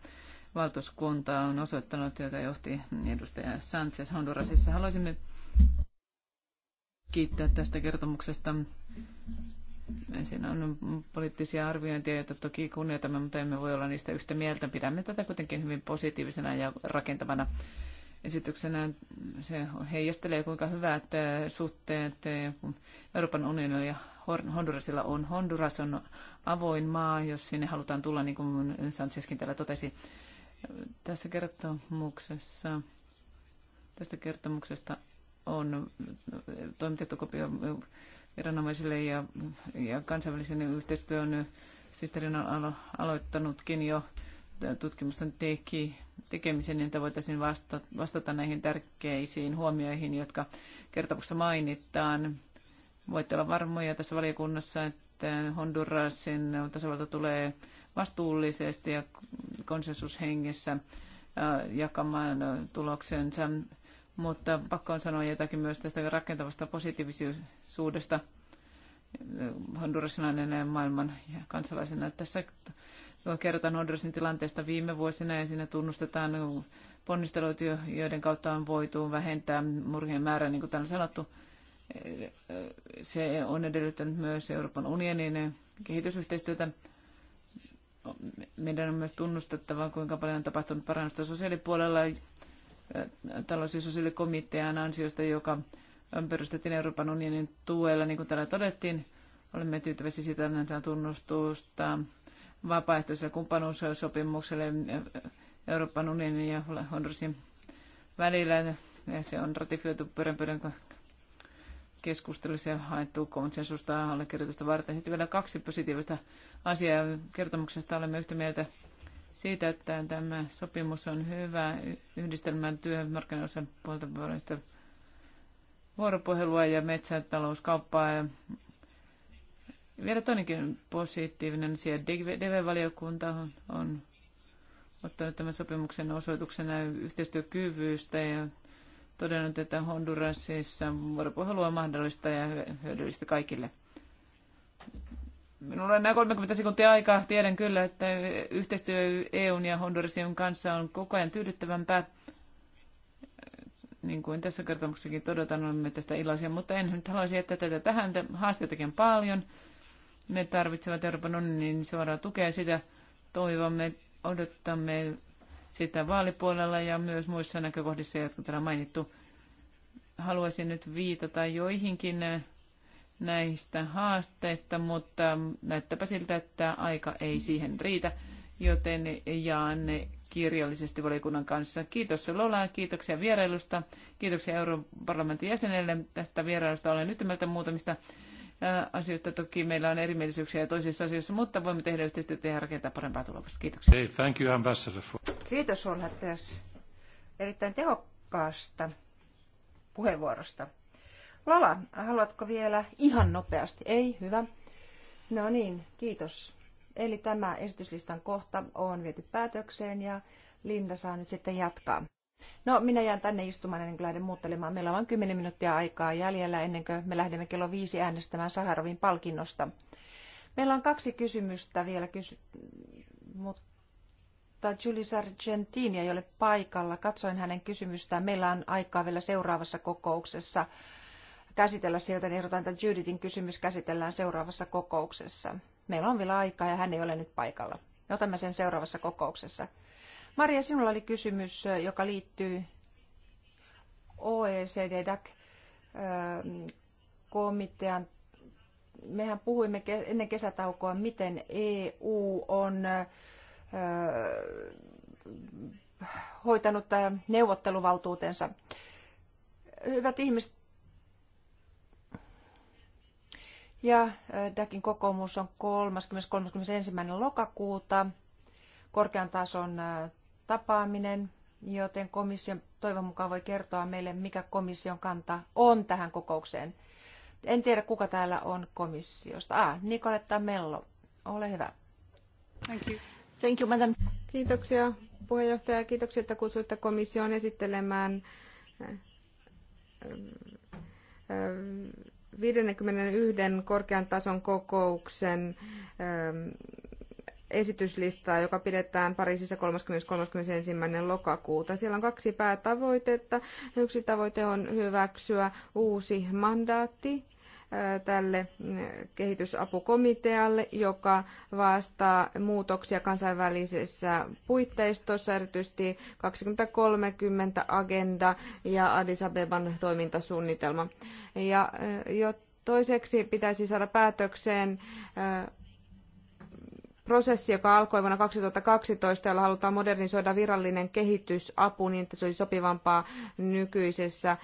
valtuuskunta on osoittanut, jota johti edustaja Sanchez Hondurasissa. Haluaisimme kiittää tästä kertomuksesta. Siinä on poliittisia arviointia, joita toki kunnioitamme, mutta emme voi olla niistä yhtä mieltä. Pidämme tätä kuitenkin hyvin positiivisena ja rakentavana esityksenä. Se heijastelee, kuinka hyvät suhteet Euroopan unionilla ja Hondurasilla on. Honduras on avoin maa, jos sinne halutaan tulla, niin kuin Sanchezkin täällä totesi. Tässä kertomuksessa, tästä kertomuksesta on toimitettu kopio viranomaisille ja, ja kansainvälisen yhteistyön sitten on alo- aloittanutkin jo tutkimusten teki, tekemisen, niin että voitaisiin vastata, vastata näihin tärkeisiin huomioihin, jotka kertomuksessa mainitaan. Voitte olla varmoja tässä valiokunnassa, että Hondurasin tasavalta tulee vastuullisesti ja konsensushengessä jakamaan tuloksensa. Mutta pakko on sanoa jotakin myös tästä rakentavasta positiivisuudesta hondurasilainen maailman kansalaisena. Tässä kerrotaan Hondurasin tilanteesta viime vuosina ja siinä tunnustetaan ponnistelut, joiden kautta on voitu vähentää murhien määrää, niin kuin täällä on sanottu. Se on edellyttänyt myös Euroopan unionin kehitysyhteistyötä meidän on myös tunnustettava, kuinka paljon on tapahtunut parannusta sosiaalipuolella talous- ja sosiaalikomitean ansiosta, joka perustettiin Euroopan unionin tuella, niin kuin täällä todettiin. Olemme tyytyväisiä siitä, että annetaan tunnustusta vapaaehtoiselle kumppanuussopimukselle Euroopan unionin ja Hondurasin välillä. Ja se on ratifioitu pyörän keskustelussa ja haettu konsensusta allekirjoitusta varten. Sitten vielä kaksi positiivista asiaa kertomuksesta. Olemme yhtä mieltä siitä, että tämä sopimus on hyvä yhdistelmän työmarkkinoiden puolta puolesta vuoropuhelua ja metsätalouskauppaa. Ja vielä toinenkin positiivinen asia. DV-valiokunta on, on ottanut tämän sopimuksen osoituksena yhteistyökyvystä ja todennut, että Hondurasissa vuoropuhelu on mahdollista ja hyödyllistä kaikille. Minulla on nämä 30 sekuntia aikaa. Tiedän kyllä, että yhteistyö EUn ja Hondurasin kanssa on koko ajan tyydyttävämpää. Niin kuin tässä kertomuksessakin todetaan, olemme tästä iloisia, mutta en nyt haluaisi jättää tätä tähän. Haasteitakin paljon. Ne tarvitsevat Euroopan unionin suoraa tukea sitä toivomme, odottamme sitä vaalipuolella ja myös muissa näkökohdissa, jotka täällä on mainittu. Haluaisin nyt viitata joihinkin näistä haasteista, mutta näyttäpä siltä, että aika ei siihen riitä, joten jaan ne kirjallisesti valiokunnan kanssa. Kiitos Lola, kiitoksia vierailusta, kiitoksia Euroopan parlamentin jäsenelle tästä vierailusta. Olen nyt muutamista asioista. Toki meillä on erimielisyyksiä toisissa asioissa, mutta voimme tehdä yhteistyötä ja rakentaa parempaa tulevaisuutta. Kiitoksia. Hey, thank you, ambassador. Kiitos suurlähettiläs erittäin tehokkaasta puheenvuorosta. Lala, haluatko vielä ihan nopeasti? Ei, hyvä. No niin, kiitos. Eli tämä esityslistan kohta on viety päätökseen ja Linda saa nyt sitten jatkaa. No, minä jään tänne istumaan ennen kuin lähden muuttelemaan. Meillä on vain 10 minuuttia aikaa jäljellä ennen kuin me lähdemme kello viisi äänestämään Saharovin palkinnosta. Meillä on kaksi kysymystä vielä, kysy- mutta Julie Sargentini ei ole paikalla. Katsoin hänen kysymystään. Meillä on aikaa vielä seuraavassa kokouksessa käsitellä sieltä, niin ehdotan, että Judithin kysymys käsitellään seuraavassa kokouksessa. Meillä on vielä aikaa ja hän ei ole nyt paikalla. Me otamme sen seuraavassa kokouksessa. Maria, sinulla oli kysymys, joka liittyy OECD-DAC-komitean. Mehän puhuimme ennen kesätaukoa, miten EU on hoitanut neuvotteluvaltuutensa. Hyvät ihmiset, ja DACin kokoomus on 30.31. lokakuuta korkean tason tapaaminen, joten komission toivon mukaan voi kertoa meille, mikä komission kanta on tähän kokoukseen. En tiedä, kuka täällä on komissiosta. Ah, Nikoletta Mello, ole hyvä. Thank you. Thank you, madam. Kiitoksia puheenjohtaja. Kiitoksia, että kutsuitte komission esittelemään 51 eh, eh, korkean tason kokouksen eh, esityslistaa, joka pidetään Pariisissa 30.31. lokakuuta. Siellä on kaksi päätavoitetta. Yksi tavoite on hyväksyä uusi mandaatti tälle kehitysapukomitealle, joka vastaa muutoksia kansainvälisessä puitteistossa, erityisesti 2030 agenda ja Addis Abeban toimintasuunnitelma. Ja jo toiseksi pitäisi saada päätökseen prosessi, joka alkoi vuonna 2012, jolla halutaan modernisoida virallinen kehitysapu niin, että se olisi sopivampaa nykyisessä äh,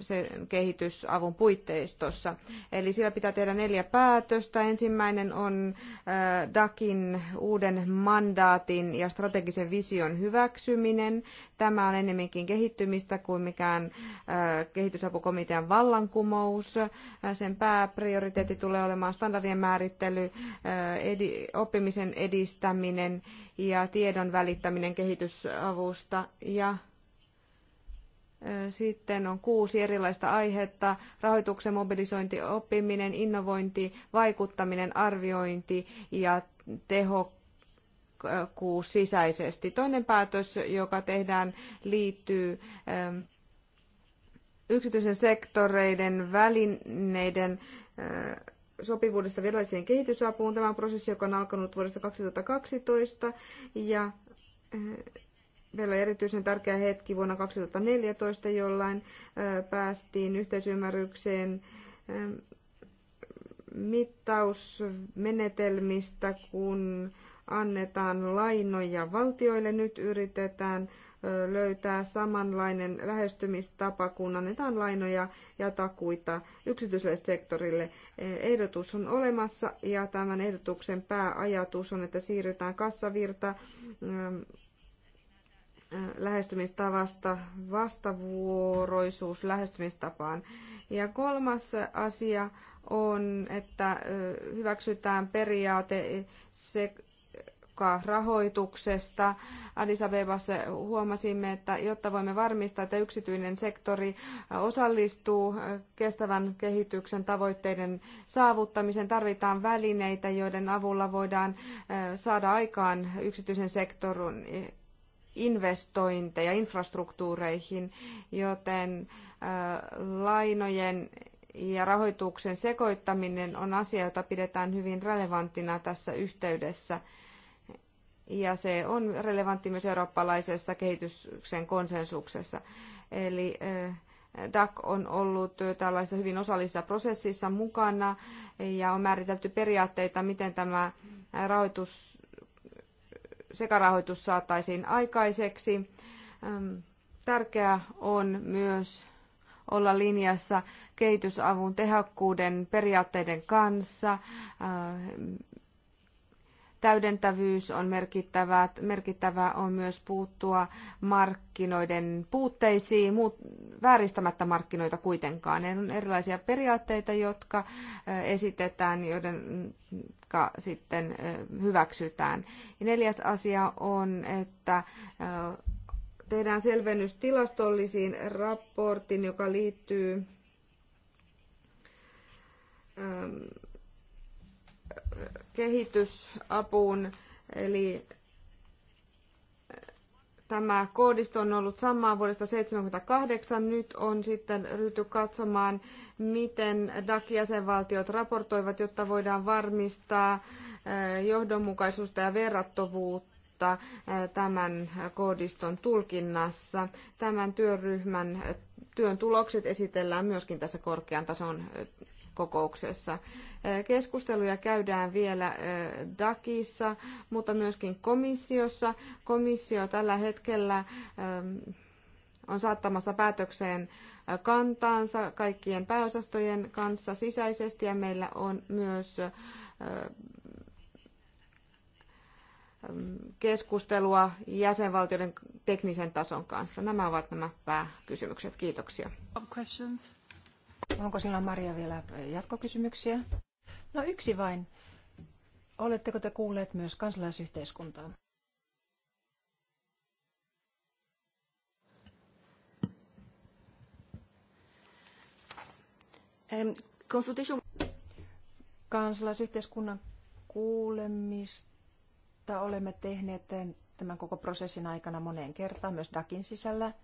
sen kehitysavun puitteistossa. Eli siellä pitää tehdä neljä päätöstä. Ensimmäinen on äh, DAKin uuden mandaatin ja strategisen vision hyväksyminen. Tämä on enemmänkin kehittymistä kuin mikään äh, kehitysapukomitean vallankumous. Sen pääprioriteetti tulee olemaan standardien määrittely, oppimisen edistäminen ja tiedon välittäminen kehitysavusta ja sitten on kuusi erilaista aihetta, rahoituksen mobilisointi, oppiminen, innovointi, vaikuttaminen, arviointi ja tehokkuus sisäisesti. Toinen päätös, joka tehdään, liittyy yksityisen sektoreiden välineiden sopivuudesta viralliseen kehitysapuun. Tämä on prosessi, joka on alkanut vuodesta 2012 ja vielä eh, erityisen tärkeä hetki vuonna 2014, jolloin eh, päästiin yhteisymmärrykseen eh, mittausmenetelmistä, kun annetaan lainoja valtioille. Nyt yritetään löytää samanlainen lähestymistapa, kun annetaan lainoja ja takuita yksityiselle sektorille. E, ehdotus on olemassa ja tämän ehdotuksen pääajatus on, että siirrytään kassavirta lähestymistavasta vastavuoroisuus lähestymistapaan. Ja kolmas asia on, että hyväksytään periaate se, tiukka rahoituksesta. Addis Abebassa huomasimme, että jotta voimme varmistaa, että yksityinen sektori osallistuu kestävän kehityksen tavoitteiden saavuttamiseen, tarvitaan välineitä, joiden avulla voidaan eh, saada aikaan yksityisen sektorin investointeja infrastruktuureihin, joten eh, lainojen ja rahoituksen sekoittaminen on asia, jota pidetään hyvin relevanttina tässä yhteydessä ja se on relevantti myös eurooppalaisessa kehityksen konsensuksessa. Eli eh, DAC on ollut tällaisessa hyvin osallisessa prosessissa mukana ja on määritelty periaatteita, miten tämä rahoitus, sekarahoitus saataisiin aikaiseksi. Ehm, tärkeää on myös olla linjassa kehitysavun tehokkuuden periaatteiden kanssa, eh, täydentävyys on merkittävää. Merkittävää on myös puuttua markkinoiden puutteisiin, muut, vääristämättä markkinoita kuitenkaan. Ne on erilaisia periaatteita, jotka esitetään, joiden sitten hyväksytään. Ja neljäs asia on, että tehdään selvennys tilastollisiin raportin, joka liittyy kehitysapuun, eli eh, tämä koodisto on ollut samaa vuodesta 1978. Nyt on sitten ryhty katsomaan, miten DAC-jäsenvaltiot raportoivat, jotta voidaan varmistaa eh, johdonmukaisuutta ja verrattavuutta eh, tämän koodiston tulkinnassa. Tämän työryhmän työn tulokset esitellään myöskin tässä korkean tason kokouksessa. Keskusteluja käydään vielä DAKissa, mutta myöskin komissiossa. Komissio tällä hetkellä on saattamassa päätökseen kantaansa kaikkien pääosastojen kanssa sisäisesti ja meillä on myös keskustelua jäsenvaltioiden teknisen tason kanssa. Nämä ovat nämä pääkysymykset. Kiitoksia. Questions? Onko sillä Maria vielä jatkokysymyksiä? No yksi vain. Oletteko te kuulleet myös kansalaisyhteiskuntaa? Consultation. Kansalaisyhteiskunnan kuulemista olemme tehneet tämän koko prosessin aikana moneen kertaan, myös DAKin sisällä –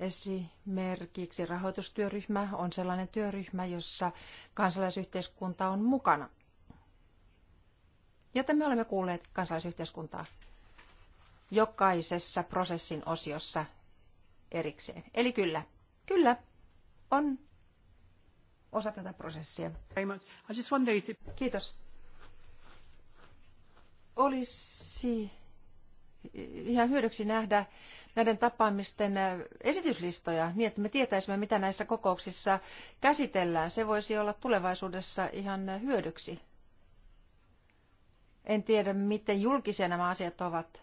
Esimerkiksi rahoitustyöryhmä on sellainen työryhmä, jossa kansalaisyhteiskunta on mukana. Joten me olemme kuulleet kansalaisyhteiskuntaa jokaisessa prosessin osiossa erikseen. Eli kyllä, kyllä, on osa tätä prosessia. Kiitos. Olisi ihan hyödyksi nähdä näiden tapaamisten äh, esityslistoja niin, että me tietäisimme, mitä näissä kokouksissa käsitellään. Se voisi olla tulevaisuudessa ihan hyödyksi. En tiedä, miten julkisia nämä asiat ovat.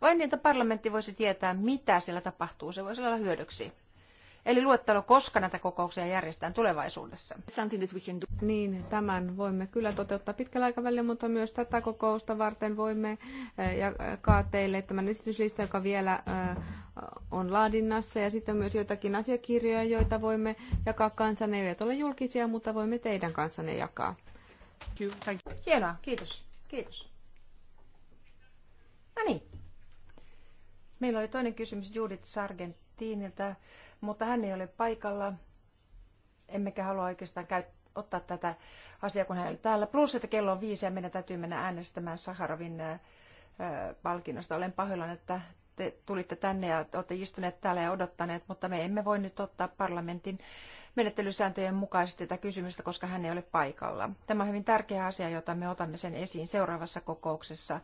Vain niin, että parlamentti voisi tietää, mitä siellä tapahtuu. Se voisi olla hyödyksi. Eli luettelo, koska näitä kokouksia järjestetään tulevaisuudessa. Niin, tämän voimme kyllä toteuttaa pitkällä aikavälillä, mutta myös tätä kokousta varten voimme eh, jakaa teille tämän esityslista, joka vielä eh, on laadinnassa ja sitten myös joitakin asiakirjoja, joita voimme jakaa Ne eivät ole julkisia, mutta voimme teidän kanssanne jakaa. Hienoa, kiitos. Kiitos. No niin. Meillä oli toinen kysymys Judith Sargentinilta mutta hän ei ole paikalla. Emmekä halua oikeastaan käy, ottaa tätä asiaa, kun hän oli täällä. Plus, että kello on viisi ja meidän täytyy mennä äänestämään Saharovin palkinnosta. Olen pahoillani, että te tulitte tänne ja olette istuneet täällä ja odottaneet, mutta me emme voi nyt ottaa parlamentin menettelysääntöjen mukaisesti tätä kysymystä, koska hän ei ole paikalla. Tämä on hyvin tärkeä asia, jota me otamme sen esiin seuraavassa kokouksessa,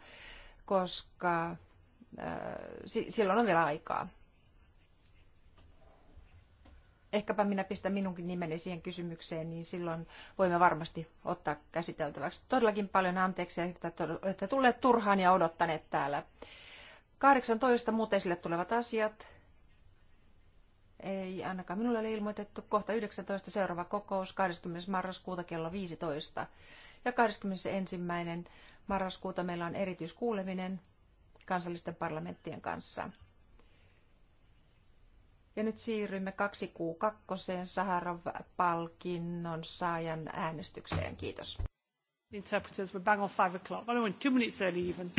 koska äh, silloin on vielä aikaa ehkäpä minä pistän minunkin nimeni siihen kysymykseen, niin silloin voimme varmasti ottaa käsiteltäväksi. Todellakin paljon anteeksi, että olette tulleet turhaan ja odottaneet täällä. 18 muut esille tulevat asiat. Ei ainakaan minulle ole ilmoitettu. Kohta 19 seuraava kokous 20. marraskuuta kello 15. Ja 21. marraskuuta meillä on erityiskuuleminen kansallisten parlamenttien kanssa. Ja nyt siirrymme 2 q Saharov-palkinnon saajan äänestykseen. Kiitos. Interpreters bang on five o'clock. I two minutes early even.